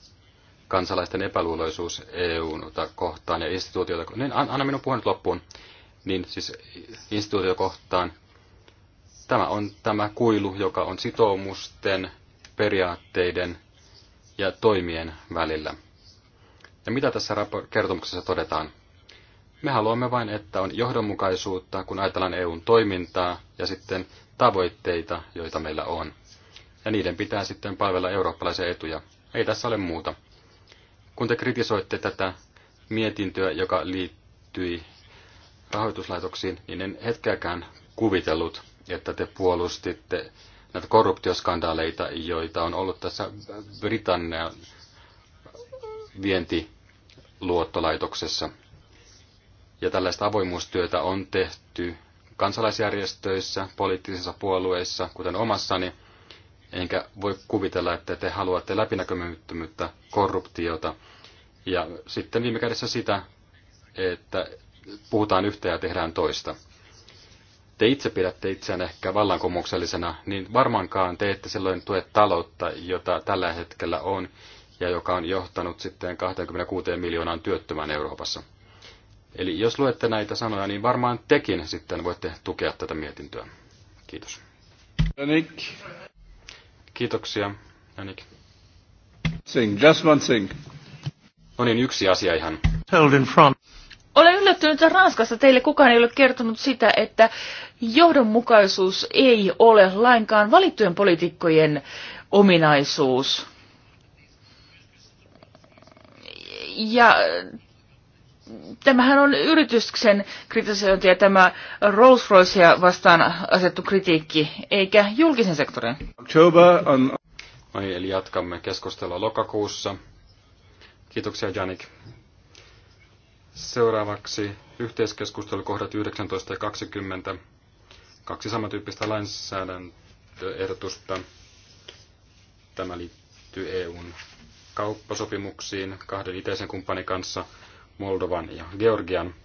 kansalaisten epäluuloisuus EU:n kohtaan ja instituutioita, niin anna minun puhun loppuun niin siis instituutiokohtaan. Tämä on tämä kuilu, joka on sitoumusten, periaatteiden ja toimien välillä. Ja mitä tässä kertomuksessa todetaan? Me haluamme vain, että on johdonmukaisuutta, kun ajatellaan EUn toimintaa ja sitten tavoitteita, joita meillä on. Ja niiden pitää sitten palvella eurooppalaisia etuja. Ei tässä ole muuta. Kun te kritisoitte tätä mietintöä, joka liittyi rahoituslaitoksiin, niin en hetkeäkään kuvitellut, että te puolustitte näitä korruptioskandaaleita, joita on ollut tässä Britannian vientiluottolaitoksessa. Ja tällaista avoimuustyötä on tehty kansalaisjärjestöissä, poliittisissa puolueissa, kuten omassani, enkä voi kuvitella, että te haluatte läpinäkymättömyyttä, korruptiota ja sitten viime kädessä sitä, että puhutaan yhtä ja tehdään toista. Te itse pidätte itseään ehkä vallankumouksellisena, niin varmaankaan te ette silloin tue taloutta, jota tällä hetkellä on, ja joka on johtanut sitten 26 miljoonaan työttömään Euroopassa. Eli jos luette näitä sanoja, niin varmaan tekin sitten voitte tukea tätä mietintöä. Kiitos. Janik. Kiitoksia, Janik. Sing, just one thing. No niin, yksi asia ihan. Held in front. Olen yllättynyt, että Ranskassa teille kukaan ei ole kertonut sitä, että johdonmukaisuus ei ole lainkaan valittujen poliitikkojen ominaisuus. Ja tämähän on yrityksen kritisointi ja tämä Rolls-Roycea vastaan asettu kritiikki, eikä julkisen sektorin. on... eli jatkamme keskustelua lokakuussa. Kiitoksia Janik. Seuraavaksi kohdat 19 ja 20. Kaksi samantyyppistä lainsäädäntöehdotusta. Tämä liittyy EUn kauppasopimuksiin kahden itäisen kumppanin kanssa, Moldovan ja Georgian.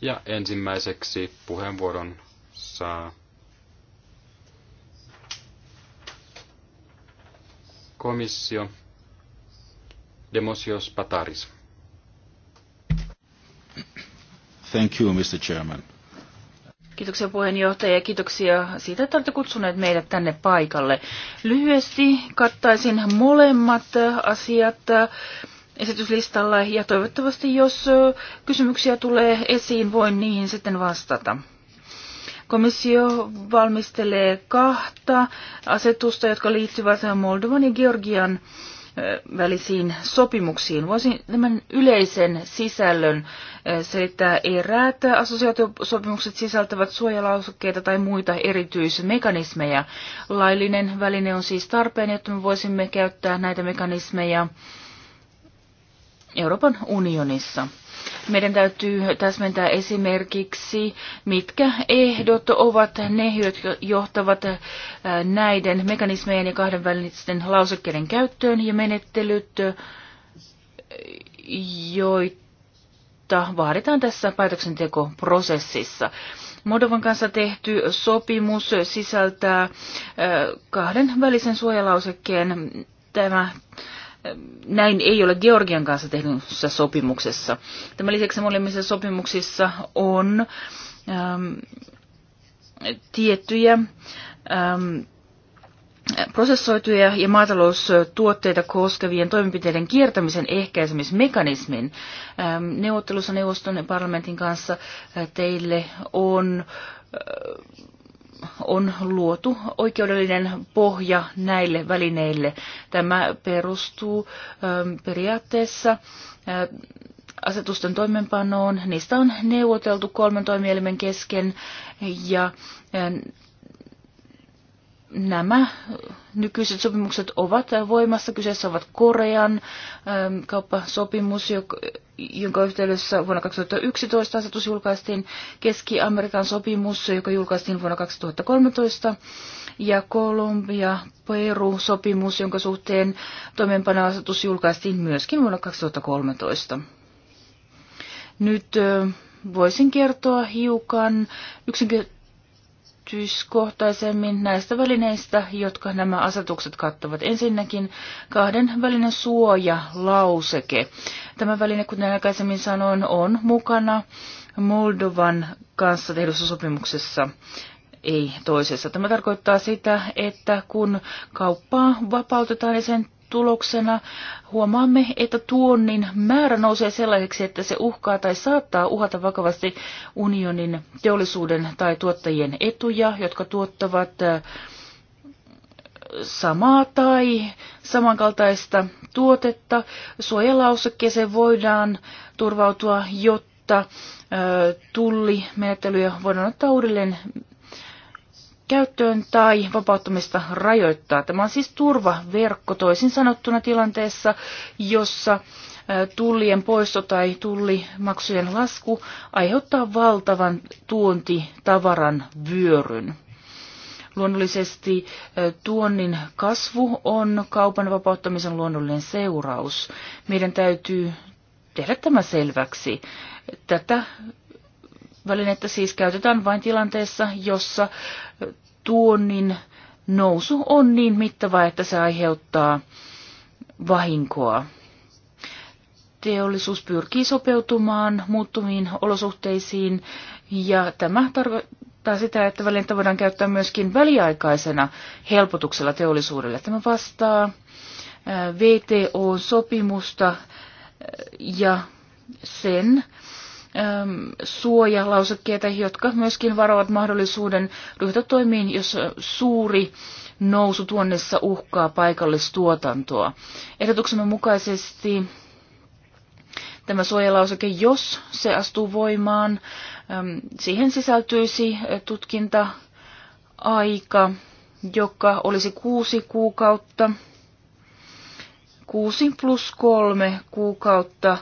Ja ensimmäiseksi puheenvuoron saa komissio Demosios Pataris. Thank you, Mr. Chairman. Kiitoksia puheenjohtaja ja kiitoksia siitä, että olette kutsuneet meidät tänne paikalle. Lyhyesti kattaisin molemmat asiat esityslistalla ja toivottavasti jos kysymyksiä tulee esiin, voin niihin sitten vastata. Komissio valmistelee kahta asetusta, jotka liittyvät Moldovan ja Georgian välisiin sopimuksiin. Voisin tämän yleisen sisällön selittää eräät assosiaatiosopimukset sisältävät suojalausukkeita tai muita erityismekanismeja. Laillinen väline on siis tarpeen, jotta me voisimme käyttää näitä mekanismeja Euroopan unionissa. Meidän täytyy täsmentää esimerkiksi, mitkä ehdot ovat ne, jotka johtavat äh, näiden mekanismejen ja kahdenvälisten lausekkeiden käyttöön ja menettelyt, äh, joita vaaditaan tässä päätöksentekoprosessissa. Modovan kanssa tehty sopimus sisältää äh, kahden välisen suojalausekkeen. Tämä näin ei ole Georgian kanssa tehdyssä sopimuksessa. Tämän lisäksi molemmissa sopimuksissa on äm, tiettyjä äm, prosessoituja ja maataloustuotteita koskevien toimenpiteiden kiertämisen ehkäisemismekanismin. Ähm, neuvottelussa neuvoston ja parlamentin kanssa teille on äh, on luotu oikeudellinen pohja näille välineille. Tämä perustuu ähm, periaatteessa äh, asetusten toimenpanoon. Niistä on neuvoteltu kolmen toimielimen kesken ja äh, nämä nykyiset sopimukset ovat voimassa. Kyseessä ovat Korean ähm, kauppasopimus, jonka yhteydessä vuonna 2011 asetus julkaistiin, Keski-Amerikan sopimus, joka julkaistiin vuonna 2013, ja Kolumbia-Peru-sopimus, jonka suhteen toimeenpanoasetus julkaistiin myöskin vuonna 2013. Nyt äh, voisin kertoa hiukan yksinkertaisesti yksityiskohtaisemmin näistä välineistä, jotka nämä asetukset kattavat. Ensinnäkin kahden välinen suoja lauseke. Tämä väline, kuten aikaisemmin sanoin, on mukana Moldovan kanssa tehdyssä sopimuksessa ei toisessa. Tämä tarkoittaa sitä, että kun kauppaa vapautetaan ja niin sen tuloksena huomaamme, että tuonnin määrä nousee sellaiseksi, että se uhkaa tai saattaa uhata vakavasti unionin teollisuuden tai tuottajien etuja, jotka tuottavat äh, samaa tai samankaltaista tuotetta. Suojalausekkeeseen voidaan turvautua, jotta äh, tullimenettelyjä voidaan ottaa uudelleen käyttöön tai vapauttamista rajoittaa. Tämä on siis turvaverkko toisin sanottuna tilanteessa, jossa tullien poisto tai tullimaksujen lasku aiheuttaa valtavan tuontitavaran vyöryn. Luonnollisesti tuonnin kasvu on kaupan vapauttamisen luonnollinen seuraus. Meidän täytyy tehdä tämä selväksi. Tätä välinettä siis käytetään vain tilanteessa, jossa tuonnin nousu on niin mittava, että se aiheuttaa vahinkoa. Teollisuus pyrkii sopeutumaan muuttuviin olosuhteisiin ja tämä tarkoittaa sitä, että välinettä voidaan käyttää myöskin väliaikaisena helpotuksella teollisuudelle. Tämä vastaa VTO-sopimusta ja sen Ähm, suojalausekkeita, jotka myöskin varovat mahdollisuuden ryhtyä toimiin, jos äh, suuri nousu tuonnissa uhkaa paikallistuotantoa. Ehdotuksemme mukaisesti tämä suojalauseke, jos se astuu voimaan, ähm, siihen sisältyisi äh, tutkinta-aika, joka olisi kuusi kuukautta – 6 plus 3 kuukautta.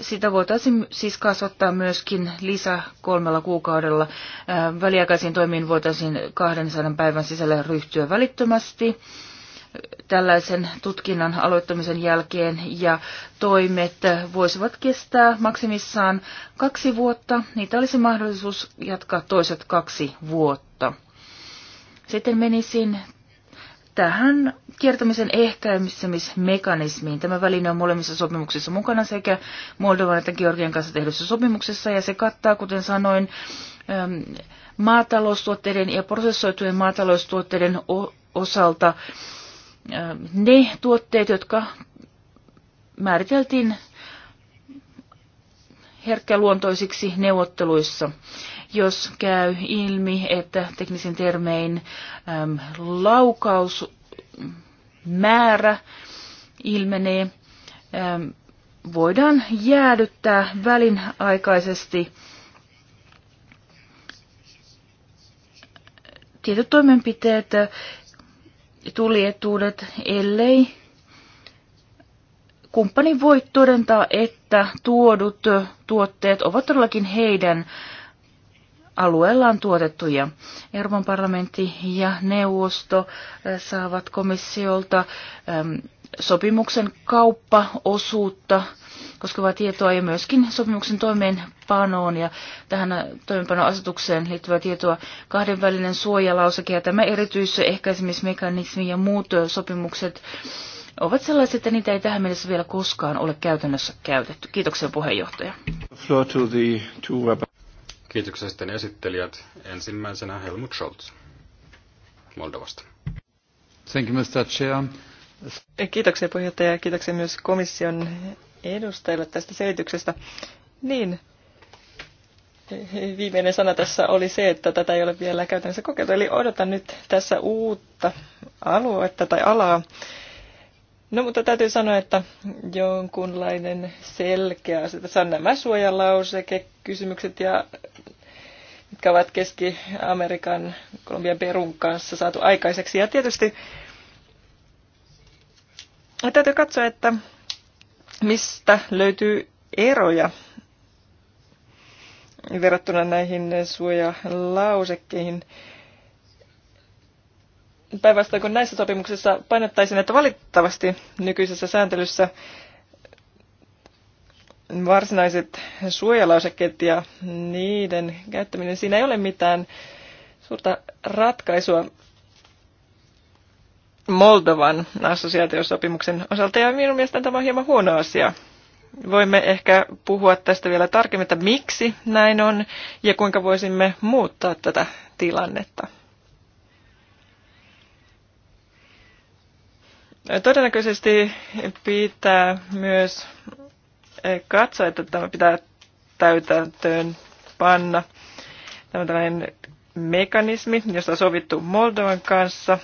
Sitä voitaisiin siis kasvattaa myöskin lisä kolmella kuukaudella. Äh, väliaikaisiin toimiin voitaisiin 200 päivän sisällä ryhtyä välittömästi tällaisen tutkinnan aloittamisen jälkeen ja toimet voisivat kestää maksimissaan kaksi vuotta. Niitä olisi mahdollisuus jatkaa toiset kaksi vuotta. Sitten menisin tähän kiertämisen ehkäisemismekanismiin. Tämä väline on molemmissa sopimuksissa mukana sekä Moldovan että Georgian kanssa tehdyssä sopimuksessa ja se kattaa, kuten sanoin, maataloustuotteiden ja prosessoitujen maataloustuotteiden osalta ne tuotteet, jotka määriteltiin herkkäluontoisiksi neuvotteluissa jos käy ilmi, että teknisen termein äm, laukausmäärä ilmenee, äm, voidaan jäädyttää välinaikaisesti tietyt toimenpiteet, tulietuudet, ellei kumppani voi todentaa, että tuodut tuotteet ovat todellakin heidän alueella on tuotettuja. Euroopan parlamentti ja neuvosto äh, saavat komissiolta ähm, sopimuksen kauppaosuutta koskevaa tietoa ja myöskin sopimuksen toimeenpanoon ja tähän äh, toimeenpanoasetukseen liittyvää tietoa kahdenvälinen suojalauseke ja tämä erityisehkäisemismekanismi ja muut äh, sopimukset ovat sellaiset, että niitä ei tähän mennessä vielä koskaan ole käytännössä käytetty. Kiitoksia puheenjohtaja. Kiitoksia sitten esittelijät. Ensimmäisenä Helmut Scholz Moldovasta. Kiitoksia puheenjohtaja ja kiitoksia myös komission edustajille tästä selityksestä. Niin, viimeinen sana tässä oli se, että tätä ei ole vielä käytännössä kokeiltu. Eli odotan nyt tässä uutta aluetta tai alaa. No mutta täytyy sanoa, että jonkunlainen selkeä asia. Tässä on nämä suojalausekekysymykset kysymykset ja mitkä ovat Keski-Amerikan, Kolumbian Perun kanssa saatu aikaiseksi. Ja tietysti täytyy katsoa, että mistä löytyy eroja verrattuna näihin suojalausekkeihin. Päinvastoin kun näissä sopimuksissa painottaisin, että valitettavasti nykyisessä sääntelyssä varsinaiset suojalausekkeet ja niiden käyttäminen, siinä ei ole mitään suurta ratkaisua Moldovan assosiaatiosopimuksen osalta, ja minun mielestäni tämä on hieman huono asia. Voimme ehkä puhua tästä vielä tarkemmin, että miksi näin on ja kuinka voisimme muuttaa tätä tilannetta. Todennäköisesti pitää myös katsoa, että tämä pitää täytäntöön panna. Tämä on tällainen mekanismi, josta on sovittu Moldovan kanssa.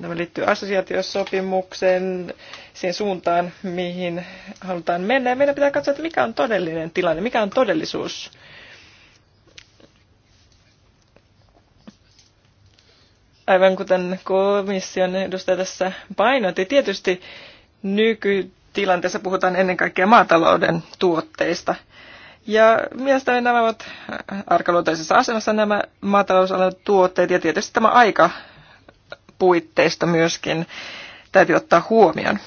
Tämä liittyy assosiaatiosopimukseen, siihen suuntaan, mihin halutaan mennä. Ja meidän pitää katsoa, että mikä on todellinen tilanne, mikä on todellisuus. Aivan kuten komission edustaja tässä painotti, tietysti nyky tilanteessa puhutaan ennen kaikkea maatalouden tuotteista. Ja mielestäni nämä ovat arkaluontoisessa asemassa nämä maatalousalan tuotteet ja tietysti tämä aika puitteista myöskin täytyy ottaa huomioon.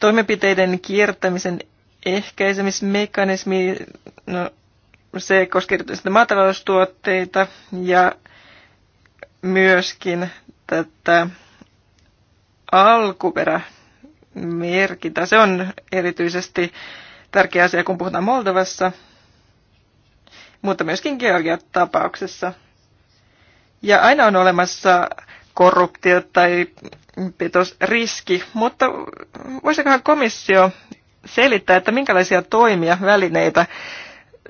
Toimenpiteiden kiertämisen ehkäisemismekanismi, no, se koskee erityisesti maataloustuotteita ja myöskin tätä alkuperä merkintä. Se on erityisesti tärkeä asia, kun puhutaan Moldovassa, mutta myöskin Georgian tapauksessa. Ja aina on olemassa korruptio tai petosriski, mutta voisikohan komissio selittää, että minkälaisia toimia, välineitä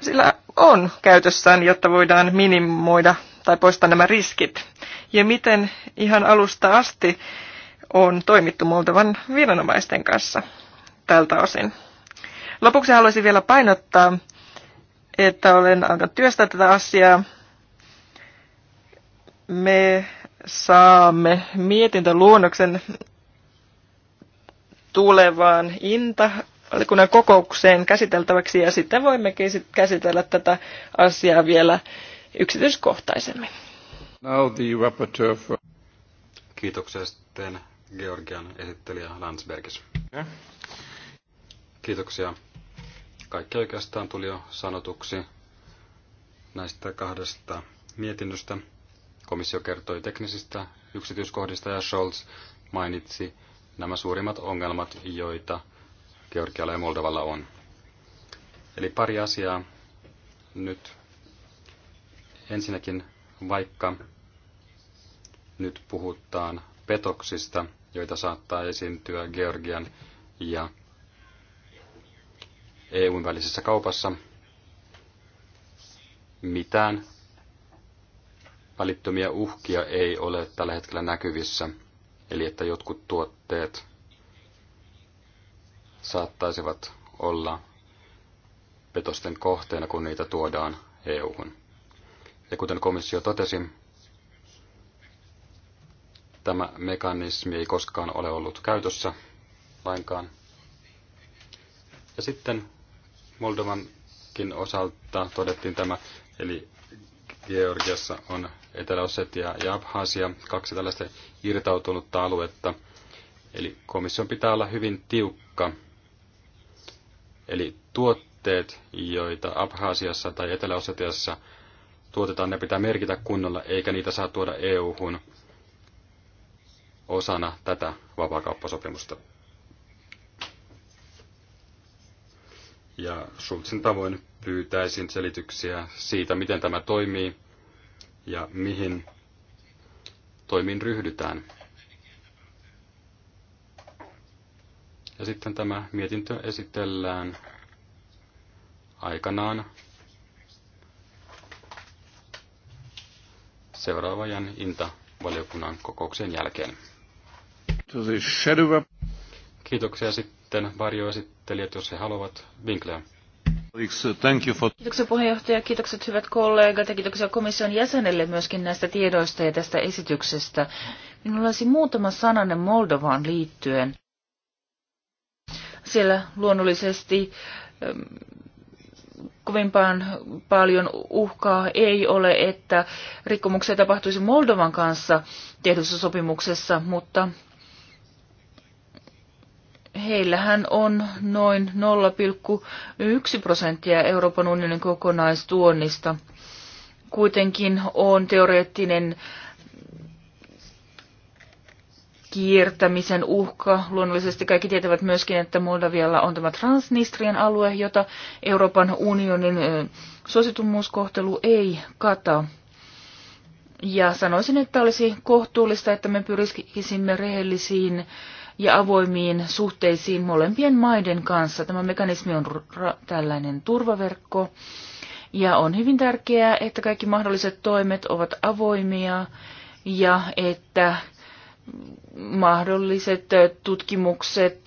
sillä on käytössään, jotta voidaan minimoida tai poistaa nämä riskit. Ja miten ihan alusta asti on toimittu Moldovan viranomaisten kanssa tältä osin. Lopuksi haluaisin vielä painottaa, että olen alkanut työstää tätä asiaa. Me saamme mietintöluonnoksen tulevaan Inta valiokunnan kokoukseen käsiteltäväksi ja sitten voimme käsitellä tätä asiaa vielä yksityiskohtaisemmin. Now the for... Kiitoksia sitten Georgian esittelijä Landsbergis. Kiitoksia. Kaikki oikeastaan tuli jo sanotuksi näistä kahdesta mietinnöstä. Komissio kertoi teknisistä yksityiskohdista ja Scholz mainitsi nämä suurimmat ongelmat, joita Georgialla ja Moldovalla on. Eli pari asiaa nyt. Ensinnäkin, vaikka nyt puhutaan petoksista, joita saattaa esiintyä Georgian ja EUn välisessä kaupassa. Mitään välittömiä uhkia ei ole tällä hetkellä näkyvissä, eli että jotkut tuotteet saattaisivat olla petosten kohteena, kun niitä tuodaan EUhun. Ja kuten komissio totesi, Tämä mekanismi ei koskaan ole ollut käytössä lainkaan. Ja sitten Moldovankin osalta todettiin tämä, eli Georgiassa on Etelä-Ossetia ja Abhaasia, kaksi tällaista irtautunutta aluetta. Eli komission pitää olla hyvin tiukka. Eli tuotteet, joita Abhaasiassa tai Etelä-Ossetiassa tuotetaan, ne pitää merkitä kunnolla, eikä niitä saa tuoda EU-hun, osana tätä vapaakauppasopimusta. Ja Schulzin tavoin pyytäisin selityksiä siitä, miten tämä toimii ja mihin toimiin ryhdytään. Ja sitten tämä mietintö esitellään aikanaan seuraavan Inta-valiokunnan kokouksen jälkeen. Kiitoksia sitten varjoesittelijät, jos he haluavat vinklejä. Kiitoksia puheenjohtaja, kiitokset hyvät kollegat ja kiitoksia komission jäsenelle myöskin näistä tiedoista ja tästä esityksestä. Minulla olisi muutama sananen Moldovaan liittyen. Siellä luonnollisesti ähm, kovimpaan paljon uhkaa ei ole, että rikkomuksia tapahtuisi Moldovan kanssa tehdyssä sopimuksessa, mutta heillähän on noin 0,1 prosenttia Euroopan unionin kokonaistuonnista. Kuitenkin on teoreettinen kiertämisen uhka. Luonnollisesti kaikki tietävät myöskin, että Moldavialla on tämä Transnistrian alue, jota Euroopan unionin suositumuuskohtelu ei kata. Ja sanoisin, että olisi kohtuullista, että me pyrkisimme rehellisiin äh, ja avoimiin suhteisiin molempien maiden kanssa. Tämä mekanismi on tällainen turvaverkko ja on hyvin tärkeää, että kaikki mahdolliset toimet ovat avoimia ja että mahdolliset tutkimukset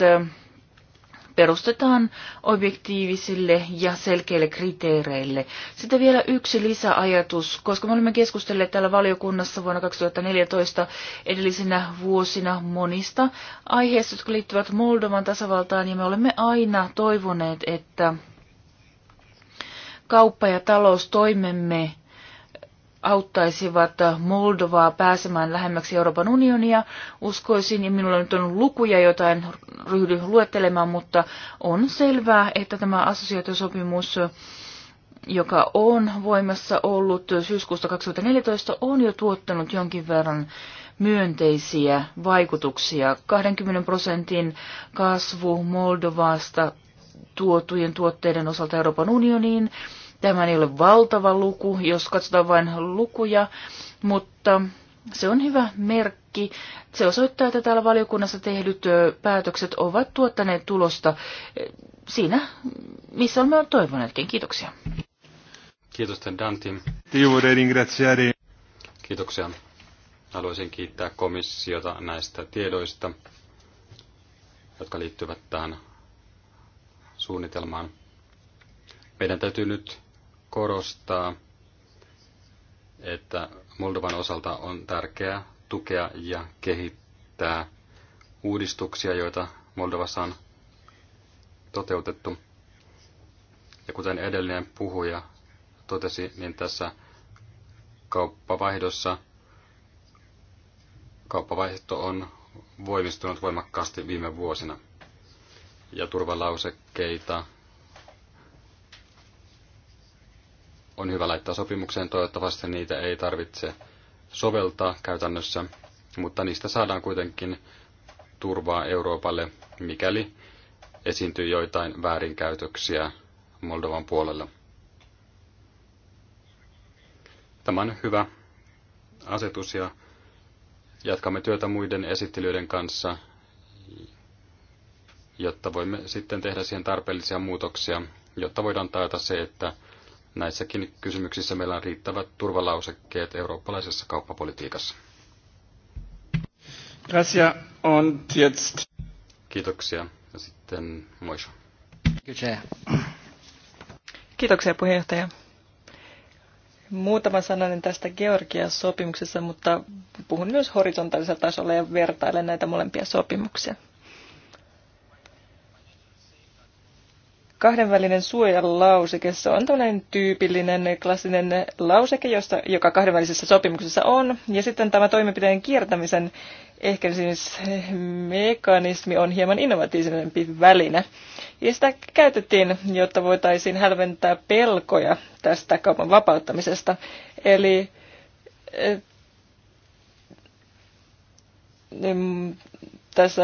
perustetaan objektiivisille ja selkeille kriteereille. Sitten vielä yksi lisäajatus, koska me olemme keskustelleet täällä valiokunnassa vuonna 2014 edellisinä vuosina monista aiheista, jotka liittyvät Moldovan tasavaltaan, ja me olemme aina toivoneet, että kauppa- ja taloustoimemme auttaisivat Moldovaa pääsemään lähemmäksi Euroopan unionia, uskoisin, ja minulla nyt on lukuja, joita en ryhdy luettelemaan, mutta on selvää, että tämä assosiaatiosopimus, joka on voimassa ollut syyskuusta 2014, on jo tuottanut jonkin verran myönteisiä vaikutuksia. 20 prosentin kasvu Moldovasta tuotujen tuotteiden osalta Euroopan unioniin, Tämä ei ole valtava luku, jos katsotaan vain lukuja, mutta se on hyvä merkki. Se osoittaa, että täällä valiokunnassa tehdyt päätökset ovat tuottaneet tulosta siinä, missä olemme toivoneetkin. Kiitoksia. Kiitos, Dantin. Kiitoksia. Haluaisin kiittää komissiota näistä tiedoista, jotka liittyvät tähän suunnitelmaan. Meidän täytyy nyt korostaa, että Moldovan osalta on tärkeää tukea ja kehittää uudistuksia, joita Moldovassa on toteutettu. Ja kuten edellinen puhuja totesi, niin tässä kauppavaihdossa kauppavaihto on voimistunut voimakkaasti viime vuosina. Ja turvalausekkeita on hyvä laittaa sopimukseen. Toivottavasti niitä ei tarvitse soveltaa käytännössä, mutta niistä saadaan kuitenkin turvaa Euroopalle, mikäli esiintyy joitain väärinkäytöksiä Moldovan puolella. Tämä on hyvä asetus ja jatkamme työtä muiden esittelyiden kanssa, jotta voimme sitten tehdä siihen tarpeellisia muutoksia, jotta voidaan taata se, että näissäkin kysymyksissä meillä on riittävät turvalausekkeet eurooppalaisessa kauppapolitiikassa. Gracias und jetzt. Kiitoksia. Ja sitten Moisho. Kiitoksia puheenjohtaja. Muutama sananen tästä Georgian sopimuksessa, mutta puhun myös horisontaalisella tasolla ja vertailen näitä molempia sopimuksia. kahdenvälinen suojalauseke, se on tällainen tyypillinen klassinen lauseke, josta, joka kahdenvälisessä sopimuksessa on. Ja sitten tämä toimenpiteen kiertämisen ehkäisemismekanismi siis on hieman innovatiivisempi väline. Ja sitä käytettiin, jotta voitaisiin hälventää pelkoja tästä kaupan vapauttamisesta. Eli eh, tässä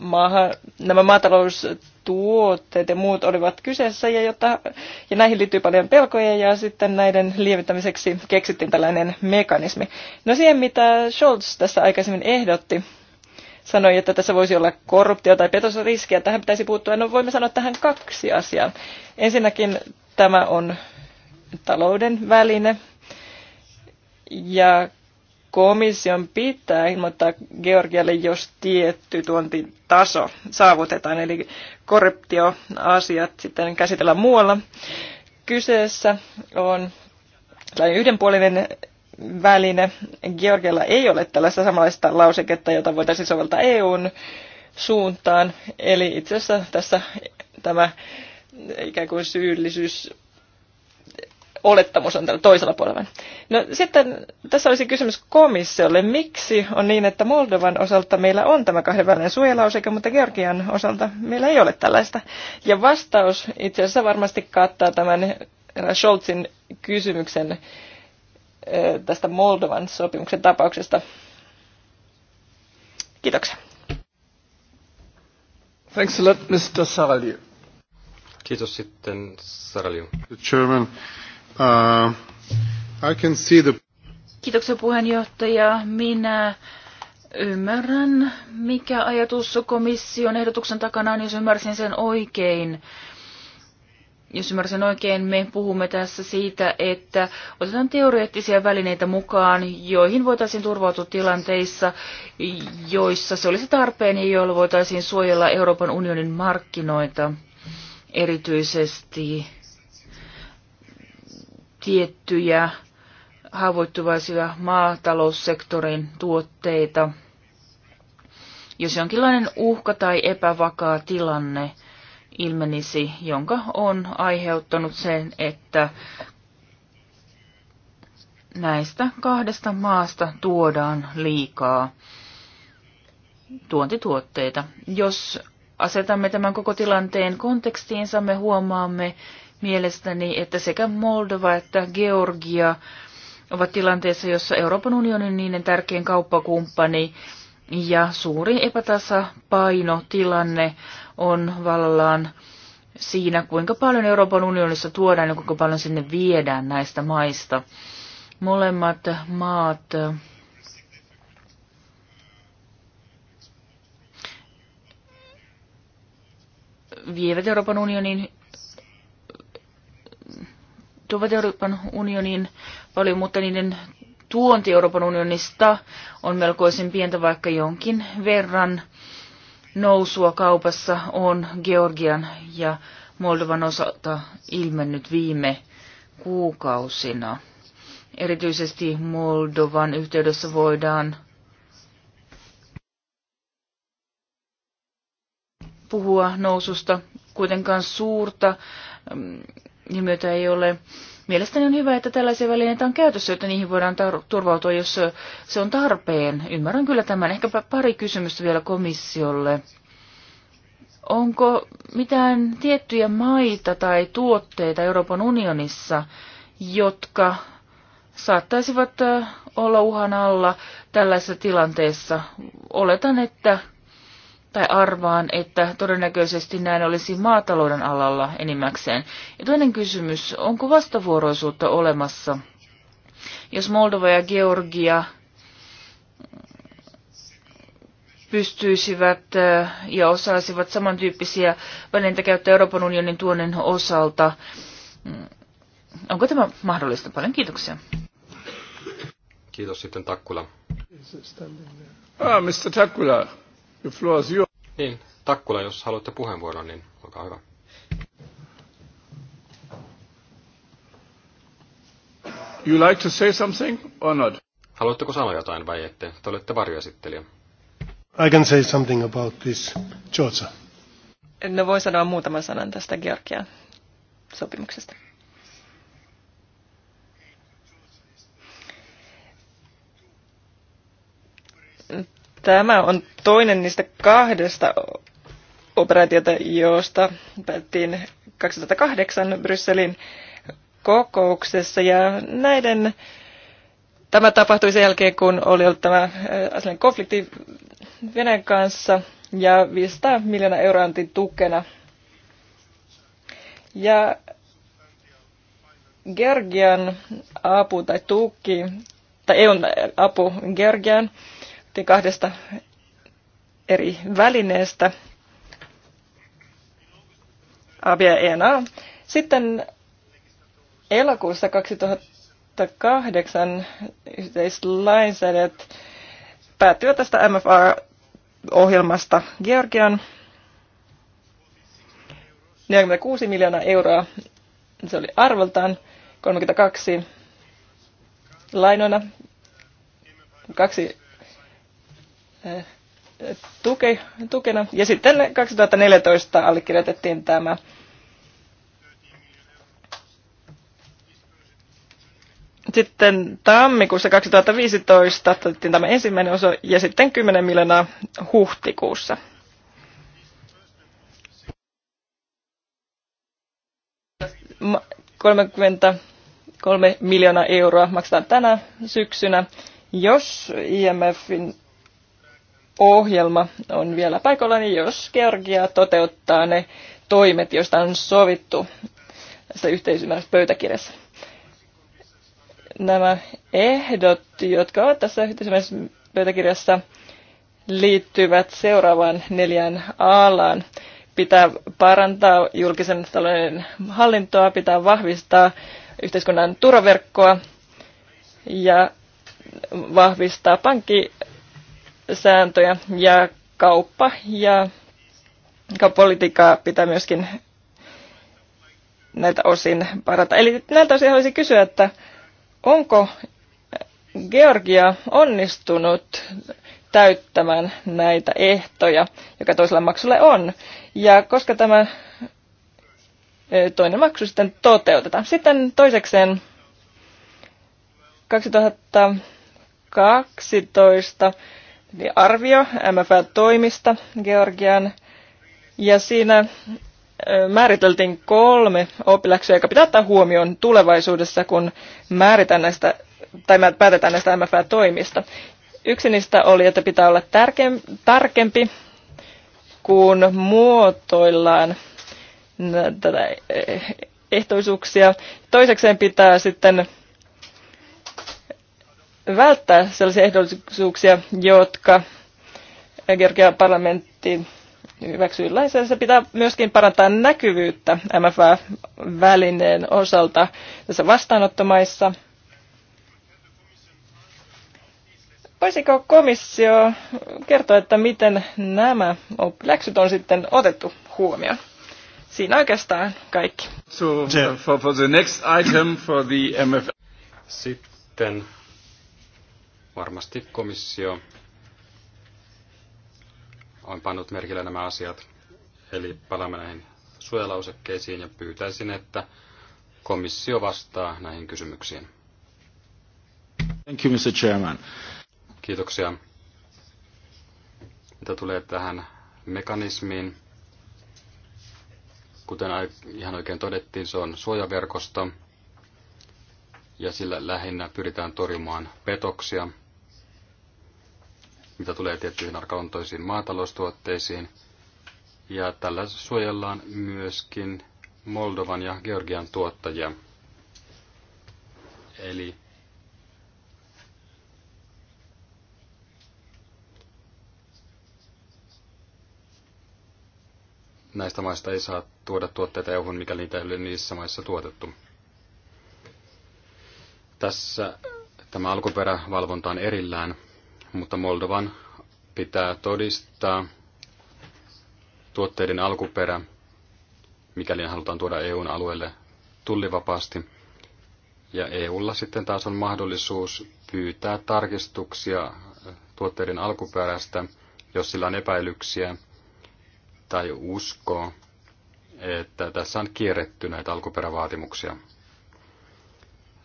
maa nämä maataloustuotteet ja muut olivat kyseessä, ja, jotta, ja näihin liittyy paljon pelkoja, ja sitten näiden lievittämiseksi keksittiin tällainen mekanismi. No siihen, mitä Scholz tässä aikaisemmin ehdotti, sanoi, että tässä voisi olla korruptio- tai petosriskiä, tähän pitäisi puuttua. No voimme sanoa tähän kaksi asiaa. Ensinnäkin tämä on talouden väline, ja komission pitää ilmoittaa Georgialle, jos tietty tuontitaso saavutetaan, eli korruptioasiat sitten käsitellään muualla. Kyseessä on tällainen yhdenpuolinen väline. Georgialla ei ole tällaista samanlaista lauseketta, jota voitaisiin soveltaa EUn suuntaan. Eli itse asiassa tässä tämä ikään kuin syyllisyys olettamus on tällä toisella puolella. No sitten tässä olisi kysymys komissiolle. Miksi on niin, että Moldovan osalta meillä on tämä kahdenvälinen suojelauseke, mutta Georgian osalta meillä ei ole tällaista? Ja vastaus itse asiassa varmasti kattaa tämän Scholzin kysymyksen tästä Moldovan sopimuksen tapauksesta. Kiitoksia. Thanks a lot, Mr. Saraliu. Kiitos sitten, Saraliu. The German. Uh, I can see the... Kiitoksia puheenjohtaja. Minä ymmärrän, mikä ajatus komission ehdotuksen takana on, jos ymmärsin sen oikein. Jos ymmärsin oikein, me puhumme tässä siitä, että otetaan teoreettisia välineitä mukaan, joihin voitaisiin turvautua tilanteissa, joissa se olisi tarpeen ja joilla voitaisiin suojella Euroopan unionin markkinoita erityisesti tiettyjä haavoittuvaisia maataloussektorin tuotteita. Jos jonkinlainen uhka tai epävakaa tilanne ilmenisi, jonka on aiheuttanut sen, että näistä kahdesta maasta tuodaan liikaa tuontituotteita. Jos asetamme tämän koko tilanteen kontekstiin, me huomaamme, mielestäni, että sekä Moldova että Georgia ovat tilanteessa, jossa Euroopan unionin niiden tärkein kauppakumppani ja suuri epätasapainotilanne on vallallaan siinä, kuinka paljon Euroopan unionissa tuodaan ja kuinka paljon sinne viedään näistä maista. Molemmat maat vievät Euroopan unionin tuovat Euroopan unionin paljon, mutta niiden tuonti Euroopan unionista on melkoisen pientä, vaikka jonkin verran nousua kaupassa on Georgian ja Moldovan osalta ilmennyt viime kuukausina. Erityisesti Moldovan yhteydessä voidaan puhua noususta. Kuitenkaan suurta mm, ja myötä ei ole. Mielestäni on hyvä, että tällaisia välineitä on käytössä, että niihin voidaan turvautua, jos se on tarpeen. Ymmärrän kyllä tämän. Ehkä pari kysymystä vielä komissiolle. Onko mitään tiettyjä maita tai tuotteita Euroopan unionissa, jotka saattaisivat olla uhan alla tällaisessa tilanteessa? Oletan, että tai arvaan, että todennäköisesti näin olisi maatalouden alalla enimmäkseen. Ja toinen kysymys, onko vastavuoroisuutta olemassa? Jos Moldova ja Georgia pystyisivät ja osaisivat samantyyppisiä välineitä käyttää Euroopan unionin tuonnen osalta. Mm, onko tämä mahdollista? Paljon kiitoksia. Kiitos sitten Takkula. Ah, Mr. Takkula, The floor is yours. Niin, Takkula, jos haluatte puheenvuoron, niin olkaa hyvä. You like to say something or not? Haluatteko sanoa jotain vai ette? Te olette varjoesittelijä. I can say something about this, Georgia. No voi sanoa muutaman sanan tästä Georgian sopimuksesta. Tämä on toinen niistä kahdesta operaatiota, josta päättiin 2008 Brysselin kokouksessa. Ja näiden, tämä tapahtui sen jälkeen, kun oli ollut tämä äh, asiallinen konflikti Venäjän kanssa ja 500 miljoonaa euroa antiin tukena. Ja Georgian apu tai tuki, tai EUn apu Georgian puhuttiin kahdesta eri välineestä, ABA ja ENA. Sitten elokuussa 2008 yhteislainsäädäntö päättyivät tästä MFR-ohjelmasta Georgian 46 miljoonaa euroa. Se oli arvoltaan 32 lainoina kaksi tuke, tukena. Ja sitten 2014 allekirjoitettiin tämä sitten tammikuussa 2015 otettiin tämä ensimmäinen osa ja sitten 10 miljoonaa huhtikuussa. Ma- 33 miljoonaa euroa maksetaan tänä syksynä, jos IMFin ohjelma on vielä paikallani, niin jos Georgia toteuttaa ne toimet, joista on sovittu tässä pöytäkirjassa. Nämä ehdot, jotka ovat tässä pöytäkirjassa liittyvät seuraavaan neljään alaan. Pitää parantaa julkisen talouden hallintoa, pitää vahvistaa yhteiskunnan turvaverkkoa ja vahvistaa pankki sääntöjä ja kauppa ja politiikkaa pitää myöskin näitä osin parata. Eli näiltä osin haluaisin kysyä, että onko Georgia onnistunut täyttämään näitä ehtoja, joka toisella maksulle on. Ja koska tämä e, toinen maksu sitten toteutetaan. Sitten toisekseen 2012 arvio MFA-toimista Georgian. Ja siinä määriteltiin kolme oppiläksyä, joka pitää ottaa huomioon tulevaisuudessa, kun määritään näistä, tai päätetään näistä MFA-toimista. Yksi niistä oli, että pitää olla tarkempi, kun muotoillaan tätä e-, ehtoisuuksia. Toisekseen pitää sitten välttää sellaisia ehdollisuuksia, jotka Georgian parlamentti hyväksyy lainsäädännössä. Pitää myöskin parantaa näkyvyyttä MFA-välineen osalta tässä vastaanottomaissa. Voisiko komissio kertoa, että miten nämä läksyt on sitten otettu huomioon? Siinä oikeastaan kaikki. So, uh, for, for the next item for the MFA. Sitten Varmasti komissio on pannut merkille nämä asiat, eli palaamme näihin suojalausekkeisiin ja pyytäisin, että komissio vastaa näihin kysymyksiin. Thank you, Mr. Chairman. Kiitoksia. Mitä tulee tähän mekanismiin, kuten ihan oikein todettiin, se on suojaverkosto ja sillä lähinnä pyritään torjumaan petoksia – mitä tulee tiettyihin arkaluontoisiin maataloustuotteisiin. Ja tällä suojellaan myöskin Moldovan ja Georgian tuottajia. Eli näistä maista ei saa tuoda tuotteita EUhun, mikäli niitä ei ole niissä maissa tuotettu. Tässä tämä alkuperävalvonta on erillään mutta Moldovan pitää todistaa tuotteiden alkuperä, mikäli ne halutaan tuoda EUn alueelle tullivapaasti. Ja EUlla sitten taas on mahdollisuus pyytää tarkistuksia eh, tuotteiden alkuperästä, jos sillä on epäilyksiä tai uskoo, että tässä on kierretty näitä alkuperävaatimuksia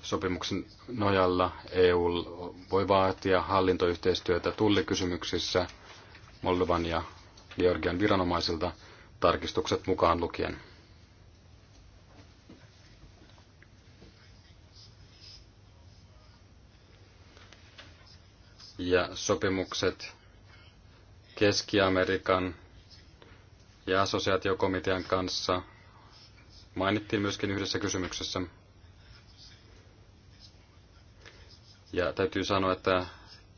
sopimuksen nojalla EU voi vaatia hallintoyhteistyötä tullikysymyksissä Moldovan ja Georgian viranomaisilta tarkistukset mukaan lukien. Ja sopimukset Keski-Amerikan ja assosiaatiokomitean kanssa mainittiin myöskin yhdessä kysymyksessä – Ja täytyy sanoa, että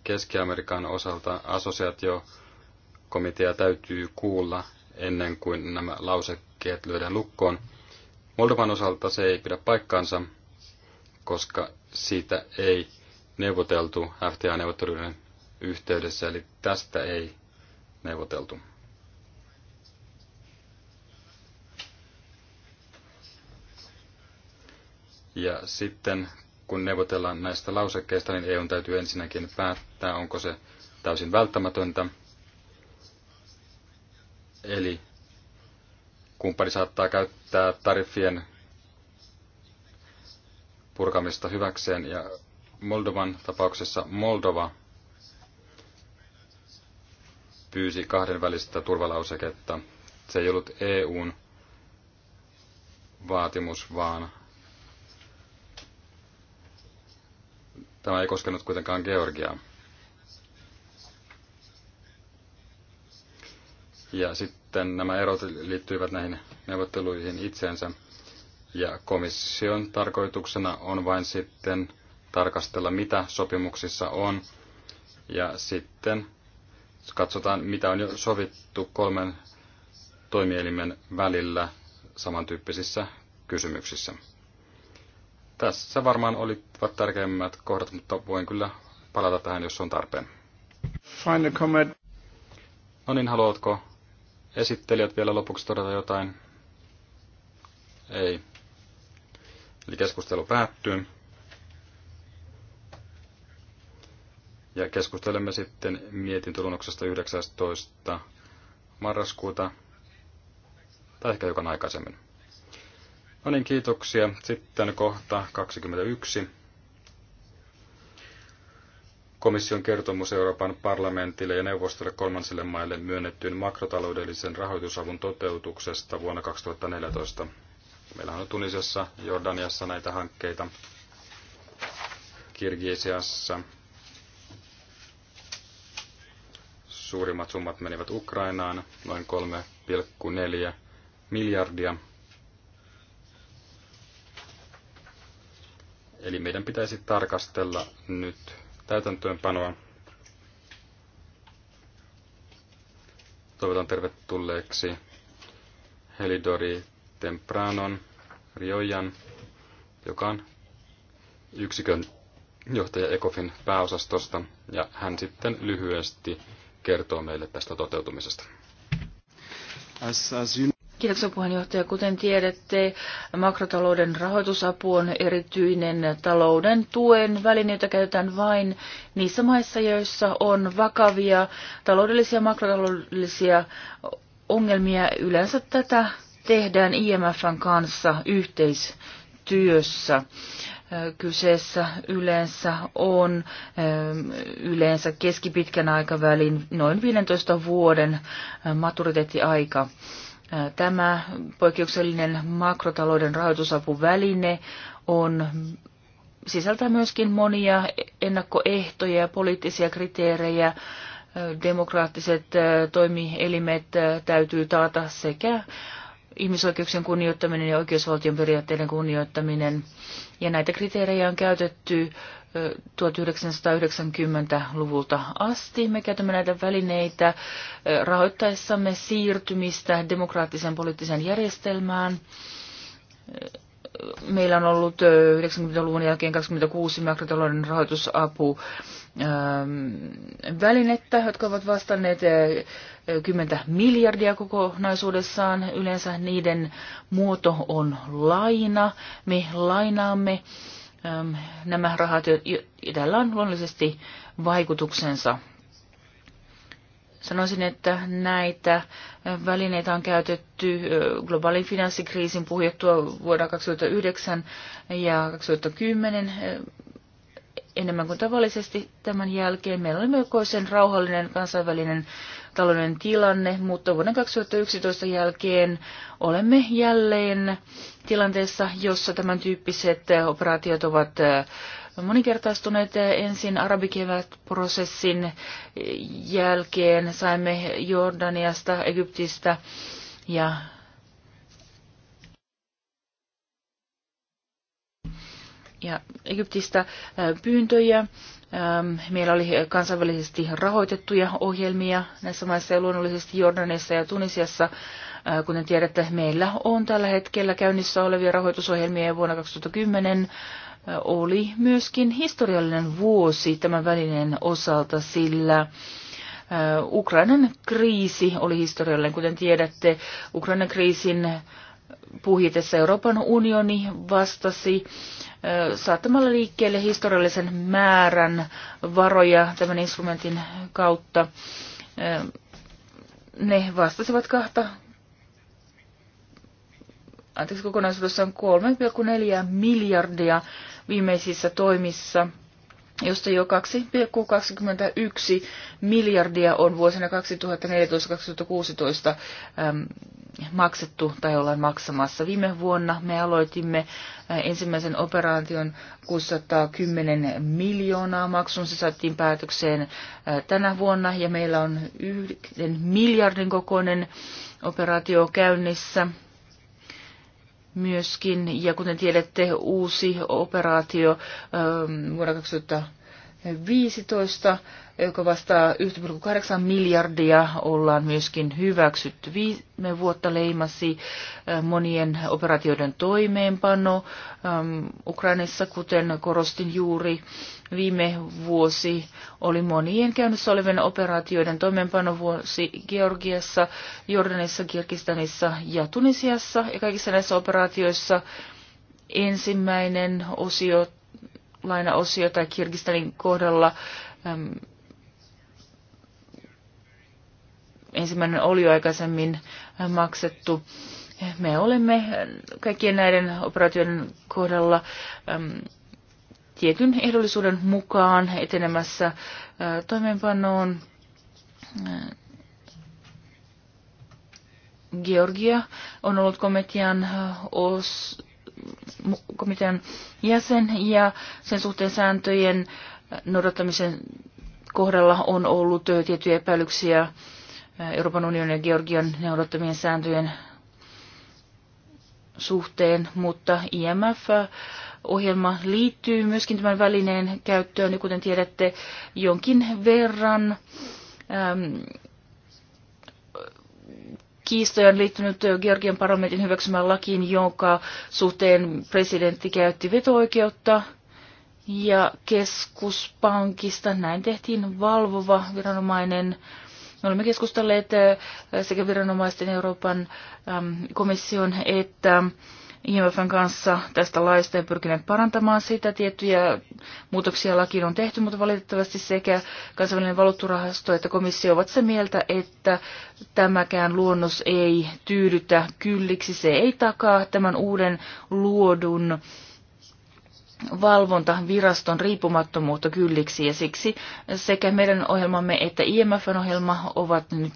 Keski-Amerikan osalta asosiaatiokomitea täytyy kuulla ennen kuin nämä lausekkeet lyödään lukkoon. Moldovan osalta se ei pidä paikkaansa, koska siitä ei neuvoteltu FTA-neuvotteluiden yhteydessä, eli tästä ei neuvoteltu. Ja sitten kun neuvotellaan näistä lausekkeista, niin EUn täytyy ensinnäkin päättää, onko se täysin välttämätöntä. Eli kumppani saattaa käyttää tariffien purkamista hyväkseen. Ja Moldovan tapauksessa Moldova pyysi kahdenvälistä turvalauseketta. Se ei ollut EUn vaatimus, vaan Tämä ei koskenut kuitenkaan Georgiaa. Ja sitten nämä erot liittyivät näihin neuvotteluihin itseensä. Ja komission tarkoituksena on vain sitten tarkastella, mitä sopimuksissa on. Ja sitten katsotaan, mitä on jo sovittu kolmen toimielimen välillä samantyyppisissä kysymyksissä. Tässä varmaan olivat tärkeimmät kohdat, mutta voin kyllä palata tähän, jos on tarpeen. Final comment. No niin, haluatko esittelijät vielä lopuksi todeta jotain? Ei. Eli keskustelu päättyy. Ja keskustelemme sitten mietintöluonnoksesta 19. marraskuuta, tai ehkä hiukan aikaisemmin. No niin, kiitoksia. Sitten kohta 21. Komission kertomus Euroopan parlamentille ja neuvostolle kolmansille maille myönnettyyn makrotaloudellisen rahoitusavun toteutuksesta vuonna 2014. Meillä on Tunisessa, Jordaniassa näitä hankkeita, Kirgisiassa. Suurimmat summat menivät Ukrainaan, noin 3,4 miljardia – Eli meidän pitäisi tarkastella nyt täytäntöönpanoa. Toivotan tervetulleeksi Helidori Tempranon Riojan, joka on yksikön johtaja Ekofin pääosastosta, ja hän sitten lyhyesti kertoo meille tästä toteutumisesta. As, as you... Kiitoksia puheenjohtaja. Kuten tiedätte, makrotalouden rahoitusapu on erityinen talouden tuen väline, jota käytetään vain niissä maissa, joissa on vakavia taloudellisia ja makrotaloudellisia ongelmia. Yleensä tätä tehdään IMFn kanssa yhteistyössä. Kyseessä yleensä on eh, yleensä keskipitkän aikavälin noin 15 vuoden eh, maturiteettiaika. aika Tämä poikkeuksellinen makrotalouden rahoitusapuväline on sisältää myöskin monia ennakkoehtoja ja poliittisia kriteerejä. Demokraattiset toimielimet täytyy taata sekä ihmisoikeuksien kunnioittaminen ja oikeusvaltion periaatteiden kunnioittaminen. Ja näitä kriteerejä on käytetty 1990-luvulta asti. Me käytämme näitä välineitä rahoittaessamme siirtymistä demokraattisen poliittiseen järjestelmään. Meillä on ollut 90-luvun jälkeen 26 makrotalouden rahoitusapu ähm, välinettä, jotka ovat vastanneet 10 miljardia kokonaisuudessaan. Yleensä niiden muoto on laina. Me lainaamme Ähm, nämä rahat, joilla on luonnollisesti vaikutuksensa. Sanoisin, että näitä välineitä on käytetty globaalin finanssikriisin puhjettua vuonna 2009 ja 2010 enemmän kuin tavallisesti tämän jälkeen. Meillä oli melkoisen rauhallinen kansainvälinen taloudellinen tilanne, mutta vuoden 2011 jälkeen olemme jälleen tilanteessa, jossa tämän tyyppiset operaatiot ovat moninkertaistuneet ensin arabikevätprosessin jälkeen. Saimme Jordaniasta, Egyptistä ja ja Egyptistä pyyntöjä Ähm, meillä oli kansainvälisesti rahoitettuja ohjelmia näissä maissa ja luonnollisesti Jordanissa ja Tunisiassa. Äh, kuten tiedätte, meillä on tällä hetkellä käynnissä olevia rahoitusohjelmia ja vuonna 2010 äh, oli myöskin historiallinen vuosi tämän välineen osalta, sillä äh, Ukrainan kriisi oli historiallinen. Kuten tiedätte, Ukrainan kriisin puhjetessa Euroopan unioni vastasi saattamalla liikkeelle historiallisen määrän varoja tämän instrumentin kautta. Ne vastasivat kahta anteeksi, kokonaisuudessaan 3,4 miljardia viimeisissä toimissa, josta jo 2,21 miljardia on vuosina 2014-2016 maksettu tai ollaan maksamassa. Viime vuonna me aloitimme äh, ensimmäisen operaation 610 miljoonaa maksun. Se saatiin päätökseen äh, tänä vuonna ja meillä on yhden miljardin kokoinen operaatio käynnissä myöskin. Ja kuten tiedätte, uusi operaatio ähm, vuonna 2015 joka vastaa 1,8 miljardia, ollaan myöskin hyväksytty. Viime vuotta leimasi äh, monien operaatioiden toimeenpano ähm, Ukrainassa, kuten korostin juuri. Viime vuosi oli monien käynnissä olevien operaatioiden toimeenpanovuosi Georgiassa, Jordanissa, Kirgistanissa ja Tunisiassa. Ja kaikissa näissä operaatioissa ensimmäinen osio, lainaosio tai Kirgistanin kohdalla ähm, ensimmäinen oli jo aikaisemmin maksettu. Me olemme kaikkien näiden operaatioiden kohdalla tietyn ehdollisuuden mukaan etenemässä toimeenpanoon. Georgia on ollut komitean, os, komitean jäsen ja sen suhteen sääntöjen noudattamisen kohdalla on ollut tiettyjä epäilyksiä Euroopan unionin ja Georgian neuvottomien sääntöjen suhteen, mutta IMF ohjelma liittyy myöskin tämän välineen käyttöön, niin kuten tiedätte, jonkin verran äm, kiistoja on liittynyt Georgian parlamentin hyväksymään lakiin, jonka suhteen presidentti käytti veto-oikeutta ja keskuspankista. Näin tehtiin valvova viranomainen äm, me olemme keskustelleet sekä viranomaisten Euroopan komission että IMFn kanssa tästä laista ja pyrkineet parantamaan sitä. Tiettyjä muutoksia lakiin on tehty, mutta valitettavasti sekä kansainvälinen valuuttorahasto että komissio ovat se mieltä, että tämäkään luonnos ei tyydytä kylliksi. Se ei takaa tämän uuden luodun valvontaviraston riippumattomuutta kylliksi ja siksi sekä meidän ohjelmamme että IMFn ohjelma ovat nyt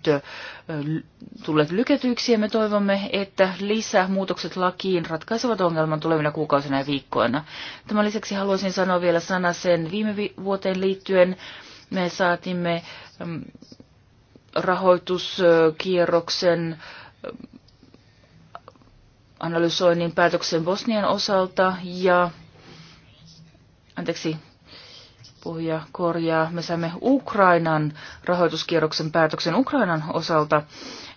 tulleet lyketyiksi ja me toivomme, että lisämuutokset lakiin ratkaisevat ongelman tulevina kuukausina ja viikkoina. Tämän lisäksi haluaisin sanoa vielä sana sen viime vuoteen liittyen. Me saatimme rahoituskierroksen analysoinnin päätöksen Bosnian osalta ja anteeksi, puhuja korjaa, me saimme Ukrainan rahoituskierroksen päätöksen Ukrainan osalta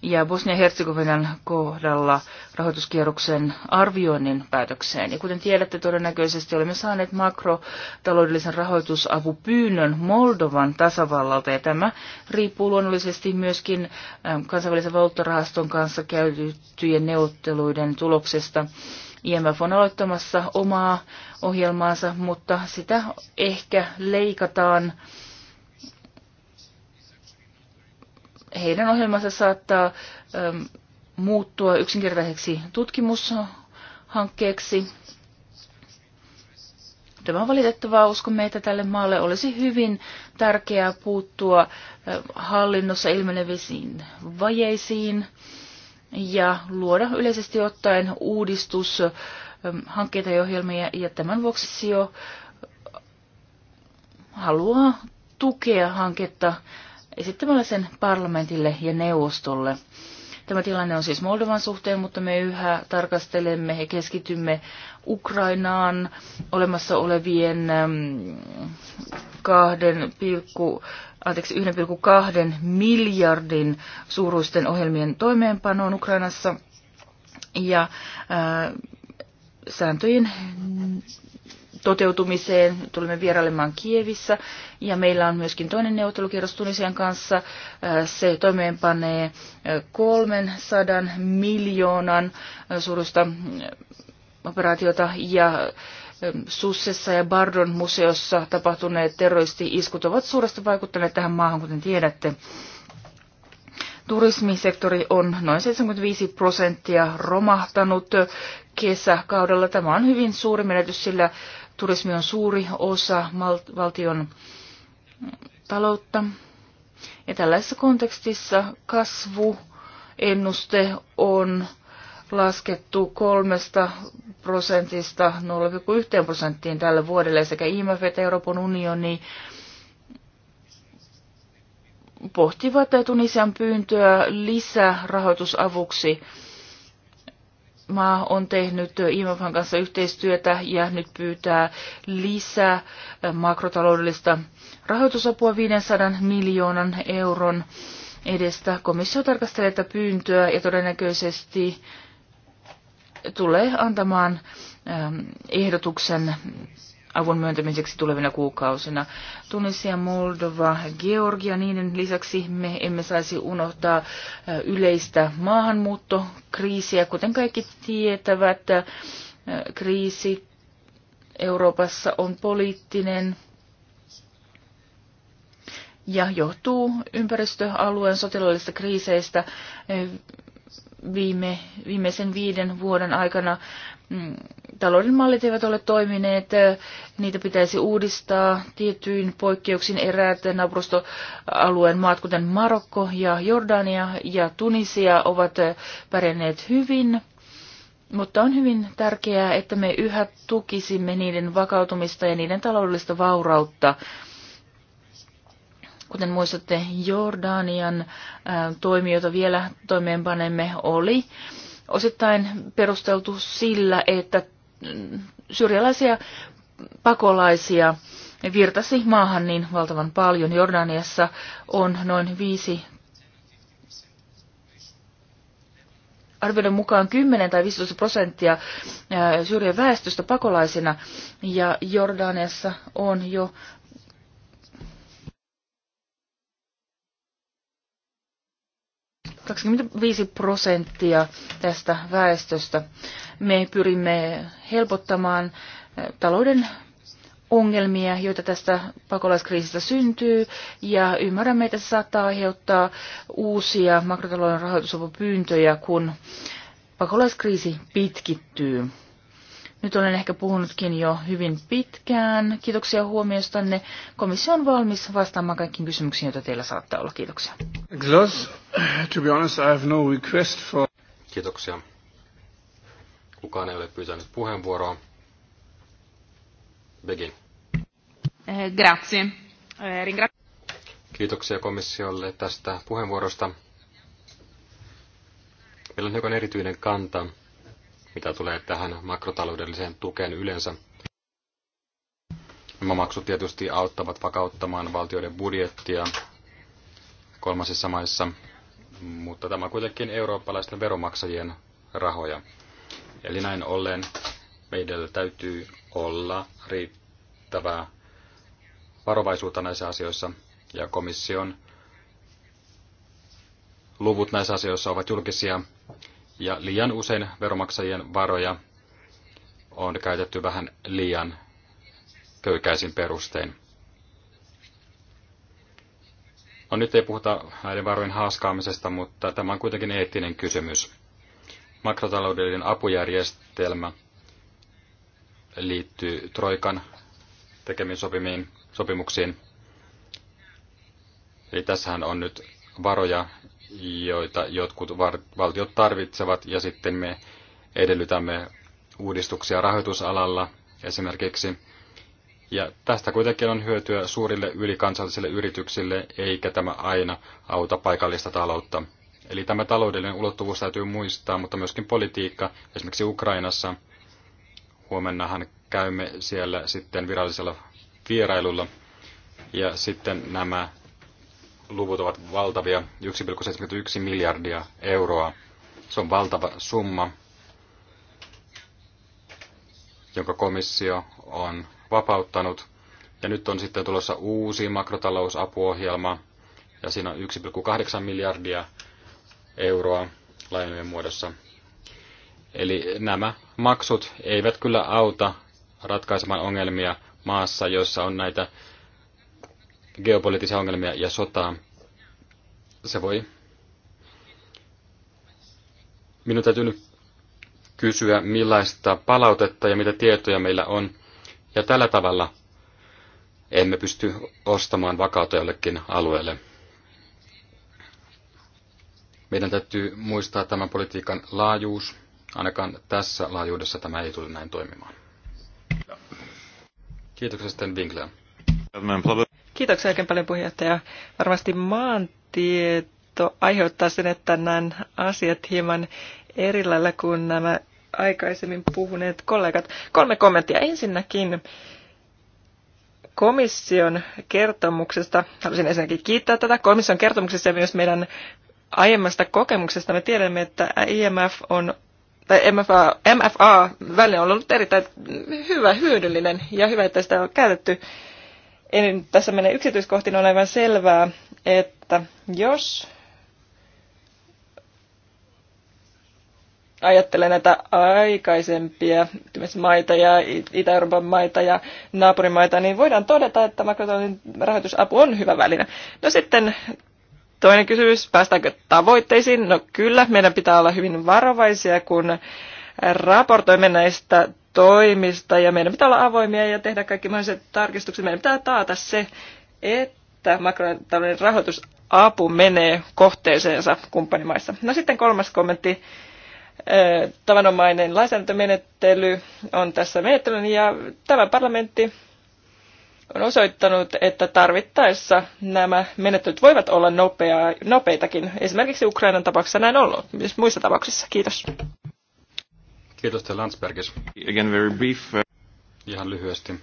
ja Bosnia-Herzegovinan kohdalla rahoituskierroksen arvioinnin päätökseen. Ja kuten tiedätte, todennäköisesti olemme saaneet makrotaloudellisen rahoitusapupyynnön Moldovan tasavallalta ja tämä riippuu luonnollisesti myöskin ähm, kansainvälisen valuuttarahaston kanssa käytyjen neuvotteluiden tuloksesta IMF on aloittamassa omaa ohjelmaansa, mutta sitä ehkä leikataan. Heidän ohjelmansa saattaa äm, muuttua yksinkertaiseksi tutkimushankkeeksi. Tämä on valitettavaa. Uskomme, että tälle maalle olisi hyvin tärkeää puuttua äh, hallinnossa ilmeneviin vajeisiin ja luoda yleisesti ottaen uudistushankkeita ja ohjelmia. Ja tämän vuoksi SIO haluaa tukea hanketta esittämällä sen parlamentille ja neuvostolle. Tämä tilanne on siis Moldovan suhteen, mutta me yhä tarkastelemme ja keskitymme Ukrainaan olemassa olevien 2,5 anteeksi, 1,2 miljardin suuruisten ohjelmien toimeenpanoon Ukrainassa. Ja ää, äh, sääntöjen toteutumiseen tulemme vierailemaan Kievissä. Ja meillä on myöskin toinen neuvottelukierros Tunisian kanssa. Äh, se toimeenpanee 300 äh, miljoonan suuruista operaatiota ja Sussessa ja Bardon museossa tapahtuneet terroristi-iskut ovat suuresti vaikuttaneet tähän maahan, kuten tiedätte. Turismisektori on noin 75 prosenttia romahtanut kesäkaudella. Tämä on hyvin suuri menetys, sillä turismi on suuri osa valtion taloutta. Ja tällaisessa kontekstissa kasvuennuste on laskettu kolmesta prosentista 0,1 prosenttiin tälle vuodelle sekä IMF että Euroopan unioni pohtivat Tunisian pyyntöä lisärahoitusavuksi. Maa on tehnyt IMFn kanssa yhteistyötä ja nyt pyytää lisää makrotaloudellista rahoitusapua 500 miljoonan euron edestä. Komissio tarkastelee tätä pyyntöä ja todennäköisesti tulee antamaan ähm, ehdotuksen avun myöntämiseksi tulevina kuukausina. Tunisia, Moldova, Georgia, niiden lisäksi me emme saisi unohtaa äh, yleistä maahanmuuttokriisiä. Kuten kaikki tietävät, äh, kriisi Euroopassa on poliittinen ja johtuu ympäristöalueen sotilaallisista kriiseistä. Äh, viime, viimeisen viiden vuoden aikana mm, talouden mallit eivät ole toimineet, niitä pitäisi uudistaa tiettyyn poikkeuksin eräät naapurustoalueen maat, kuten Marokko ja Jordania ja Tunisia, ovat pärjänneet hyvin. Mutta on hyvin tärkeää, että me yhä tukisimme niiden vakautumista ja niiden taloudellista vaurautta. Kuten muistatte, Jordanian äh, toimijoita vielä toimeenpanemme, oli osittain perusteltu sillä, että mm, syrjäläisiä pakolaisia virtasi maahan niin valtavan paljon. Jordaniassa on noin viisi arvioiden mukaan 10 tai 15 prosenttia äh, Syyrian väestöstä pakolaisina ja Jordaniassa on jo 25 prosenttia tästä väestöstä. Me pyrimme helpottamaan eh, talouden ongelmia, joita tästä pakolaiskriisistä syntyy, ja ymmärrämme, että se saattaa aiheuttaa uusia makrotalouden rahoitusopopyyntöjä, kun pakolaiskriisi pitkittyy. Nyt olen ehkä puhunutkin jo hyvin pitkään. Kiitoksia huomiostanne. Komissio on valmis vastaamaan kaikkiin kysymyksiin, joita teillä saattaa olla. Kiitoksia. To be honest, I have no request for... Kiitoksia. Kukaan ei ole pyytänyt puheenvuoroa. Begin. Eh, grazie. Eh, ringra- Kiitoksia komissiolle tästä puheenvuorosta. Meillä on hiukan erityinen kanta mitä tulee tähän makrotaloudelliseen tukeen yleensä. Nämä maksut tietysti auttavat vakauttamaan valtioiden budjettia kolmansissa maissa, mutta tämä kuitenkin eurooppalaisten veromaksajien rahoja. Eli näin ollen meidän täytyy olla riittävää varovaisuutta näissä asioissa, ja komission luvut näissä asioissa ovat julkisia, ja liian usein veromaksajien varoja on käytetty vähän liian köykäisin perustein. No nyt ei puhuta näiden varojen haaskaamisesta, mutta tämä on kuitenkin eettinen kysymys. Makrotaloudellinen apujärjestelmä liittyy Troikan tekemiin sopimiin, sopimuksiin. Eli tässähän on nyt varoja, joita jotkut valtiot tarvitsevat, ja sitten me edellytämme uudistuksia rahoitusalalla esimerkiksi. Ja tästä kuitenkin on hyötyä suurille ylikansallisille yrityksille, eikä tämä aina auta paikallista taloutta. Eli tämä taloudellinen ulottuvuus täytyy muistaa, mutta myöskin politiikka, esimerkiksi Ukrainassa. Huomennahan käymme siellä sitten virallisella vierailulla. Ja sitten nämä luvut ovat valtavia, 1,71 miljardia euroa. Se on valtava summa, jonka komissio on vapauttanut. Ja nyt on sitten tulossa uusi makrotalousapuohjelma, ja siinä on 1,8 miljardia euroa lainojen muodossa. Eli nämä maksut eivät kyllä auta ratkaisemaan ongelmia maassa, jossa on näitä geopoliittisia ongelmia ja sotaa, se voi. Minun täytyy nyt kysyä, millaista palautetta ja mitä tietoja meillä on. Ja tällä tavalla emme pysty ostamaan vakautta jollekin alueelle. Meidän täytyy muistaa tämän politiikan laajuus. Ainakaan tässä laajuudessa tämä ei tule näin toimimaan. Kiitoksia sitten Winkler. Kiitoksia oikein paljon puheenjohtaja. Varmasti maantieto aiheuttaa sen, että nämä asiat hieman erilailla kuin nämä aikaisemmin puhuneet kollegat. Kolme kommenttia. Ensinnäkin komission kertomuksesta. Haluaisin ensinnäkin kiittää tätä komission kertomuksesta ja myös meidän aiemmasta kokemuksesta. Me tiedämme, että IMF on tai MFA, MFA väline on ollut erittäin hyvä, hyödyllinen ja hyvä, että sitä on käytetty en tässä mene yksityiskohtiin, on aivan selvää, että jos ajattelen näitä aikaisempia maita ja Itä-Euroopan maita ja naapurimaita, niin voidaan todeta, että makrotalouden rahoitusapu on hyvä väline. No sitten toinen kysymys, päästäänkö tavoitteisiin? No kyllä, meidän pitää olla hyvin varovaisia, kun raportoimme näistä toimista ja meidän pitää olla avoimia ja tehdä kaikki mahdolliset tarkistukset. Meidän pitää taata se, että makrotalouden rahoitusapu menee kohteeseensa kumppanimaissa. No sitten kolmas kommentti. Tavanomainen lainsäädäntömenettely on tässä menettelyn ja tämä parlamentti on osoittanut, että tarvittaessa nämä menettelyt voivat olla nopeaa, nopeitakin. Esimerkiksi Ukrainan tapauksessa näin ollut, myös muissa tapauksissa. Kiitos. Kiitos te Landsbergis. Again very brief. Uh, Ihan lyhyesti.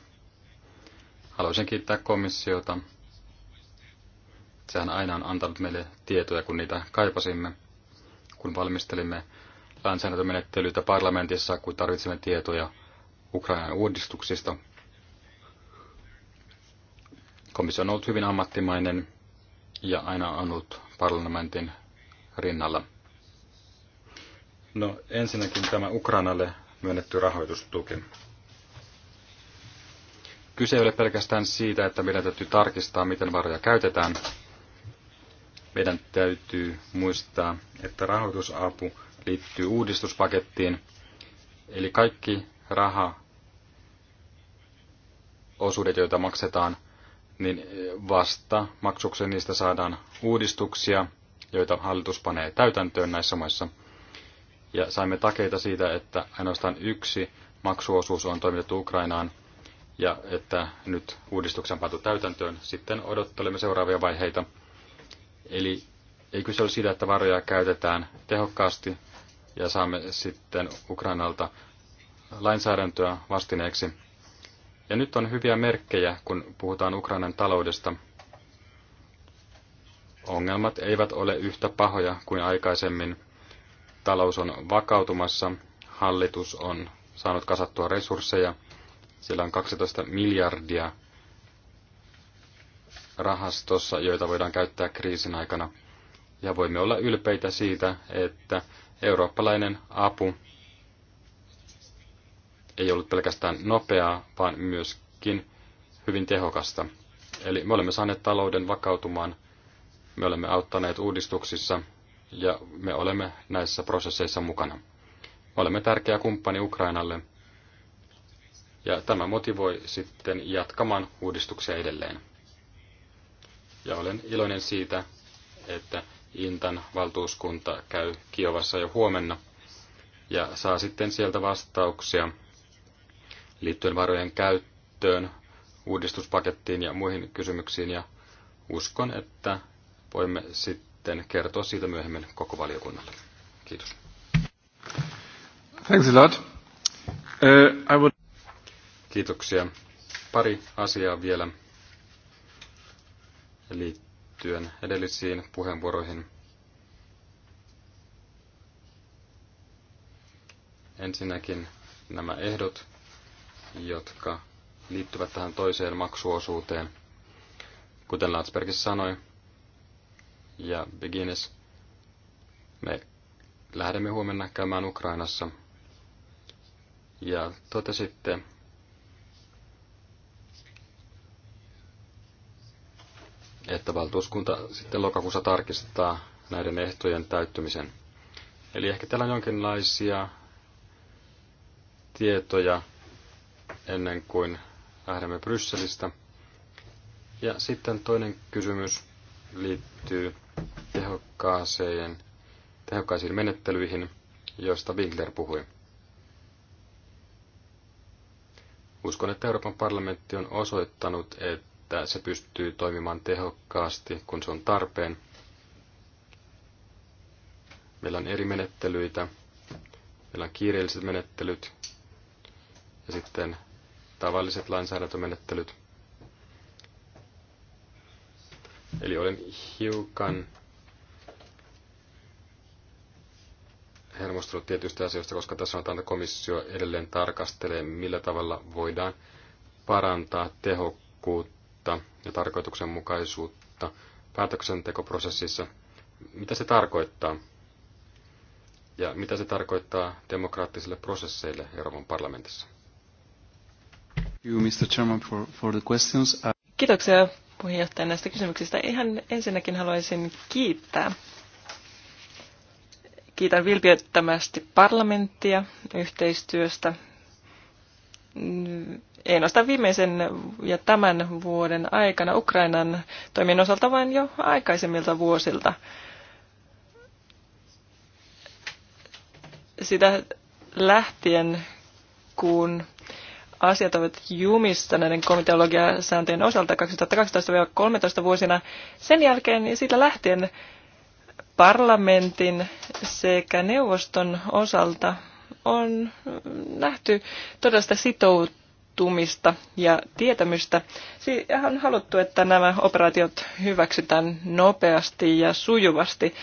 Haluaisin kiittää komissiota. Sehän aina on antanut meille tietoja, kun niitä kaipasimme, kun valmistelimme lainsäädäntömenettelyitä parlamentissa, kun tarvitsimme tietoja Ukrainan uudistuksista. Komissio on ollut hyvin ammattimainen ja aina on ollut parlamentin rinnalla. No ensinnäkin tämä Ukrainalle myönnetty rahoitustuki. Kyse ei ole pelkästään siitä, että meidän täytyy tarkistaa, miten varoja käytetään. Meidän täytyy muistaa, että rahoitusapu liittyy uudistuspakettiin, eli kaikki raha osuudet, joita maksetaan, niin vasta maksuksen niistä saadaan uudistuksia, joita hallitus panee täytäntöön näissä maissa – ja saimme takeita siitä, että ainoastaan yksi maksuosuus on toimitettu Ukrainaan ja että nyt uudistuksen pantu täytäntöön. Sitten odottelemme seuraavia vaiheita. Eli ei kyse ole siitä, että varoja käytetään tehokkaasti ja saamme sitten Ukrainalta lainsäädäntöä vastineeksi. Ja nyt on hyviä merkkejä, kun puhutaan Ukrainan taloudesta. Ongelmat eivät ole yhtä pahoja kuin aikaisemmin talous on vakautumassa, hallitus on saanut kasattua resursseja, siellä on 12 miljardia rahastossa, joita voidaan käyttää kriisin aikana. Ja voimme olla ylpeitä siitä, että eurooppalainen apu ei ollut pelkästään nopeaa, vaan myöskin hyvin tehokasta. Eli me olemme saaneet talouden vakautumaan, me olemme auttaneet uudistuksissa, ja me olemme näissä prosesseissa mukana. Olemme tärkeä kumppani Ukrainalle ja tämä motivoi sitten jatkamaan uudistuksia edelleen. Ja olen iloinen siitä, että Intan valtuuskunta käy Kiovassa jo huomenna ja saa sitten sieltä vastauksia liittyen varojen käyttöön, uudistuspakettiin ja muihin kysymyksiin. Ja uskon, että voimme sitten sitten kertoa siitä myöhemmin koko valiokunnalle. Kiitos. Thanks a lot. Uh, I would... Kiitoksia. Pari asiaa vielä liittyen edellisiin puheenvuoroihin. Ensinnäkin nämä ehdot, jotka liittyvät tähän toiseen maksuosuuteen. Kuten Latsbergis sanoi, ja Beginis. Me lähdemme huomenna käymään Ukrainassa. Ja totesitte, että valtuuskunta sitten lokakuussa tarkistaa näiden ehtojen täyttymisen. Eli ehkä täällä on jonkinlaisia tietoja ennen kuin lähdemme Brysselistä. Ja sitten toinen kysymys liittyy tehokkaaseen, tehokkaisiin menettelyihin, joista Winkler puhui. Uskon, että Euroopan parlamentti on osoittanut, että se pystyy toimimaan tehokkaasti, kun se on tarpeen. Meillä on eri menettelyitä. Meillä on kiireelliset menettelyt ja sitten tavalliset lainsäädäntömenettelyt. Eli olen hiukan hermostunut tietystä asioista, koska tässä sanotaan, että komissio edelleen tarkastelee, millä tavalla voidaan parantaa tehokkuutta ja tarkoituksenmukaisuutta päätöksentekoprosessissa. Mitä se tarkoittaa? Ja mitä se tarkoittaa demokraattisille prosesseille Euroopan parlamentissa? Uh, Kiitoksia puheenjohtaja näistä kysymyksistä. Ihan ensinnäkin haluaisin kiittää. Kiitän vilpiöttömästi parlamenttia yhteistyöstä. Ei nostaa viimeisen ja tämän vuoden aikana Ukrainan toimien osalta, vaan jo aikaisemmilta vuosilta. Sitä lähtien, kun asiat ovat jumissa näiden komiteologiasääntöjen osalta 2012-2013 vuosina. Sen jälkeen ja siitä lähtien parlamentin sekä neuvoston osalta on nähty todellista sitoutumista ja tietämystä. Siinä on haluttu, että nämä operaatiot hyväksytään nopeasti ja sujuvasti.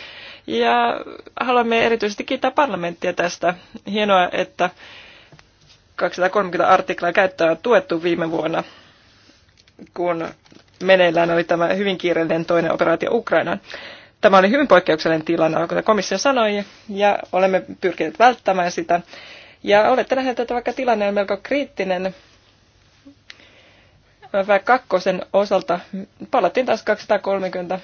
Ja haluamme erityisesti kiittää parlamenttia tästä. Hienoa, että 230 artiklaa käyttöä on tuettu viime vuonna, kun meneillään oli tämä hyvin kiireellinen toinen operaatio Ukrainaan. Tämä oli hyvin poikkeuksellinen tilanne, kuten komissio sanoi, ja olemme pyrkineet välttämään sitä. Ja olette nähneet, että vaikka tilanne on melko kriittinen, kakkosen osalta palattiin taas 230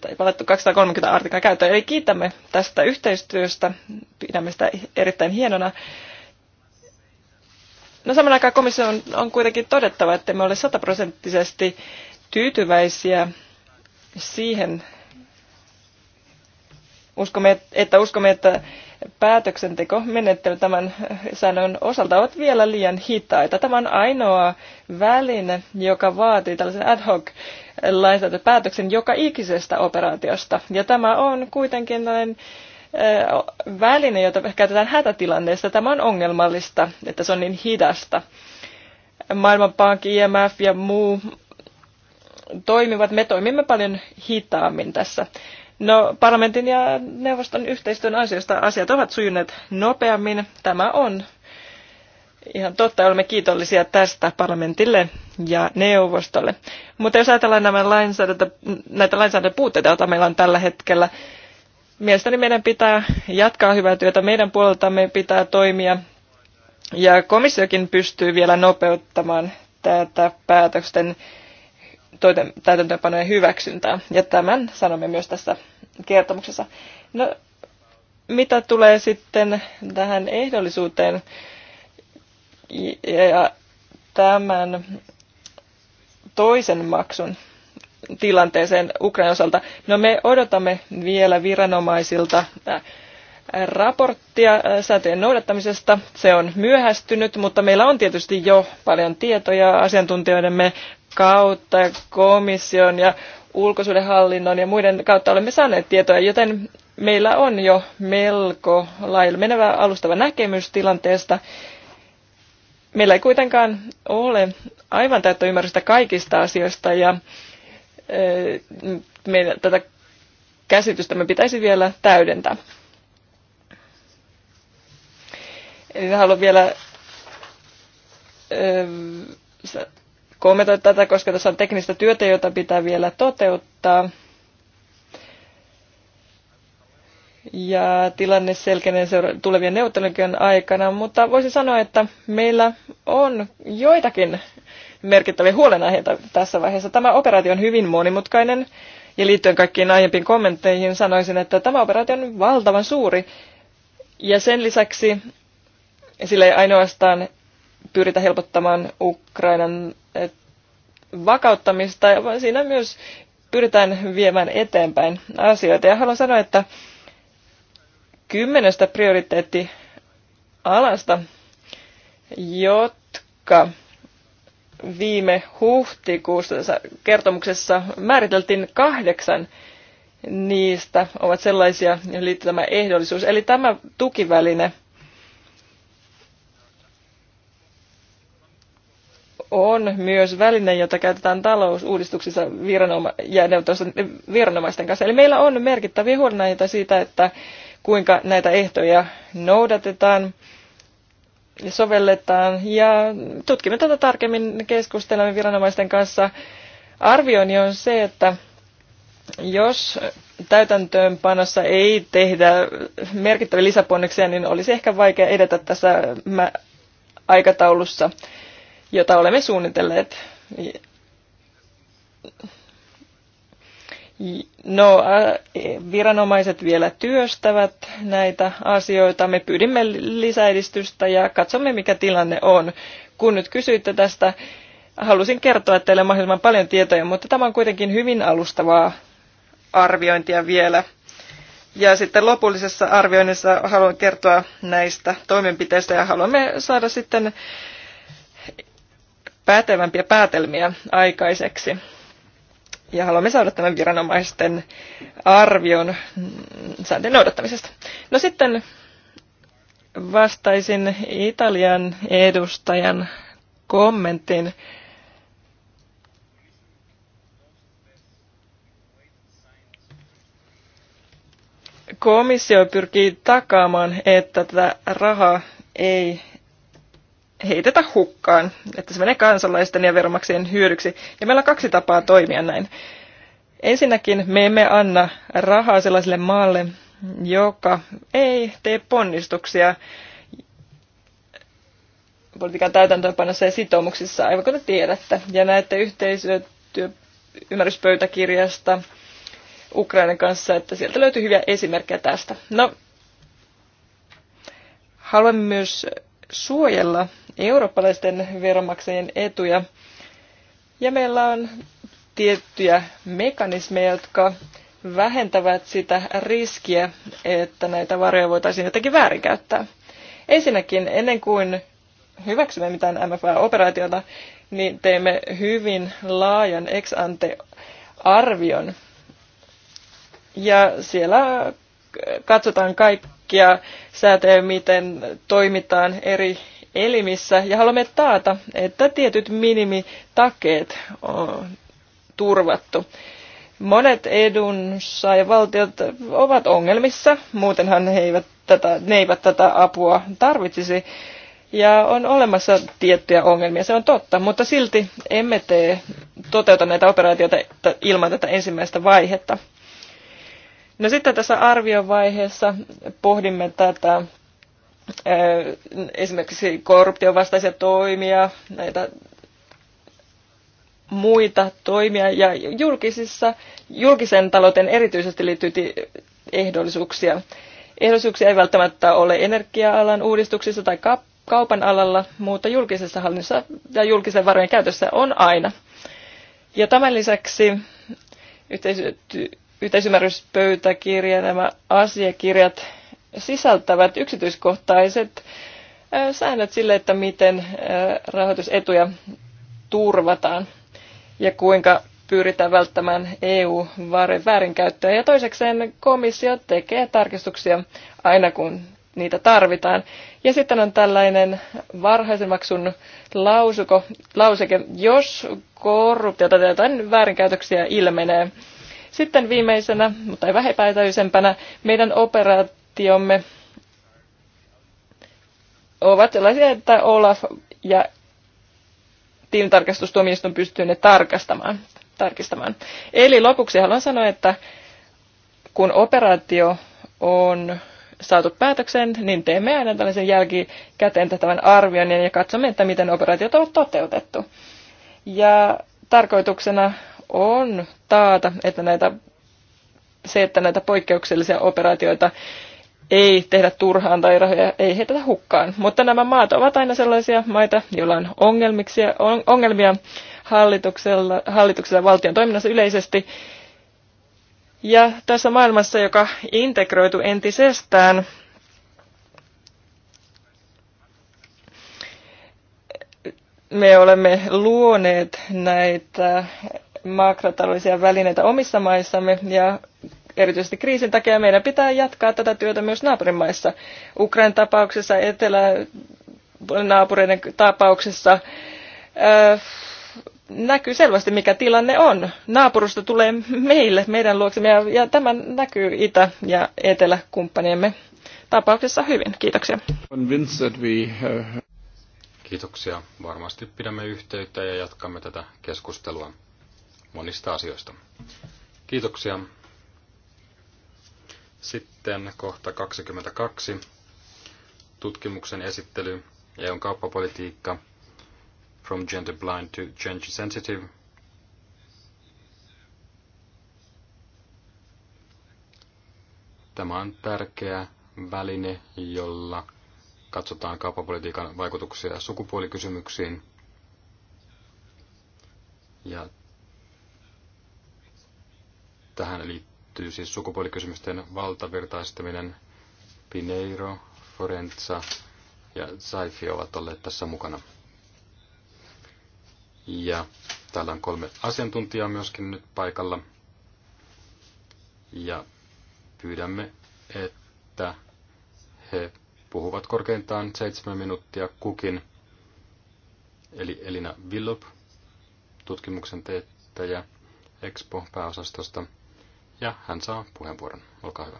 tai palattu 230 artikkaa käyttöön. Eli kiitämme tästä yhteistyöstä, pidämme sitä erittäin hienona. No saman aikaan komissio on, on kuitenkin todettava, että me ole sataprosenttisesti tyytyväisiä siihen, uskomme, että uskomme, että menettely tämän säännön osalta ovat vielä liian hitaita. Tämä on ainoa väline, joka vaatii tällaisen ad hoc lainsäädäntöpäätöksen joka ikisestä operaatiosta. Ja tämä on kuitenkin tällainen väline, jota käytetään hätätilanteessa. Tämä on ongelmallista, että se on niin hidasta. Maailmanpankki, IMF ja muu toimivat. Me toimimme paljon hitaammin tässä. No, parlamentin ja neuvoston yhteistyön ansiosta asiat ovat sujuneet nopeammin. Tämä on ihan totta. Olemme kiitollisia tästä parlamentille ja neuvostolle. Mutta jos ajatellaan nämä lainsäädäntö, näitä lainsäädäntöpuutteita, joita meillä on tällä hetkellä, Mielestäni meidän pitää jatkaa hyvää työtä. Meidän puoleltamme pitää toimia ja komissiokin pystyy vielä nopeuttamaan tätä päätösten täytäntöönpanojen hyväksyntää. Ja tämän sanomme myös tässä kertomuksessa. No, mitä tulee sitten tähän ehdollisuuteen ja tämän toisen maksun tilanteeseen Ukrainan osalta. No me odotamme vielä viranomaisilta raporttia sääntöjen noudattamisesta. Se on myöhästynyt, mutta meillä on tietysti jo paljon tietoja asiantuntijoidemme kautta, komission ja ulkosuudenhallinnon ja muiden kautta olemme saaneet tietoja, joten meillä on jo melko lailla menevä alustava näkemys tilanteesta. Meillä ei kuitenkaan ole aivan täyttä ymmärrystä kaikista asioista ja meidän, tätä käsitystä me pitäisi vielä täydentää. Eli haluan vielä kommentoida tätä, koska tässä on teknistä työtä, jota pitää vielä toteuttaa. Ja tilanne selkenee tulevien neuvottelujen aikana, mutta voisin sanoa, että meillä on joitakin merkittäviä huolenaiheita tässä vaiheessa. Tämä operaatio on hyvin monimutkainen ja liittyen kaikkiin aiempiin kommentteihin sanoisin, että tämä operaatio on valtavan suuri ja sen lisäksi sillä ei ainoastaan pyritä helpottamaan Ukrainan eh, vakauttamista, vaan siinä myös pyritään viemään eteenpäin asioita. Ja haluan sanoa, että kymmenestä prioriteettialasta, jotka viime huhtikuussa kertomuksessa määriteltiin kahdeksan niistä ovat sellaisia, joihin liittyy tämä ehdollisuus. Eli tämä tukiväline on myös väline, jota käytetään talousuudistuksissa viranoma- viranomaisten kanssa. Eli meillä on merkittäviä huolenaita siitä, että kuinka näitä ehtoja noudatetaan sovelletaan ja tutkimme tätä tarkemmin, keskustelemme viranomaisten kanssa. Arvioni on se, että jos täytäntöönpanossa ei tehdä merkittäviä lisäponneksia, niin olisi ehkä vaikea edetä tässä aikataulussa, jota olemme suunnitelleet. No, viranomaiset vielä työstävät näitä asioita. Me pyydimme lisäedistystä ja katsomme, mikä tilanne on. Kun nyt kysyitte tästä, halusin kertoa teille mahdollisimman paljon tietoja, mutta tämä on kuitenkin hyvin alustavaa arviointia vielä. Ja sitten lopullisessa arvioinnissa haluan kertoa näistä toimenpiteistä ja haluamme saada sitten päätevämpiä päätelmiä aikaiseksi ja haluamme saada tämän viranomaisten arvion mm, sääntöjen noudattamisesta. No sitten vastaisin Italian edustajan kommentin. Komissio pyrkii takaamaan, että tätä rahaa ei heitetä hukkaan, että se menee kansalaisten ja veronmaksajien hyödyksi. Ja meillä on kaksi tapaa toimia näin. Ensinnäkin me emme anna rahaa sellaiselle maalle, joka ei tee ponnistuksia politiikan täytäntöönpanossa ja sitoumuksissa, aivan kuten tiedätte. Ja näette yhteisötyö ymmärryspöytäkirjasta Ukrainan kanssa, että sieltä löytyy hyviä esimerkkejä tästä. No, haluamme myös suojella eurooppalaisten veronmaksajien etuja. Ja meillä on tiettyjä mekanismeja, jotka vähentävät sitä riskiä, että näitä varoja voitaisiin jotenkin väärinkäyttää. Ensinnäkin, ennen kuin hyväksymme mitään MFA-operaatiota, niin teemme hyvin laajan ex ante arvion. Ja siellä katsotaan kaikki kaikkia säätöjä, miten toimitaan eri elimissä ja haluamme taata, että tietyt minimitakeet on turvattu. Monet edunsa ja valtiot ovat ongelmissa, muutenhan he eivät tätä, ne eivät tätä apua tarvitsisi. Ja on olemassa tiettyjä ongelmia, se on totta, mutta silti emme tee, toteuta näitä operaatioita ilman tätä ensimmäistä vaihetta. No sitten tässä arviovaiheessa pohdimme tätä esimerkiksi korruptiovastaisia toimia, näitä muita toimia ja julkisissa, julkisen talouden erityisesti liittyy ehdollisuuksia. Ehdollisuuksia ei välttämättä ole energia-alan uudistuksissa tai kaupan alalla, mutta julkisessa hallinnossa ja julkisen varojen käytössä on aina. Ja tämän lisäksi yhteistyö yhteisymmärryspöytäkirja, nämä asiakirjat sisältävät yksityiskohtaiset säännöt sille, että miten rahoitusetuja turvataan ja kuinka pyritään välttämään EU-väärinkäyttöä. Ja toisekseen komissio tekee tarkistuksia aina kun niitä tarvitaan. Ja sitten on tällainen varhaisen maksun lausuko, lauseke, jos korruptiota tai jotain väärinkäytöksiä ilmenee, sitten viimeisenä, mutta ei vähäpätöisempänä, meidän operaatiomme ovat sellaisia, että Olaf ja tilintarkastustuomioistuin pystyy ne tarkastamaan, tarkistamaan. Eli lopuksi haluan sanoa, että kun operaatio on saatu päätöksen, niin teemme aina tällaisen jälkikäteen tehtävän arvioinnin ja katsomme, että miten operaatiot on toteutettu. Ja tarkoituksena on taata, että näitä, se, että näitä poikkeuksellisia operaatioita ei tehdä turhaan tai rahoja ei heitetä hukkaan. Mutta nämä maat ovat aina sellaisia maita, joilla on ongelmia hallituksella, hallituksella valtion toiminnassa yleisesti. Ja tässä maailmassa, joka integroitu entisestään, me olemme luoneet näitä makrotaloudellisia välineitä omissa maissamme ja erityisesti kriisin takia meidän pitää jatkaa tätä työtä myös naapurimaissa. Ukrainan tapauksessa, etelänaapureiden tapauksessa äh, näkyy selvästi, mikä tilanne on. Naapurusta tulee meille, meidän luoksemme, ja, ja tämä näkyy Itä- ja Etelä-kumppaniemme tapauksessa hyvin. Kiitoksia. Uh, Kiitoksia. Varmasti pidämme yhteyttä ja jatkamme tätä keskustelua monista asioista. Kiitoksia. Sitten kohta 22. Tutkimuksen esittely EUn kauppapolitiikka From Gender Blind to Gender Sensitive. Tämä on tärkeä väline, jolla katsotaan kauppapolitiikan vaikutuksia sukupuolikysymyksiin. Ja Tähän liittyy siis sukupuolikysymysten valtavirtaistaminen. Pineiro, Forenza ja Saifi ovat olleet tässä mukana. Ja täällä on kolme asiantuntijaa myöskin nyt paikalla. Ja pyydämme, että he puhuvat korkeintaan seitsemän minuuttia kukin. Eli Elina Villop, tutkimuksen teettäjä Expo-pääosastosta. Ja hän saa puheenvuoron. Olkaa hyvä.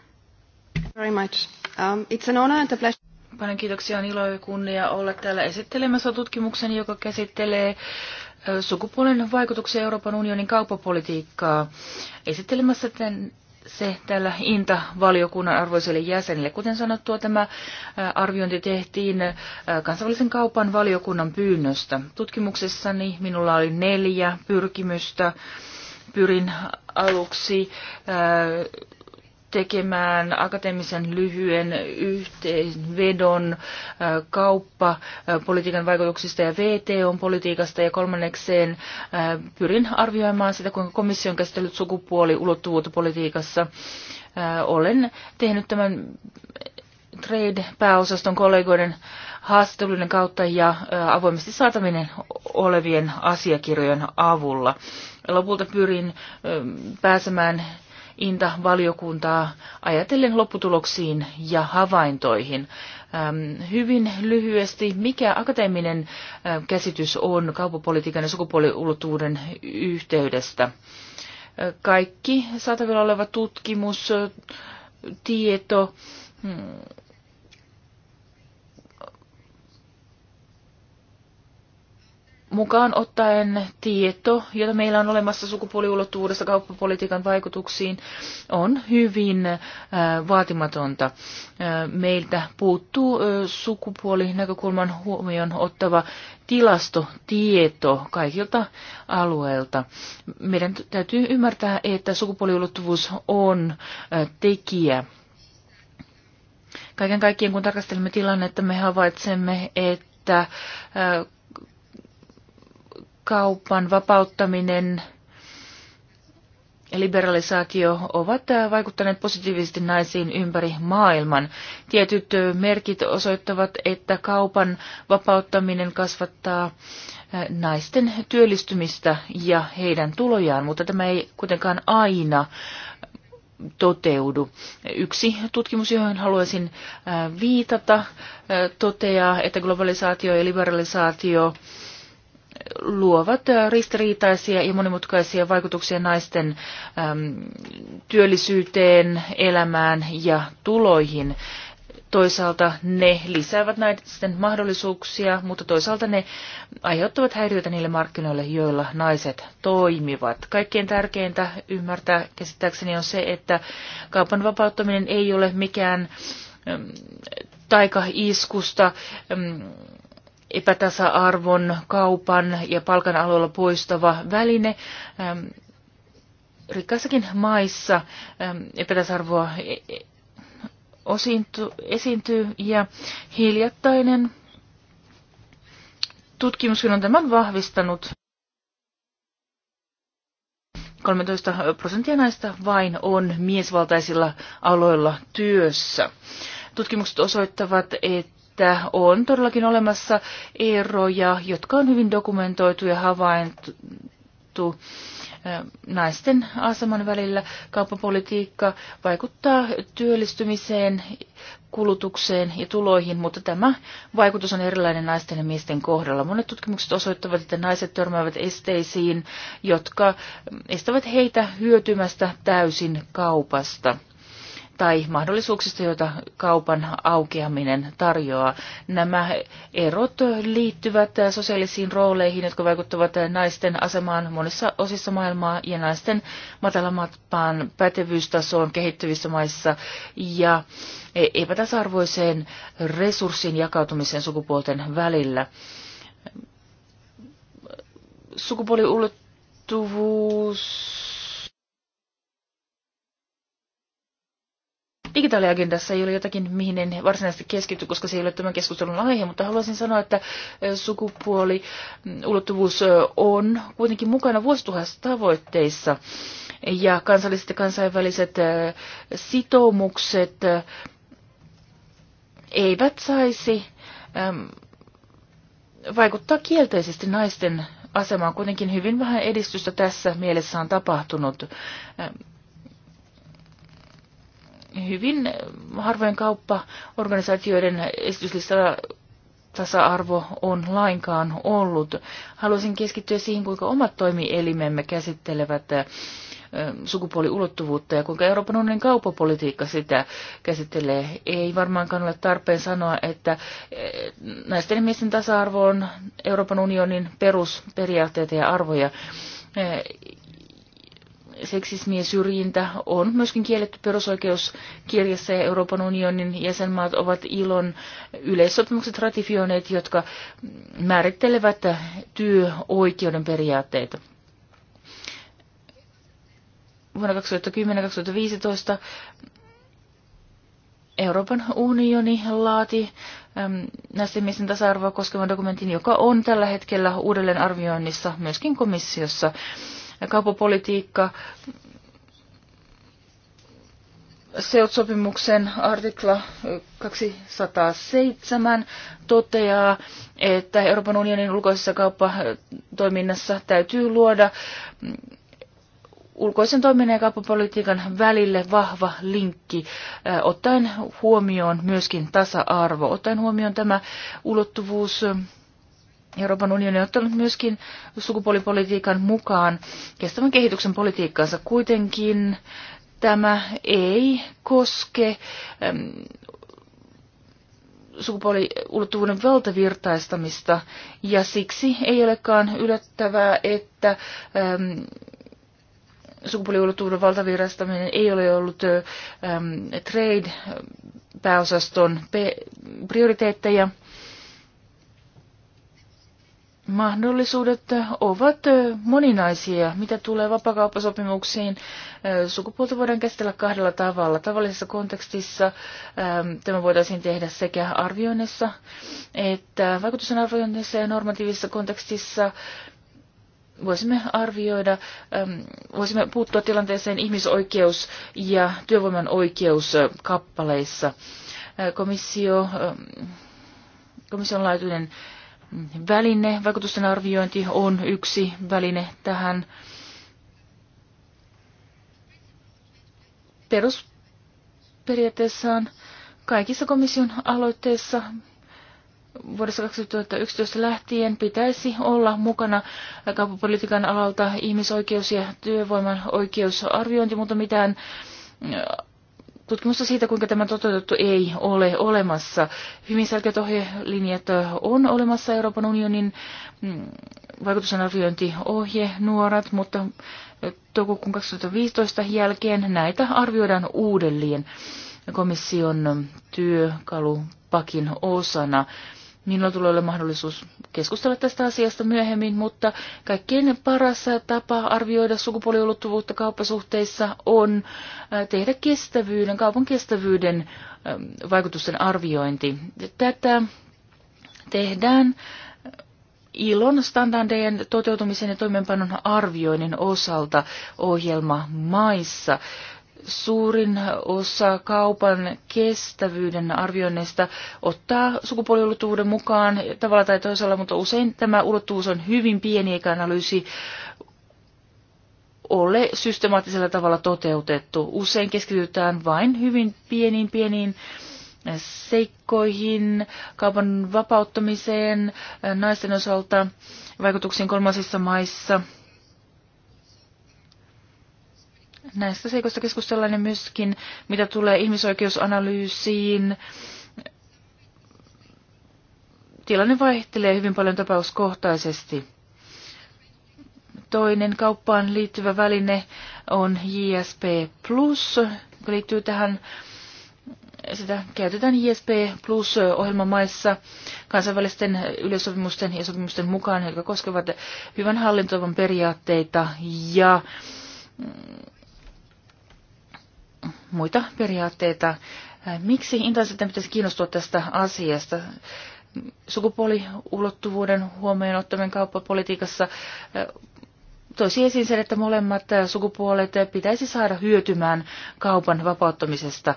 Very much. Um, it's an honor and a pleasure. Paljon kiitoksia. On ilo ja kunnia olla täällä esittelemässä tutkimuksen, joka käsittelee sukupuolen vaikutuksia Euroopan unionin kauppapolitiikkaa. Esittelemässä tämän se täällä INTA-valiokunnan arvoiselle jäsenille. Kuten sanottua, tämä arviointi tehtiin kansainvälisen kaupan valiokunnan pyynnöstä. Tutkimuksessani minulla oli neljä pyrkimystä pyrin aluksi äh, tekemään akateemisen lyhyen yhteenvedon äh, kauppapolitiikan äh, vaikutuksista ja VTO-politiikasta ja kolmannekseen pyrin arvioimaan sitä, kuinka komissio on käsitellyt sukupuoliulottuvuutta politiikassa. Olen tehnyt tämän Trade-pääosaston kollegoiden haastatteluiden kautta ja avoimesti saataminen olevien asiakirjojen avulla. Lopulta pyrin pääsemään Inta-valiokuntaa ajatellen lopputuloksiin ja havaintoihin. Hyvin lyhyesti, mikä akateeminen käsitys on kaupapolitiikan ja sukupuoliulottuvuuden yhteydestä? Kaikki saatavilla oleva tutkimus, tieto, mm, mukaan ottaen tieto, jota meillä on olemassa sukupuoliulottuvuudessa kauppapolitiikan vaikutuksiin, on hyvin äh, vaatimatonta. Äh, meiltä puuttuu äh, sukupuolinäkökulman huomioon ottava tilastotieto kaikilta alueilta. Meidän täytyy ymmärtää, että sukupuoliulottuvuus on tekijä Kaiken kaikkien kun tarkastelemme tilannetta, me havaitsemme, että kaupan vapauttaminen ja liberalisaatio ovat äh, vaikuttaneet positiivisesti naisiin ympäri maailman. Tietyt äh, merkit osoittavat, että kaupan vapauttaminen kasvattaa äh, naisten työllistymistä ja heidän tulojaan, mutta tämä ei kuitenkaan aina toteudu. Yksi tutkimus, johon haluaisin viitata, toteaa, että globalisaatio ja liberalisaatio luovat äh, ristiriitaisia ja monimutkaisia vaikutuksia naisten äm, työllisyyteen, elämään ja tuloihin. Toisaalta ne lisäävät naisten mahdollisuuksia, mutta toisaalta ne aiheuttavat häiriötä niille markkinoille, joilla naiset toimivat. Kaikkein tärkeintä ymmärtää käsittääkseni on se, että kaupan vapauttaminen ei ole mikään taikaiskusta epätasa-arvon kaupan ja palkan alueella poistava väline. Ähm, rikkaissakin maissa ähm, epätasa-arvoa e, e, esiintyy ja hiljattainen tutkimuskin on tämän vahvistanut. 13 prosenttia näistä vain on miesvaltaisilla aloilla työssä. Tutkimukset osoittavat, että että on todellakin olemassa eroja, jotka on hyvin dokumentoitu ja havaintu naisten aseman välillä. Kauppapolitiikka vaikuttaa työllistymiseen, kulutukseen ja tuloihin, mutta tämä vaikutus on erilainen naisten ja miesten kohdalla. Monet tutkimukset osoittavat, että naiset törmäävät esteisiin, jotka estävät heitä hyötymästä täysin kaupasta tai mahdollisuuksista, joita kaupan aukeaminen tarjoaa. Nämä erot liittyvät sosiaalisiin rooleihin, jotka vaikuttavat naisten asemaan monissa osissa maailmaa ja naisten matalamatpaan pätevyystasoon kehittyvissä maissa ja epätasarvoiseen resurssin jakautumiseen sukupuolten välillä. Sukupuoliulottuvuus digitaaliagendassa ei ole jotakin, mihin en varsinaisesti keskity, koska se ei ole tämän keskustelun aihe, mutta haluaisin sanoa, että sukupuoli mm, ulottuvuus on kuitenkin mukana vuosituhassa tavoitteissa ja kansalliset ja kansainväliset sitoumukset eivät saisi vaikuttaa kielteisesti naisten asemaan. Kuitenkin hyvin vähän edistystä tässä mielessä on tapahtunut hyvin harvojen kauppaorganisaatioiden esityslistalla tasa-arvo on lainkaan ollut. Haluaisin keskittyä siihen, kuinka omat toimielimemme käsittelevät sukupuoliulottuvuutta ja kuinka Euroopan unionin kaupapolitiikka sitä käsittelee. Ei varmaankaan ole tarpeen sanoa, että naisten ja miesten tasa-arvo on Euroopan unionin perusperiaatteita ja arvoja seksismi ja syrjintä on myöskin kielletty perusoikeuskirjassa ja Euroopan unionin jäsenmaat ovat ilon yleissopimukset ratifioineet, jotka määrittelevät työoikeuden periaatteita. Vuonna 2010-2015 Euroopan unioni laati näistä miesten tasa-arvoa koskevan dokumentin, joka on tällä hetkellä uudelleen arvioinnissa myöskin komissiossa kaupapolitiikka. SEUT-sopimuksen artikla 207 toteaa, että Euroopan unionin ulkoisessa kauppatoiminnassa täytyy luoda ulkoisen toiminnan ja kauppapolitiikan välille vahva linkki, ottaen huomioon myöskin tasa-arvo, ottaen huomioon tämä ulottuvuus Euroopan unioni on ottanut myöskin sukupuolipolitiikan mukaan kestävän kehityksen politiikkaansa. Kuitenkin tämä ei koske äm, sukupuoliulottuvuuden valtavirtaistamista ja siksi ei olekaan yllättävää, että äm, sukupuoliulottuvuuden valtavirtaistaminen ei ole ollut äm, trade-pääosaston prioriteetteja mahdollisuudet ovat moninaisia. Mitä tulee vapakauppasopimuksiin, sukupuolta voidaan käsitellä kahdella tavalla. Tavallisessa kontekstissa tämä voitaisiin tehdä sekä arvioinnissa että vaikutusten arvioinnissa ja normatiivisessa kontekstissa voisimme arvioida, voisimme puuttua tilanteeseen ihmisoikeus- ja työvoiman oikeuskappaleissa. Komissio, komission laatuinen väline. Vaikutusten arviointi on yksi väline tähän. Perusperiaatteessaan kaikissa komission aloitteissa vuodesta 2011 lähtien pitäisi olla mukana kauppapolitiikan alalta ihmisoikeus- ja työvoiman oikeusarviointi, mutta mitään tutkimusta siitä, kuinka tämä toteutettu ei ole olemassa. Hyvin selkeät ohjelinjat on olemassa Euroopan unionin mm, vaikutusanarviointiohje nuorat, mutta toukokuun 2015 jälkeen näitä arvioidaan uudelleen komission työkalupakin osana. Minulla tulee olla mahdollisuus keskustella tästä asiasta myöhemmin, mutta kaikkein paras tapa arvioida sukupuoliulottuvuutta kauppasuhteissa on äh, tehdä kestävyyden, kaupan kestävyyden ähm, vaikutusten arviointi. Tätä tehdään äh, ILON standardejen toteutumisen ja toimeenpanon arvioinnin osalta ohjelma maissa suurin osa kaupan kestävyyden arvioinneista ottaa sukupuoliulottuvuuden mukaan tavalla tai toisella, mutta usein tämä ulottuvuus on hyvin pieni eikä analyysi ole systemaattisella tavalla toteutettu. Usein keskitytään vain hyvin pieniin pieniin seikkoihin, kaupan vapauttamiseen, naisten osalta vaikutuksiin kolmansissa maissa – näistä seikoista keskustellaan ja niin myöskin, mitä tulee ihmisoikeusanalyysiin. Tilanne vaihtelee hyvin paljon tapauskohtaisesti. Toinen kauppaan liittyvä väline on JSP+, joka liittyy tähän sitä käytetään JSP plus ohjelmamaissa kansainvälisten yleissopimusten ja sopimusten mukaan, jotka koskevat hyvän hallintoivan periaatteita ja muita periaatteita. Äh, miksi Intasetten pitäisi kiinnostua tästä asiasta? Sukupuoliulottuvuuden huomioon ottaminen kauppapolitiikassa äh, toisi esiin sen, että molemmat äh, sukupuolet pitäisi saada hyötymään kaupan vapauttamisesta.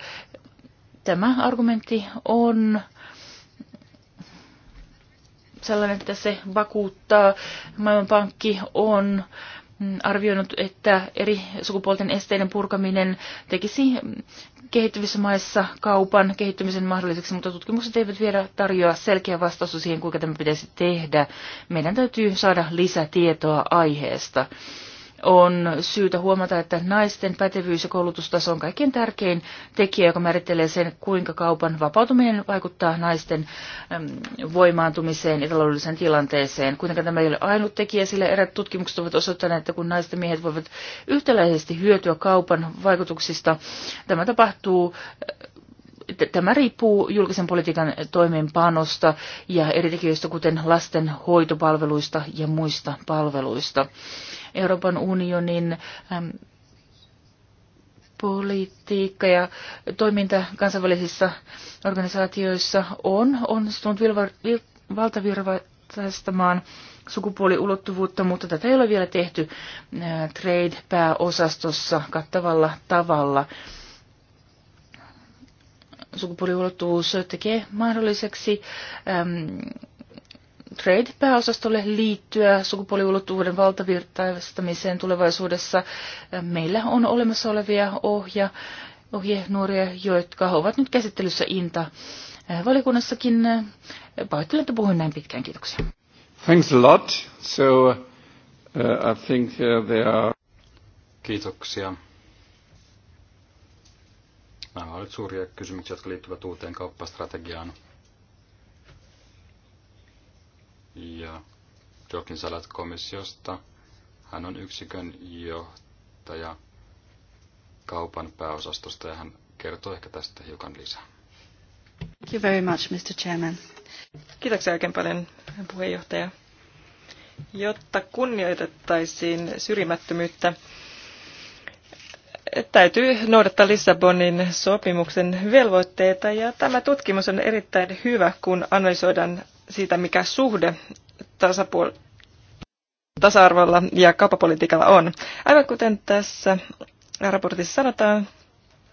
Tämä argumentti on sellainen, että se vakuuttaa. Maailmanpankki on Mm, arvioinut, että eri sukupuolten esteiden purkaminen tekisi kehittyvissä maissa kaupan kehittymisen mahdolliseksi, mutta tutkimukset eivät vielä tarjoa selkeä vastausta siihen, kuinka tämä pitäisi tehdä. Meidän täytyy saada lisätietoa aiheesta on syytä huomata, että naisten pätevyys ja koulutustaso on kaikkein tärkein tekijä, joka määrittelee sen, kuinka kaupan vapautuminen vaikuttaa naisten voimaantumiseen ja taloudelliseen tilanteeseen. Kuitenkaan tämä ei ole ainut tekijä, sillä erät tutkimukset ovat osoittaneet, että kun naisten miehet voivat yhtäläisesti hyötyä kaupan vaikutuksista, tämä tapahtuu tämä riippuu julkisen politiikan toimeenpanosta ja eri tekijöistä, kuten lasten hoitopalveluista ja muista palveluista. Euroopan unionin politiikka ja toiminta kansainvälisissä organisaatioissa on onnistunut valtavirvaistamaan sukupuoliulottuvuutta, mutta tätä ei ole vielä tehty trade-pääosastossa kattavalla tavalla. Sukupuoliulottuvuus tekee mahdolliseksi äm, Trade-pääosastolle liittyä sukupuoliulottuvuuden valtavirtaistamiseen tulevaisuudessa. Meillä on olemassa olevia ohja, ohjenuoria, jotka ovat nyt käsittelyssä INTA. Eh, Valikunnassakin pahoittelen, että puhuin näin pitkään. Kiitoksia. Thanks a lot. So, uh, I think uh, there are... Kiitoksia. Nämä olivat suuria kysymyksiä, jotka liittyvät uuteen kauppastrategiaan. Ja Jokin Salat komissiosta. Hän on yksikön johtaja kaupan pääosastosta ja hän kertoo ehkä tästä hiukan lisää. Thank you very much, Mr. Chairman. Kiitoksia oikein paljon, puheenjohtaja. Jotta kunnioitettaisiin syrjimättömyyttä, täytyy noudattaa Lissabonin sopimuksen velvoitteita ja tämä tutkimus on erittäin hyvä, kun analysoidaan siitä, mikä suhde tasapuol- tasa-arvolla ja kauppapolitiikalla on. Aivan kuten tässä raportissa sanotaan,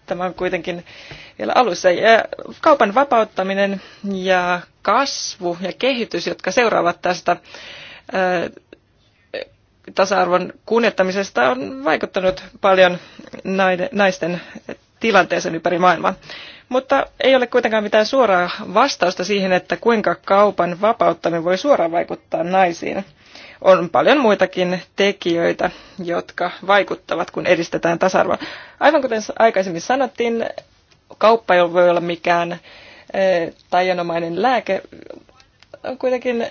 tämä on kuitenkin vielä alussa. Ja kaupan vapauttaminen ja kasvu ja kehitys, jotka seuraavat tästä tasa-arvon kunnettamisesta, on vaikuttanut paljon naisten tilanteeseen ympäri maailmaa. Mutta ei ole kuitenkaan mitään suoraa vastausta siihen, että kuinka kaupan vapauttaminen voi suoraan vaikuttaa naisiin. On paljon muitakin tekijöitä, jotka vaikuttavat, kun edistetään tasa-arvoa. Aivan kuten aikaisemmin sanottiin, kauppa ei voi olla mikään eh, tajanomainen lääke on kuitenkin eh,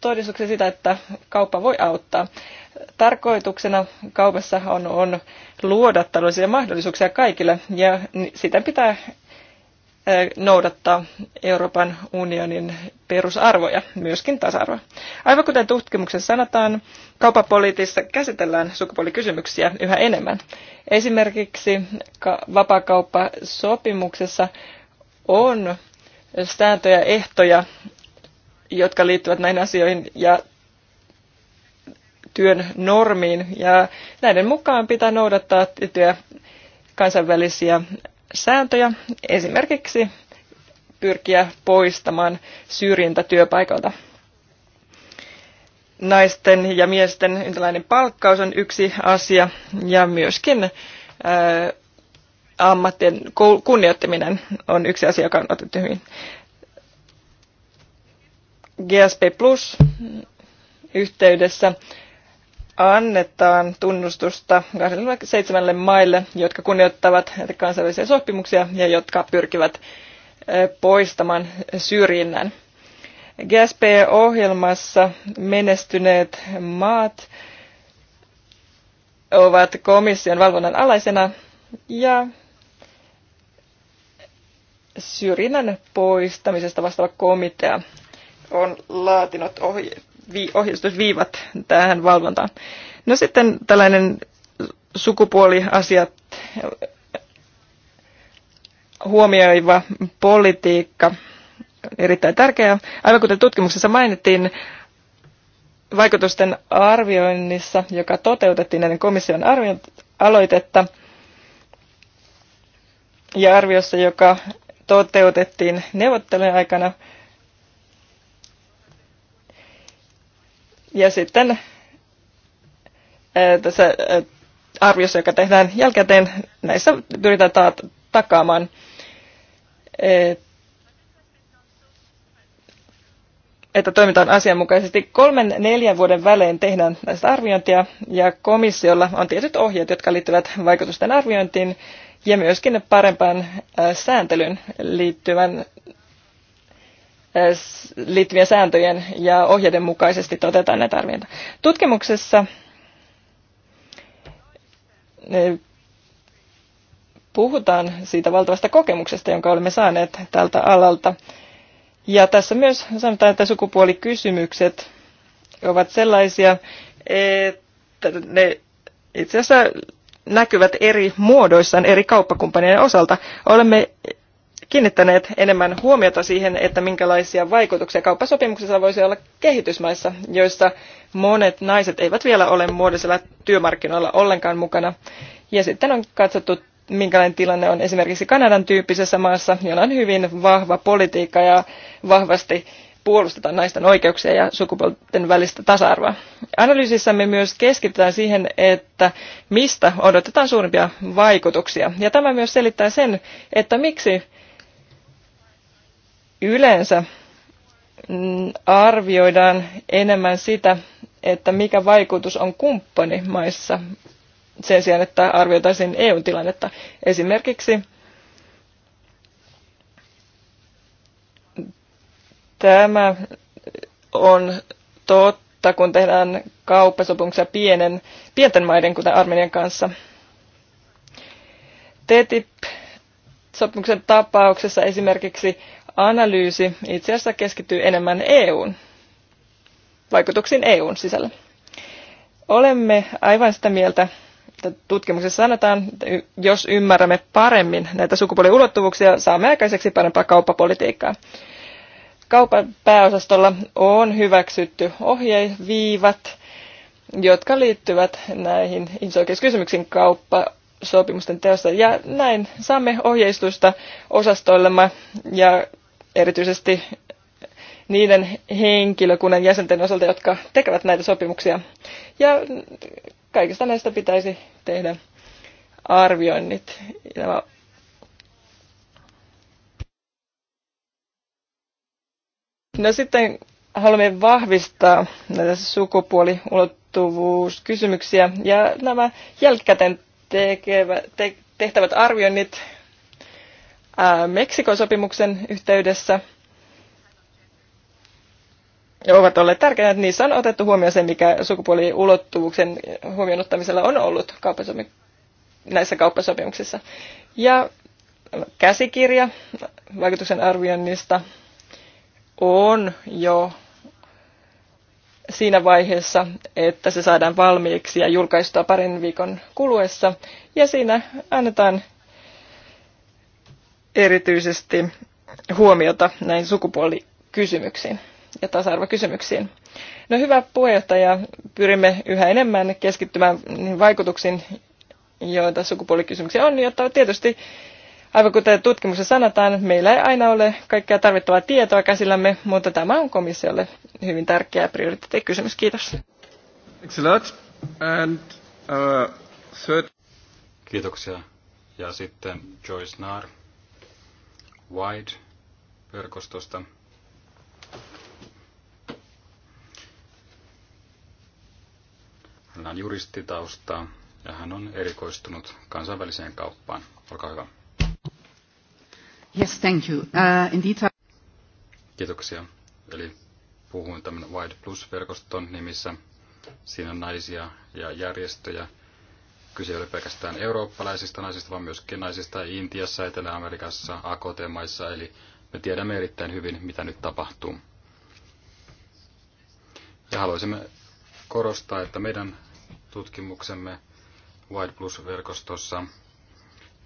todistuksia sitä, että kauppa voi auttaa. Tarkoituksena kaupassa on, on luoda tällaisia mahdollisuuksia kaikille ja sitä pitää eh, noudattaa Euroopan unionin perusarvoja, myöskin tasa-arvoa. Aivan kuten tutkimuksessa sanotaan, kaupapoliitissa käsitellään sukupuolikysymyksiä yhä enemmän. Esimerkiksi vapakauppasopimuksessa on sääntöjä ehtoja jotka liittyvät näihin asioihin ja työn normiin. Ja näiden mukaan pitää noudattaa tiettyjä kansainvälisiä sääntöjä, esimerkiksi pyrkiä poistamaan syrjintä työpaikalta. Naisten ja miesten yhtäläinen palkkaus on yksi asia ja myöskin ammattien kunnioittaminen on yksi asia, joka on otettu hyvin GSP Plus yhteydessä annetaan tunnustusta 27 maille, jotka kunnioittavat kansainvälisiä sopimuksia ja jotka pyrkivät poistamaan syrjinnän. GSP-ohjelmassa menestyneet maat ovat komission valvonnan alaisena ja syrjinnän poistamisesta vastaava komitea on laatinut ohje, vi, ohjeistusviivat tähän valvontaan. No sitten tällainen sukupuoliasiat huomioiva politiikka, erittäin tärkeää. Aivan kuten tutkimuksessa mainittiin, vaikutusten arvioinnissa, joka toteutettiin näiden komission aloitetta, ja arviossa, joka toteutettiin neuvottelujen aikana, Ja sitten tässä arviossa, joka tehdään jälkikäteen, näissä pyritään ta- takaamaan että toimitaan asianmukaisesti. Kolmen neljän vuoden välein tehdään näistä arviointia ja komissiolla on tietyt ohjeet, jotka liittyvät vaikutusten arviointiin ja myöskin parempaan sääntelyn liittyvän liittyvien sääntöjen ja ohjeiden mukaisesti toteutetaan näitä arvioita. Tutkimuksessa puhutaan siitä valtavasta kokemuksesta, jonka olemme saaneet tältä alalta. Ja tässä myös sanotaan, että sukupuolikysymykset ovat sellaisia, että ne itse asiassa näkyvät eri muodoissaan eri kauppakumppaneiden osalta. Olemme kiinnittäneet enemmän huomiota siihen, että minkälaisia vaikutuksia kauppasopimuksessa voisi olla kehitysmaissa, joissa monet naiset eivät vielä ole muodollisella työmarkkinoilla ollenkaan mukana. Ja sitten on katsottu, minkälainen tilanne on esimerkiksi Kanadan tyyppisessä maassa, jolla on hyvin vahva politiikka ja vahvasti puolustetaan naisten oikeuksia ja sukupuolten välistä tasa-arvoa. Analyysissämme myös keskitytään siihen, että mistä odotetaan suurimpia vaikutuksia. Ja tämä myös selittää sen, että miksi yleensä mm, arvioidaan enemmän sitä, että mikä vaikutus on kumppanimaissa sen sijaan, että arvioitaisiin EU-tilannetta. Esimerkiksi tämä on totta, kun tehdään kauppasopimuksia pienen, pienten maiden, kuten Armenian kanssa. TTIP-sopimuksen tapauksessa esimerkiksi analyysi itse asiassa keskittyy enemmän EUn vaikutuksiin EUn sisällä. Olemme aivan sitä mieltä, että tutkimuksessa sanotaan, että jos ymmärrämme paremmin näitä sukupuoliulottuvuuksia, saamme aikaiseksi parempaa kauppapolitiikkaa. Kaupan pääosastolla on hyväksytty ohjeviivat, jotka liittyvät näihin ihmisoikeuskysymyksiin kauppasopimusten teossa. Ja näin saamme ohjeistusta osastoillemme ja erityisesti niiden henkilökunnan jäsenten osalta, jotka tekevät näitä sopimuksia. Ja kaikista näistä pitäisi tehdä arvioinnit. No sitten haluamme vahvistaa näitä sukupuoliulottuvuuskysymyksiä ja nämä jälkikäteen tekevä, te, tehtävät arvioinnit Meksikon sopimuksen yhteydessä ovat olleet tärkeitä, niissä on otettu huomioon se, mikä sukupuoliulottuvuuksien huomioon ottamisella on ollut kauppasopimuksessa näissä kauppasopimuksissa. Ja käsikirja vaikutuksen arvioinnista on jo siinä vaiheessa, että se saadaan valmiiksi ja julkaistua parin viikon kuluessa. Ja siinä annetaan erityisesti huomiota näin sukupuolikysymyksiin ja tasa-arvokysymyksiin. No hyvä puheenjohtaja, pyrimme yhä enemmän keskittymään niihin vaikutuksiin, joita sukupuolikysymyksiä on, jotta tietysti aivan kuten tutkimuksessa sanotaan, meillä ei aina ole kaikkea tarvittavaa tietoa käsillämme, mutta tämä on komissiolle hyvin tärkeä prioriteettikysymys. Kiitos. And, uh, Kiitoksia. Ja sitten Joyce Naar. Wide-verkostosta. Hän on juristitaustaa ja hän on erikoistunut kansainväliseen kauppaan. Olkaa hyvä. Yes, thank you. Uh, detail... Kiitoksia. Eli puhuin tämän Wide Plus-verkoston nimissä. Siinä on naisia ja järjestöjä, Kyse ei ole pelkästään eurooppalaisista naisista, vaan myöskin naisista Intiassa, Etelä-Amerikassa, AKT-maissa, eli me tiedämme erittäin hyvin, mitä nyt tapahtuu. Ja haluaisimme korostaa, että meidän tutkimuksemme White Plus-verkostossa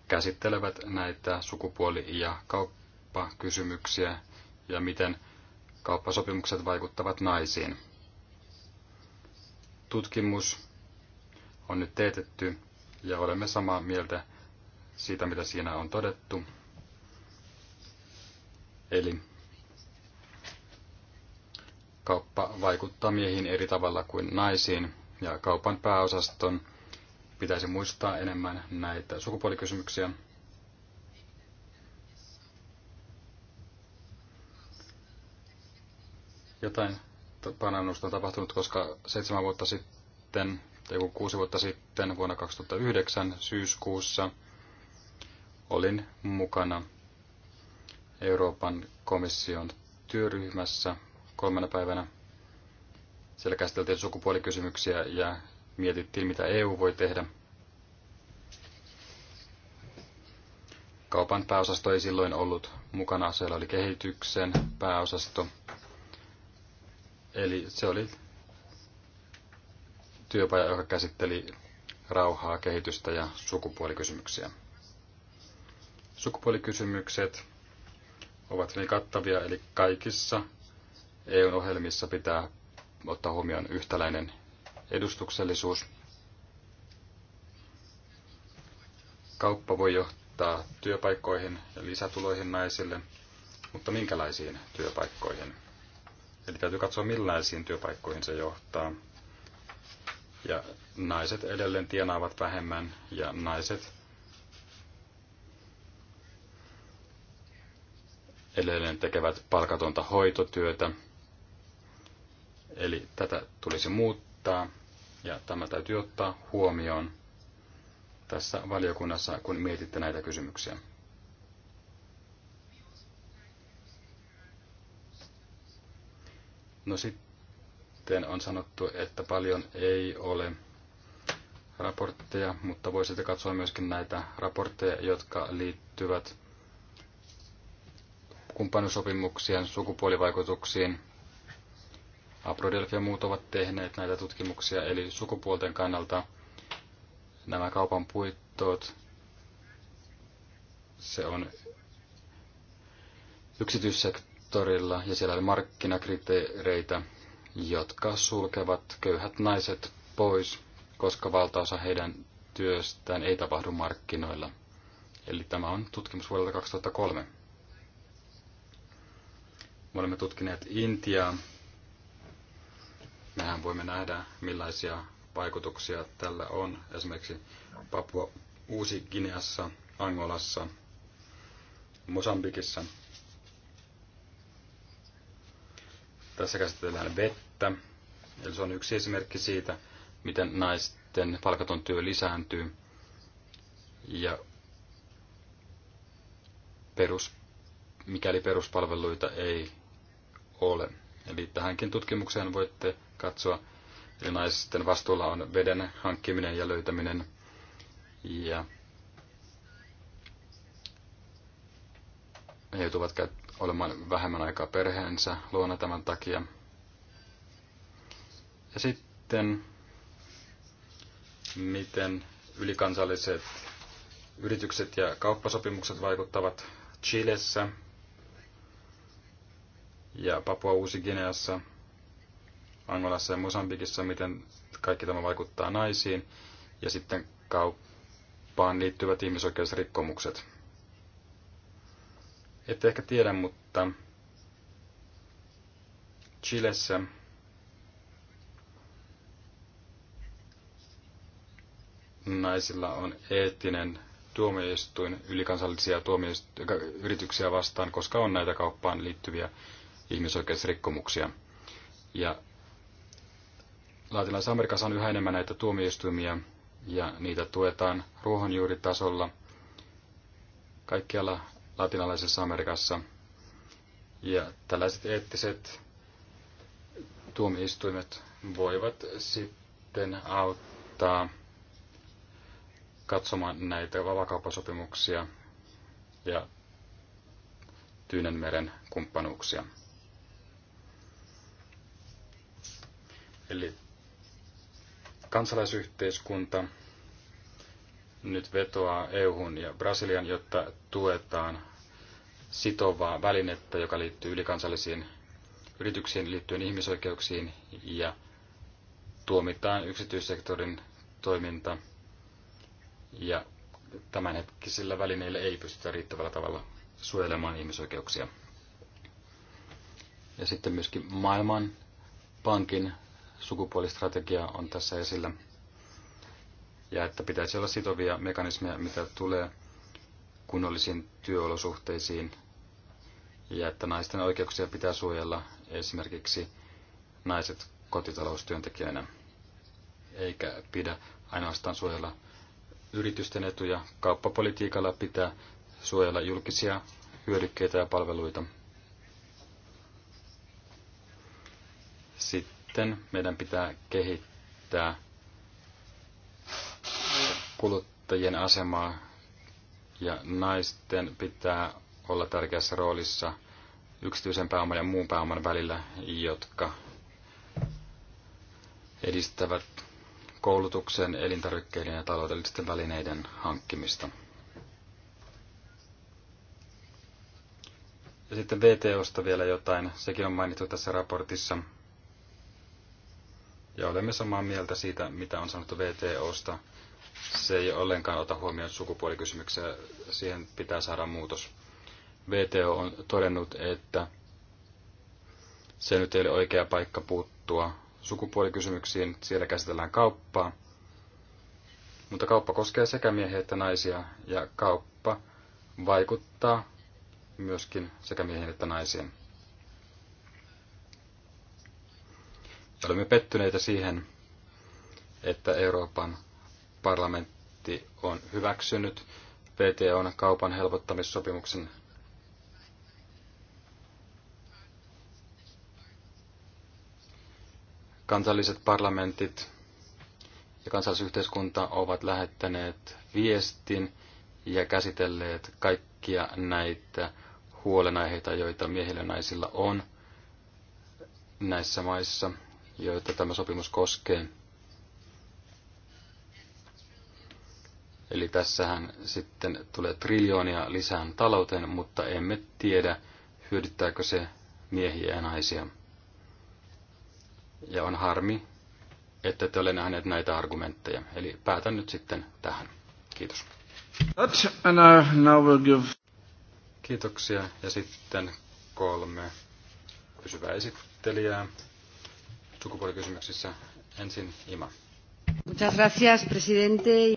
käsittelevät näitä sukupuoli- ja kauppakysymyksiä ja miten kauppasopimukset vaikuttavat naisiin. Tutkimus on nyt teetetty ja olemme samaa mieltä siitä, mitä siinä on todettu. Eli kauppa vaikuttaa miehiin eri tavalla kuin naisiin ja kaupan pääosaston pitäisi muistaa enemmän näitä sukupuolikysymyksiä. Jotain parannusta on tapahtunut, koska seitsemän vuotta sitten tai joku kuusi vuotta sitten vuonna 2009 syyskuussa olin mukana Euroopan komission työryhmässä kolmena päivänä. Siellä käsiteltiin sukupuolikysymyksiä ja mietittiin, mitä EU voi tehdä. Kaupan pääosasto ei silloin ollut mukana, siellä oli kehityksen pääosasto. Eli se oli työpaja, joka käsitteli rauhaa, kehitystä ja sukupuolikysymyksiä. Sukupuolikysymykset ovat hyvin kattavia, eli kaikissa EU-ohjelmissa pitää ottaa huomioon yhtäläinen edustuksellisuus. Kauppa voi johtaa työpaikkoihin ja lisätuloihin naisille, mutta minkälaisiin työpaikkoihin? Eli täytyy katsoa, millaisiin työpaikkoihin se johtaa ja naiset edelleen tienaavat vähemmän ja naiset edelleen tekevät palkatonta hoitotyötä. Eli tätä tulisi muuttaa ja tämä täytyy ottaa huomioon tässä valiokunnassa, kun mietitte näitä kysymyksiä. No sitten suhteen on sanottu, että paljon ei ole raportteja, mutta voisitte katsoa myöskin näitä raportteja, jotka liittyvät kumppanusopimuksien sukupuolivaikutuksiin. Aprodelfia ja muut ovat tehneet näitä tutkimuksia, eli sukupuolten kannalta nämä kaupan puittoot, se on yksityissektorilla ja siellä oli markkinakriteereitä jotka sulkevat köyhät naiset pois, koska valtaosa heidän työstään ei tapahdu markkinoilla. Eli tämä on tutkimus vuodelta 2003. Me olemme tutkineet Intiaa. Mehän voimme nähdä, millaisia vaikutuksia tällä on esimerkiksi Papua Uusi-Gineassa, Angolassa, Mosambikissa – Tässä käsitellään vettä. Eli se on yksi esimerkki siitä, miten naisten palkaton työ lisääntyy. Ja perus, mikäli peruspalveluita ei ole. Eli tähänkin tutkimukseen voitte katsoa. Eli naisten vastuulla on veden hankkiminen ja löytäminen. Ja he joutuvat käyttämään olemaan vähemmän aikaa perheensä luona tämän takia. Ja sitten, miten ylikansalliset yritykset ja kauppasopimukset vaikuttavat Chilessä ja Papua Uusi-Gineassa, Angolassa ja Mosambikissa, miten kaikki tämä vaikuttaa naisiin, ja sitten kauppaan liittyvät ihmisoikeusrikkomukset. Ette ehkä tiedä, mutta Chilessä naisilla on eettinen tuomioistuin ylikansallisia äh, yrityksiä vastaan, koska on näitä kauppaan liittyviä ihmisoikeusrikkomuksia. Ja Latinalaisessa Amerikassa on yhä enemmän näitä tuomioistuimia ja niitä tuetaan ruohonjuuritasolla kaikkialla latinalaisessa Amerikassa. Ja tällaiset eettiset tuomioistuimet voivat sitten auttaa katsomaan näitä vapakauppasopimuksia ja Tyynenmeren kumppanuuksia. Eli kansalaisyhteiskunta nyt vetoaa EUhun ja Brasilian, jotta tuetaan sitovaa välinettä, joka liittyy ylikansallisiin yrityksiin liittyen ihmisoikeuksiin ja tuomitaan yksityissektorin toiminta ja tämänhetkisillä välineillä ei pystytä riittävällä tavalla suojelemaan ihmisoikeuksia. Ja sitten myöskin maailman pankin sukupuolistrategia on tässä esillä ja että pitäisi olla sitovia mekanismeja, mitä tulee kunnollisiin työolosuhteisiin ja että naisten oikeuksia pitää suojella esimerkiksi naiset kotitaloustyöntekijöinä, eikä pidä ainoastaan suojella yritysten etuja. Kauppapolitiikalla pitää suojella julkisia hyödykkeitä ja palveluita. Sitten meidän pitää kehittää kuluttajien asemaa ja naisten pitää olla tärkeässä roolissa yksityisen pääoman ja muun pääoman välillä, jotka edistävät koulutuksen, elintarvikkeiden ja taloudellisten välineiden hankkimista. Ja sitten VTOsta vielä jotain, sekin on mainittu tässä raportissa. Ja olemme samaa mieltä siitä, mitä on sanottu VTOsta se ei ollenkaan ota huomioon sukupuolikysymyksiä. Siihen pitää saada muutos. VTO on todennut, että se nyt ei ole oikea paikka puuttua sukupuolikysymyksiin. Siellä käsitellään kauppaa. Mutta kauppa koskee sekä miehiä että naisia, ja kauppa vaikuttaa myöskin sekä miehiin että naisiin. olemme pettyneitä siihen, että Euroopan parlamentti on hyväksynyt VTOn kaupan helpottamissopimuksen. Kansalliset parlamentit ja kansallisyhteiskunta ovat lähettäneet viestin ja käsitelleet kaikkia näitä huolenaiheita, joita miehillä ja naisilla on näissä maissa, joita tämä sopimus koskee. Eli tässähän sitten tulee triljoonia lisään talouteen, mutta emme tiedä, hyödyttääkö se miehiä ja naisia. Ja on harmi, että te ole nähneet näitä argumentteja. Eli päätän nyt sitten tähän. Kiitos. Kiitoksia. Ja sitten kolme pysyvää esittelijää sukupuolikysymyksissä. Ensin Ima. Muchas gracias, presidente,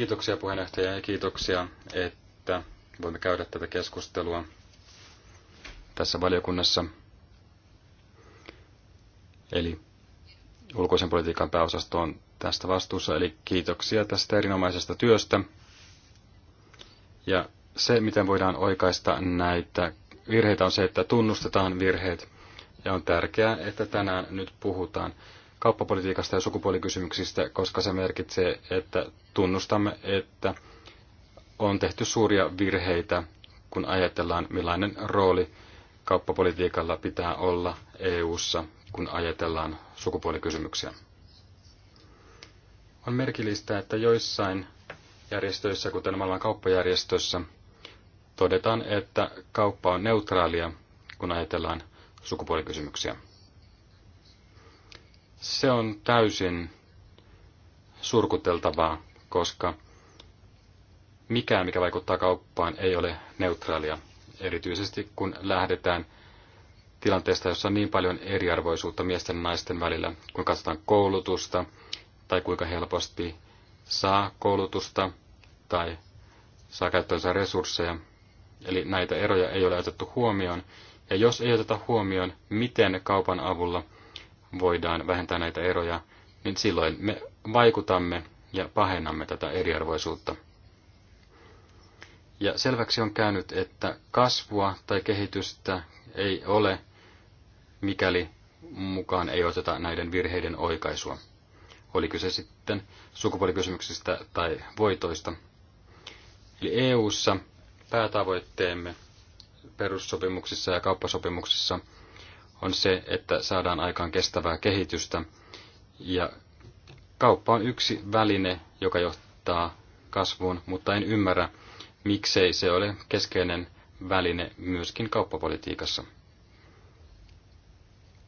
Kiitoksia puheenjohtaja ja kiitoksia, että voimme käydä tätä keskustelua tässä valiokunnassa. Eli ulkoisen politiikan pääosasto on tästä vastuussa, eli kiitoksia tästä erinomaisesta työstä. Ja se, miten voidaan oikaista näitä virheitä, on se, että tunnustetaan virheet. Ja on tärkeää, että tänään nyt puhutaan kauppapolitiikasta ja sukupuolikysymyksistä, koska se merkitsee, että tunnustamme, että on tehty suuria virheitä, kun ajatellaan, millainen rooli kauppapolitiikalla pitää olla EU:ssa, kun ajatellaan sukupuolikysymyksiä. On merkillistä, että joissain järjestöissä, kuten maailman kauppajärjestössä, todetaan, että kauppa on neutraalia, kun ajatellaan sukupuolikysymyksiä. Se on täysin surkuteltavaa, koska mikään, mikä vaikuttaa kauppaan, ei ole neutraalia. Erityisesti kun lähdetään tilanteesta, jossa on niin paljon eriarvoisuutta miesten ja naisten välillä, kun katsotaan koulutusta tai kuinka helposti saa koulutusta tai saa käyttöönsä resursseja. Eli näitä eroja ei ole otettu huomioon. Ja jos ei oteta huomioon, miten kaupan avulla – voidaan vähentää näitä eroja, niin silloin me vaikutamme ja pahennamme tätä eriarvoisuutta. Ja selväksi on käynyt, että kasvua tai kehitystä ei ole, mikäli mukaan ei oteta näiden virheiden oikaisua. Oli kyse sitten sukupuolikysymyksistä tai voitoista. Eli EU:ssa päätavoitteemme perussopimuksissa ja kauppasopimuksissa – on se, että saadaan aikaan kestävää kehitystä. Ja kauppa on yksi väline, joka johtaa kasvuun, mutta en ymmärrä, miksei se ole keskeinen väline myöskin kauppapolitiikassa.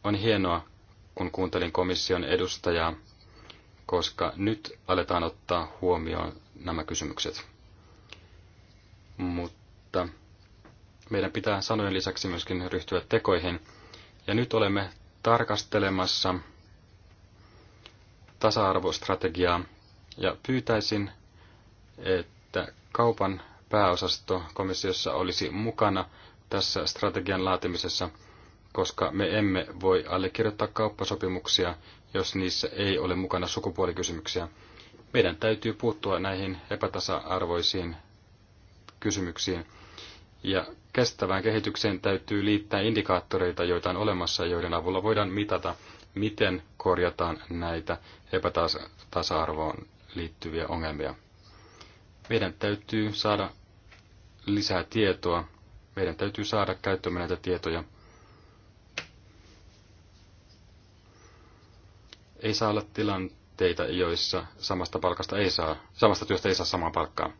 On hienoa, kun kuuntelin komission edustajaa, koska nyt aletaan ottaa huomioon nämä kysymykset. Mutta meidän pitää sanojen lisäksi myöskin ryhtyä tekoihin, ja nyt olemme tarkastelemassa tasa-arvostrategiaa ja pyytäisin, että kaupan pääosasto komissiossa olisi mukana tässä strategian laatimisessa, koska me emme voi allekirjoittaa kauppasopimuksia, jos niissä ei ole mukana sukupuolikysymyksiä. Meidän täytyy puuttua näihin epätasa-arvoisiin kysymyksiin ja kestävään kehitykseen täytyy liittää indikaattoreita, joita on olemassa, joiden avulla voidaan mitata, miten korjataan näitä epätasa-arvoon liittyviä ongelmia. Meidän täytyy saada lisää tietoa, meidän täytyy saada käyttöön näitä tietoja. Ei saa olla tilanteita, joissa samasta palkasta ei saa, samasta työstä ei saa samaa palkkaa.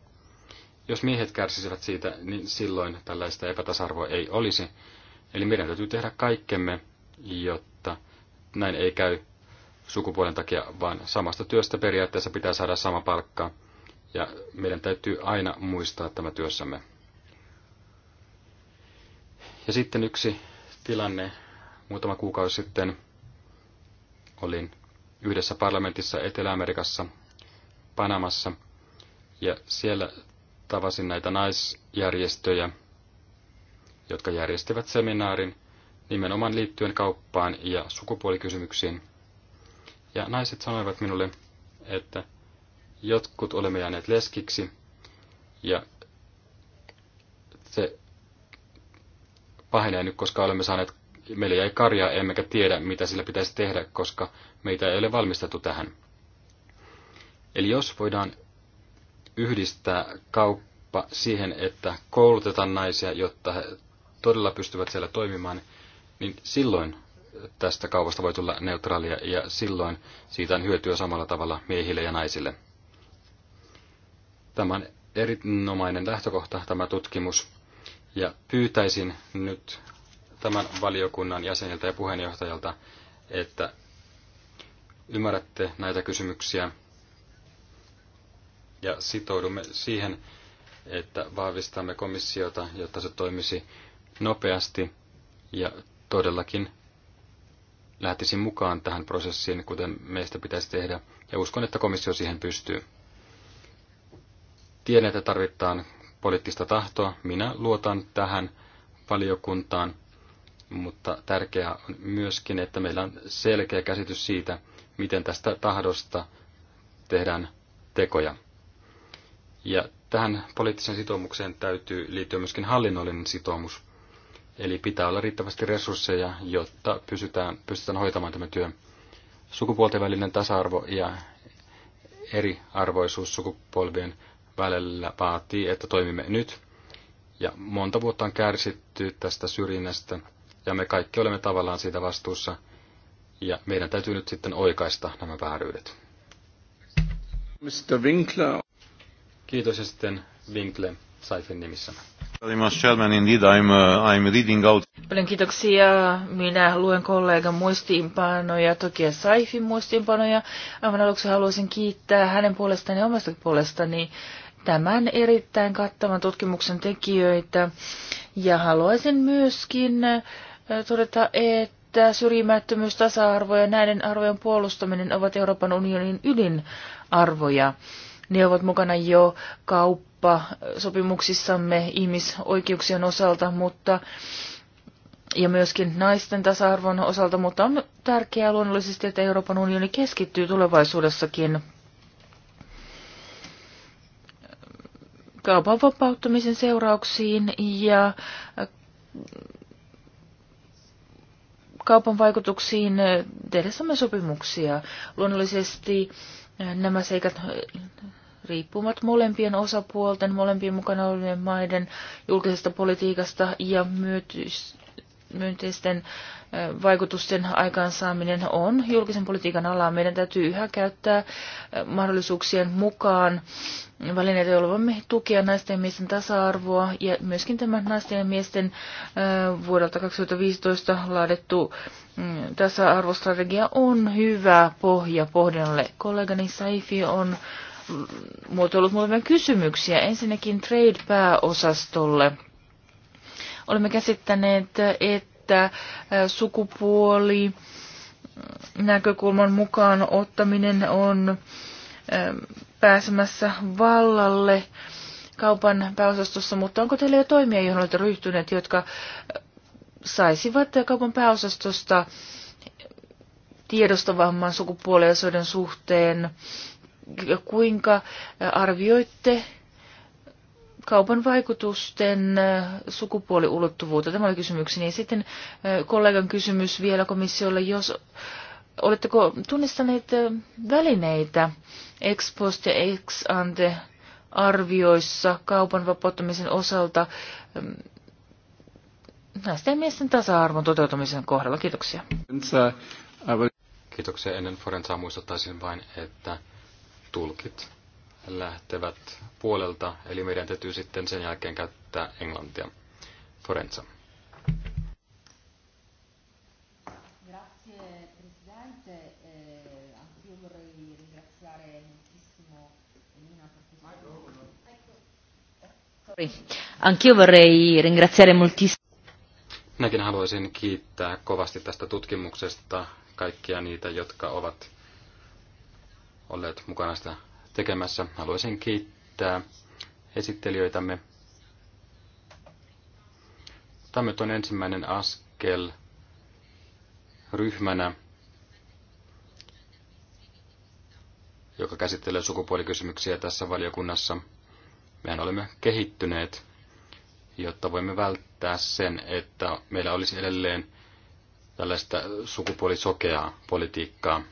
Jos miehet kärsisivät siitä, niin silloin tällaista epätasarvoa ei olisi. Eli meidän täytyy tehdä kaikkemme, jotta näin ei käy sukupuolen takia, vaan samasta työstä periaatteessa pitää saada sama palkka. Ja meidän täytyy aina muistaa tämä työssämme. Ja sitten yksi tilanne muutama kuukausi sitten olin yhdessä parlamentissa Etelä-Amerikassa, Panamassa, ja siellä tavasin näitä naisjärjestöjä, jotka järjestivät seminaarin nimenomaan liittyen kauppaan ja sukupuolikysymyksiin. Ja naiset sanoivat minulle, että jotkut olemme jääneet leskiksi ja se pahenee nyt, koska olemme saaneet, meille jäi karjaa, emmekä tiedä, mitä sillä pitäisi tehdä, koska meitä ei ole valmistettu tähän. Eli jos voidaan yhdistää kauppa siihen, että koulutetaan naisia, jotta he todella pystyvät siellä toimimaan, niin silloin tästä kaupasta voi tulla neutraalia ja silloin siitä on hyötyä samalla tavalla miehille ja naisille. Tämä on erinomainen lähtökohta, tämä tutkimus, ja pyytäisin nyt tämän valiokunnan jäseniltä ja puheenjohtajalta, että ymmärrätte näitä kysymyksiä ja sitoudumme siihen, että vahvistamme komissiota, jotta se toimisi nopeasti ja todellakin lähtisi mukaan tähän prosessiin, kuten meistä pitäisi tehdä, ja uskon, että komissio siihen pystyy. Tiedän, että tarvitaan poliittista tahtoa. Minä luotan tähän valiokuntaan, mutta tärkeää on myöskin, että meillä on selkeä käsitys siitä, miten tästä tahdosta tehdään tekoja. Ja tähän poliittiseen sitoumukseen täytyy liittyä myöskin hallinnollinen sitoumus. Eli pitää olla riittävästi resursseja, jotta pysytään, pystytään hoitamaan tämä työ. Sukupuolten välinen tasa-arvo ja eriarvoisuus sukupolvien välillä vaatii, että toimimme nyt. Ja monta vuotta on kärsitty tästä syrjinnästä, ja me kaikki olemme tavallaan siitä vastuussa, ja meidän täytyy nyt sitten oikaista nämä vääryydet. Mr. Winkler. Kiitos ja sitten Winkle Saifin nimissä. Uh, Paljon kiitoksia. Minä luen kollegan muistiinpanoja, toki Saifin muistiinpanoja. Aivan aluksi haluaisin kiittää hänen puolestani ja omasta puolestani tämän erittäin kattavan tutkimuksen tekijöitä. Ja haluaisin myöskin äh, todeta, että syrjimättömyys, tasa-arvo ja näiden arvojen puolustaminen ovat Euroopan unionin ydinarvoja. arvoja ne ovat mukana jo kauppasopimuksissamme ihmisoikeuksien osalta, mutta ja myöskin naisten tasa-arvon osalta, mutta on tärkeää luonnollisesti, että Euroopan unioni keskittyy tulevaisuudessakin kaupan vapauttamisen seurauksiin ja kaupan vaikutuksiin tehdessämme sopimuksia. Luonnollisesti nämä seikat riippumat molempien osapuolten, molempien mukana olevien maiden julkisesta politiikasta ja myönteisten vaikutusten aikaansaaminen on julkisen politiikan alaa. Meidän täytyy yhä käyttää mahdollisuuksien mukaan välineitä, joilla voimme tukea naisten ja miesten tasa-arvoa ja myöskin tämä naisten ja miesten vuodelta 2015 laadittu mm, tasa-arvostrategia on hyvä pohja pohdinnalle. Kollegani Saifi on muotoillut muutamia kysymyksiä. Ensinnäkin trade-pääosastolle. Olemme käsittäneet, että sukupuoli näkökulman mukaan ottaminen on pääsemässä vallalle kaupan pääosastossa, mutta onko teillä jo toimia, johon olette ryhtyneet, jotka saisivat kaupan pääosastosta tiedostavamman sukupuolisuuden suhteen kuinka arvioitte kaupan vaikutusten sukupuoliulottuvuutta? Tämä oli kysymykseni. Sitten kollegan kysymys vielä komissiolle, jos oletteko tunnistaneet välineitä ex post ja ex ante arvioissa kaupan vapauttamisen osalta naisten ja miesten tasa-arvon toteutumisen kohdalla? Kiitoksia. Uh, Kiitoksia. Ennen Forensaa muistuttaisin vain, että tulkit lähtevät puolelta, eli meidän täytyy sitten sen jälkeen käyttää englantia. Forenza. Eh, anch'io vorrei ringraziare moltissimo. Minäkin haluaisin kiittää kovasti tästä tutkimuksesta kaikkia niitä, jotka ovat olleet mukana sitä tekemässä. Haluaisin kiittää esittelijöitämme. Tämä on ensimmäinen askel ryhmänä, joka käsittelee sukupuolikysymyksiä tässä valiokunnassa. Mehän olemme kehittyneet, jotta voimme välttää sen, että meillä olisi edelleen tällaista sukupuolisokeaa politiikkaa –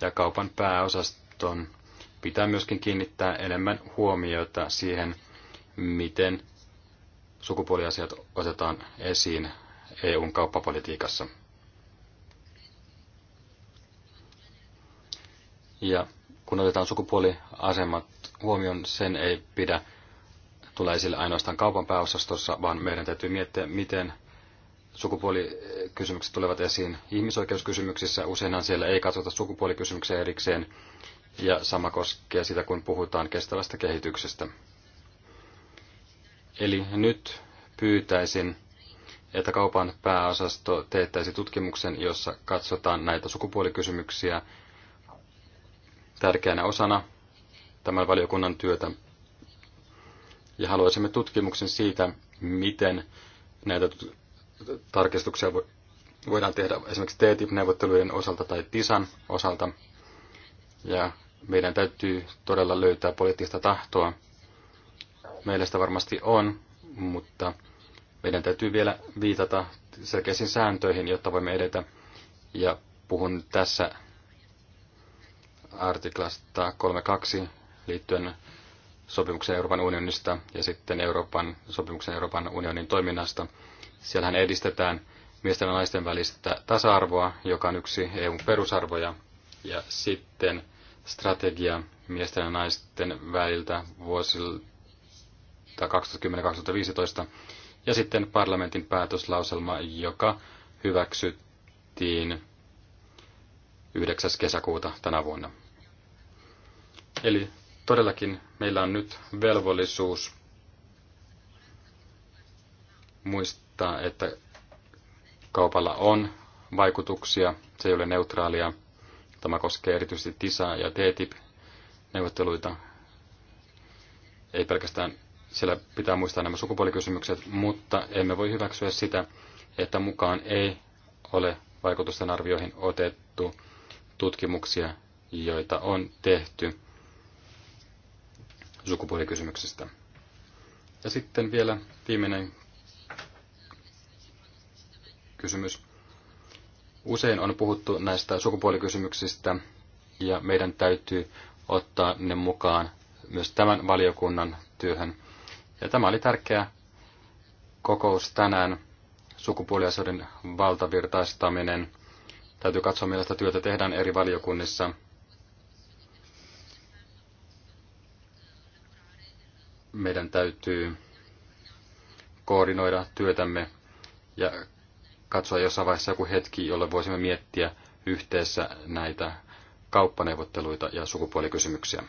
ja kaupan pääosaston pitää myöskin kiinnittää enemmän huomiota siihen, miten sukupuoliasiat otetaan esiin EUn kauppapolitiikassa. Ja kun otetaan sukupuoliasemat huomioon, sen ei pidä tulla esille ainoastaan kaupan pääosastossa, vaan meidän täytyy miettiä, miten sukupuolikysymykset tulevat esiin ihmisoikeuskysymyksissä. Useinhan siellä ei katsota sukupuolikysymyksiä erikseen, ja sama koskee sitä, kun puhutaan kestävästä kehityksestä. Eli nyt pyytäisin, että kaupan pääosasto teettäisi tutkimuksen, jossa katsotaan näitä sukupuolikysymyksiä tärkeänä osana tämän valiokunnan työtä. Ja haluaisimme tutkimuksen siitä, miten näitä tarkistuksia voidaan tehdä esimerkiksi TTIP-neuvotteluiden osalta tai TISAN osalta. Ja meidän täytyy todella löytää poliittista tahtoa. Meillä sitä varmasti on, mutta meidän täytyy vielä viitata selkeisiin sääntöihin, jotta voimme edetä. Ja puhun tässä artiklasta 3.2 liittyen sopimuksen Euroopan unionista ja sitten Euroopan, sopimuksen Euroopan unionin toiminnasta – Siellähän edistetään miesten ja naisten välistä tasa-arvoa, joka on yksi EUn perusarvoja, ja sitten strategia miesten ja naisten väliltä vuosilta 2010-2015, ja sitten parlamentin päätöslauselma, joka hyväksyttiin 9. kesäkuuta tänä vuonna. Eli todellakin meillä on nyt velvollisuus muistaa, osoittaa, että kaupalla on vaikutuksia, se ei ole neutraalia. Tämä koskee erityisesti TISA- ja TTIP-neuvotteluita. Ei pelkästään siellä pitää muistaa nämä sukupuolikysymykset, mutta emme voi hyväksyä sitä, että mukaan ei ole vaikutusten arvioihin otettu tutkimuksia, joita on tehty sukupuolikysymyksistä. Ja sitten vielä viimeinen kysymys. Usein on puhuttu näistä sukupuolikysymyksistä ja meidän täytyy ottaa ne mukaan myös tämän valiokunnan työhön. Ja tämä oli tärkeä kokous tänään, sukupuoliasioiden valtavirtaistaminen. Täytyy katsoa, millaista työtä tehdään eri valiokunnissa. Meidän täytyy koordinoida työtämme ja katsoa jossain vaiheessa joku hetki, jolle voisimme miettiä yhteensä näitä kauppaneuvotteluita ja sukupuolikysymyksiä.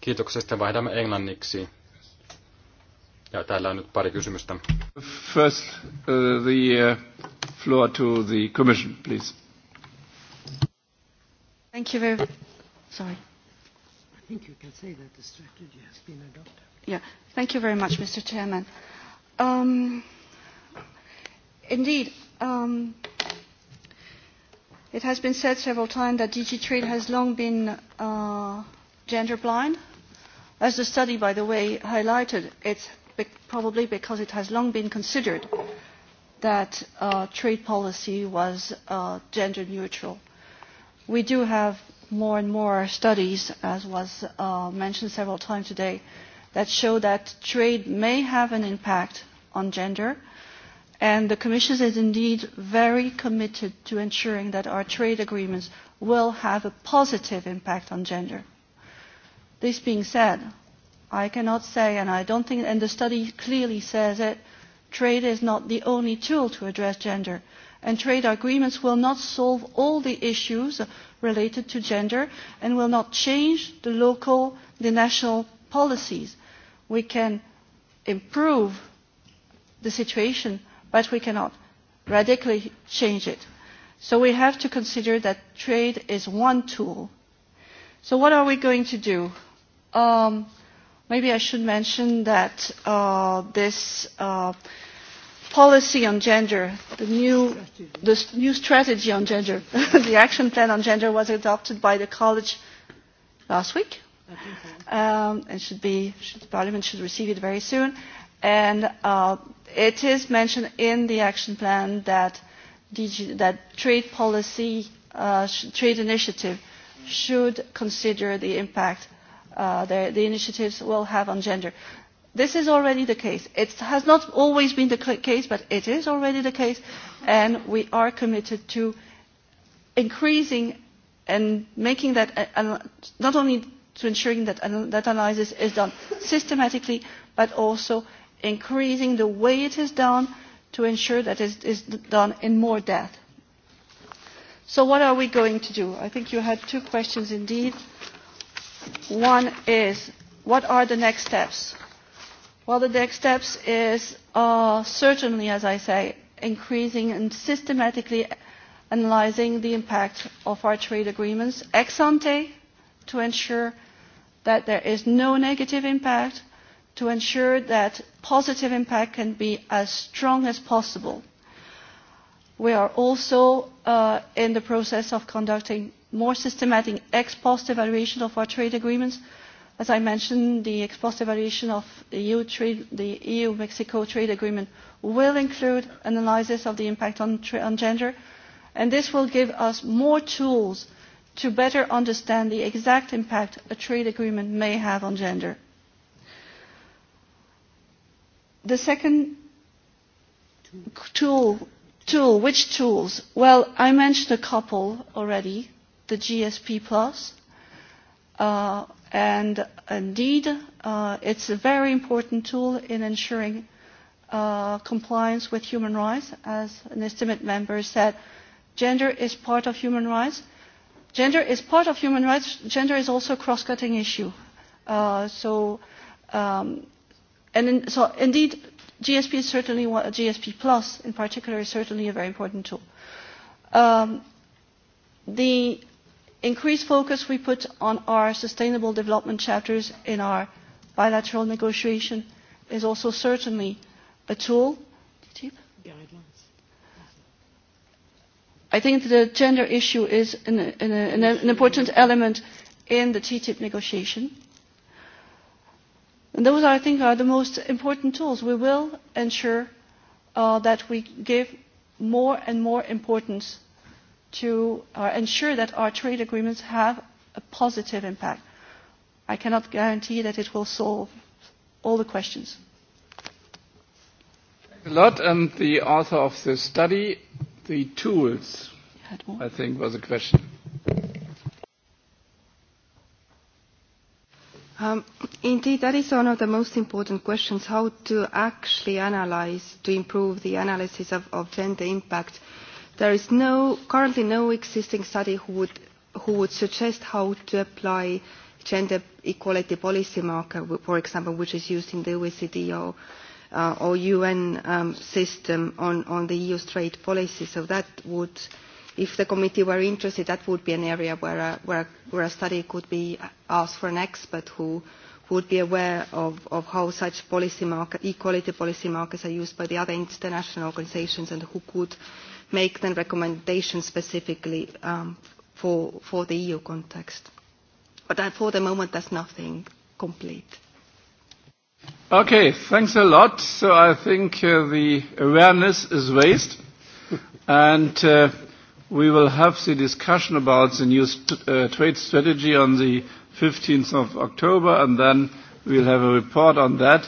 Kiitoksia. Sitten vaihdamme englanniksi. Ja täällä on nyt pari kysymystä. First, uh, the uh, floor to the commission, please. Thank you very Sorry. I think you can say that the strategy has been adopted. Yeah. Thank you very much, Mr. Chairman. Um, Indeed, um, it has been said several times that DG Trade has long been uh, gender blind. As the study, by the way, highlighted, it's be- probably because it has long been considered that uh, trade policy was uh, gender neutral. We do have more and more studies, as was uh, mentioned several times today, that show that trade may have an impact on gender, And the Commission is indeed very committed to ensuring that our trade agreements will have a positive impact on gender. This being said, I cannot say, and I don't think, and the study clearly says it, trade is not the only tool to address gender. And trade agreements will not solve all the issues related to gender and will not change the local, the national policies. We can improve the situation but we cannot radically change it. So we have to consider that trade is one tool. So what are we going to do? Um, maybe I should mention that uh, this uh, policy on gender, the new, the new strategy on gender, the action plan on gender was adopted by the college last week. Um, and should be, should, the parliament should receive it very soon and uh, it is mentioned in the action plan that, DG, that trade policy, uh, trade initiative should consider the impact uh, the, the initiatives will have on gender. This is already the case. It has not always been the case, but it is already the case, and we are committed to increasing and making that uh, not only to ensuring that uh, that analysis is done systematically, but also increasing the way it is done to ensure that it is done in more depth. So what are we going to do? I think you had two questions indeed. One is, what are the next steps? Well, the next steps is uh, certainly, as I say, increasing and systematically analyzing the impact of our trade agreements ex ante to ensure that there is no negative impact to ensure that positive impact can be as strong as possible. We are also uh, in the process of conducting more systematic ex post evaluation of our trade agreements. As I mentioned, the ex post evaluation of EU e trade, the EU-Mexico trade agreement will include analysis of the impact on, on gender, and this will give us more tools to better understand the exact impact a trade agreement may have on gender the second tool, tool, which tools? Well, I mentioned a couple already, the GSP Plus, uh, and indeed, uh, it's a very important tool in ensuring uh, compliance with human rights. As an estimate member said, gender is part of human rights. Gender is part of human rights. Gender is also a cross-cutting issue. Uh, so um, so indeed, GSP is certainly one, GSP Plus in particular is certainly a very important tool. Um, the increased focus we put on our sustainable development chapters in our bilateral negotiation is also certainly a tool. I think the gender issue is an, an, an, an important element in the TTIP negotiation those, I think, are the most important tools. We will ensure uh, that we give more and more importance to uh, ensure that our trade agreements have a positive impact. I cannot guarantee that it will solve all the questions. a lot. And the author of the study, the tools, I think, was a question. Um, indeed, that is one of the most important questions, how to actually analyze, to improve the analysis of, of gender impact. There is no, currently no existing study who would, who would suggest how to apply gender equality policy marker, for example, which is used in the OECD or, uh, or UN um, system on, on the EU's trade policy. So that would if the committee were interested, that would be an area where a, where a, where a study could be asked for an expert who would be aware of, of how such policy market, equality policy markers are used by the other international organizations and who could make the recommendations specifically um, for, for the EU context. But I, for the moment, there's nothing complete. Okay, thanks a lot. So I think uh, the awareness is raised. and uh, we will have the discussion about the new st uh, trade strategy on the 15th of October, and then we'll have a report on that.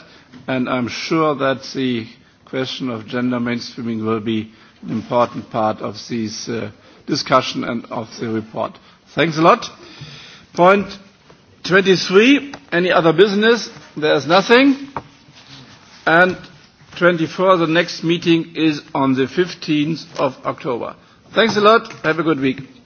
And I'm sure that the question of gender mainstreaming will be an important part of this uh, discussion and of the report. Thanks a lot. Point 23, any other business? There is nothing. And 24, the next meeting is on the 15th of October. Thanks a lot. Have a good week.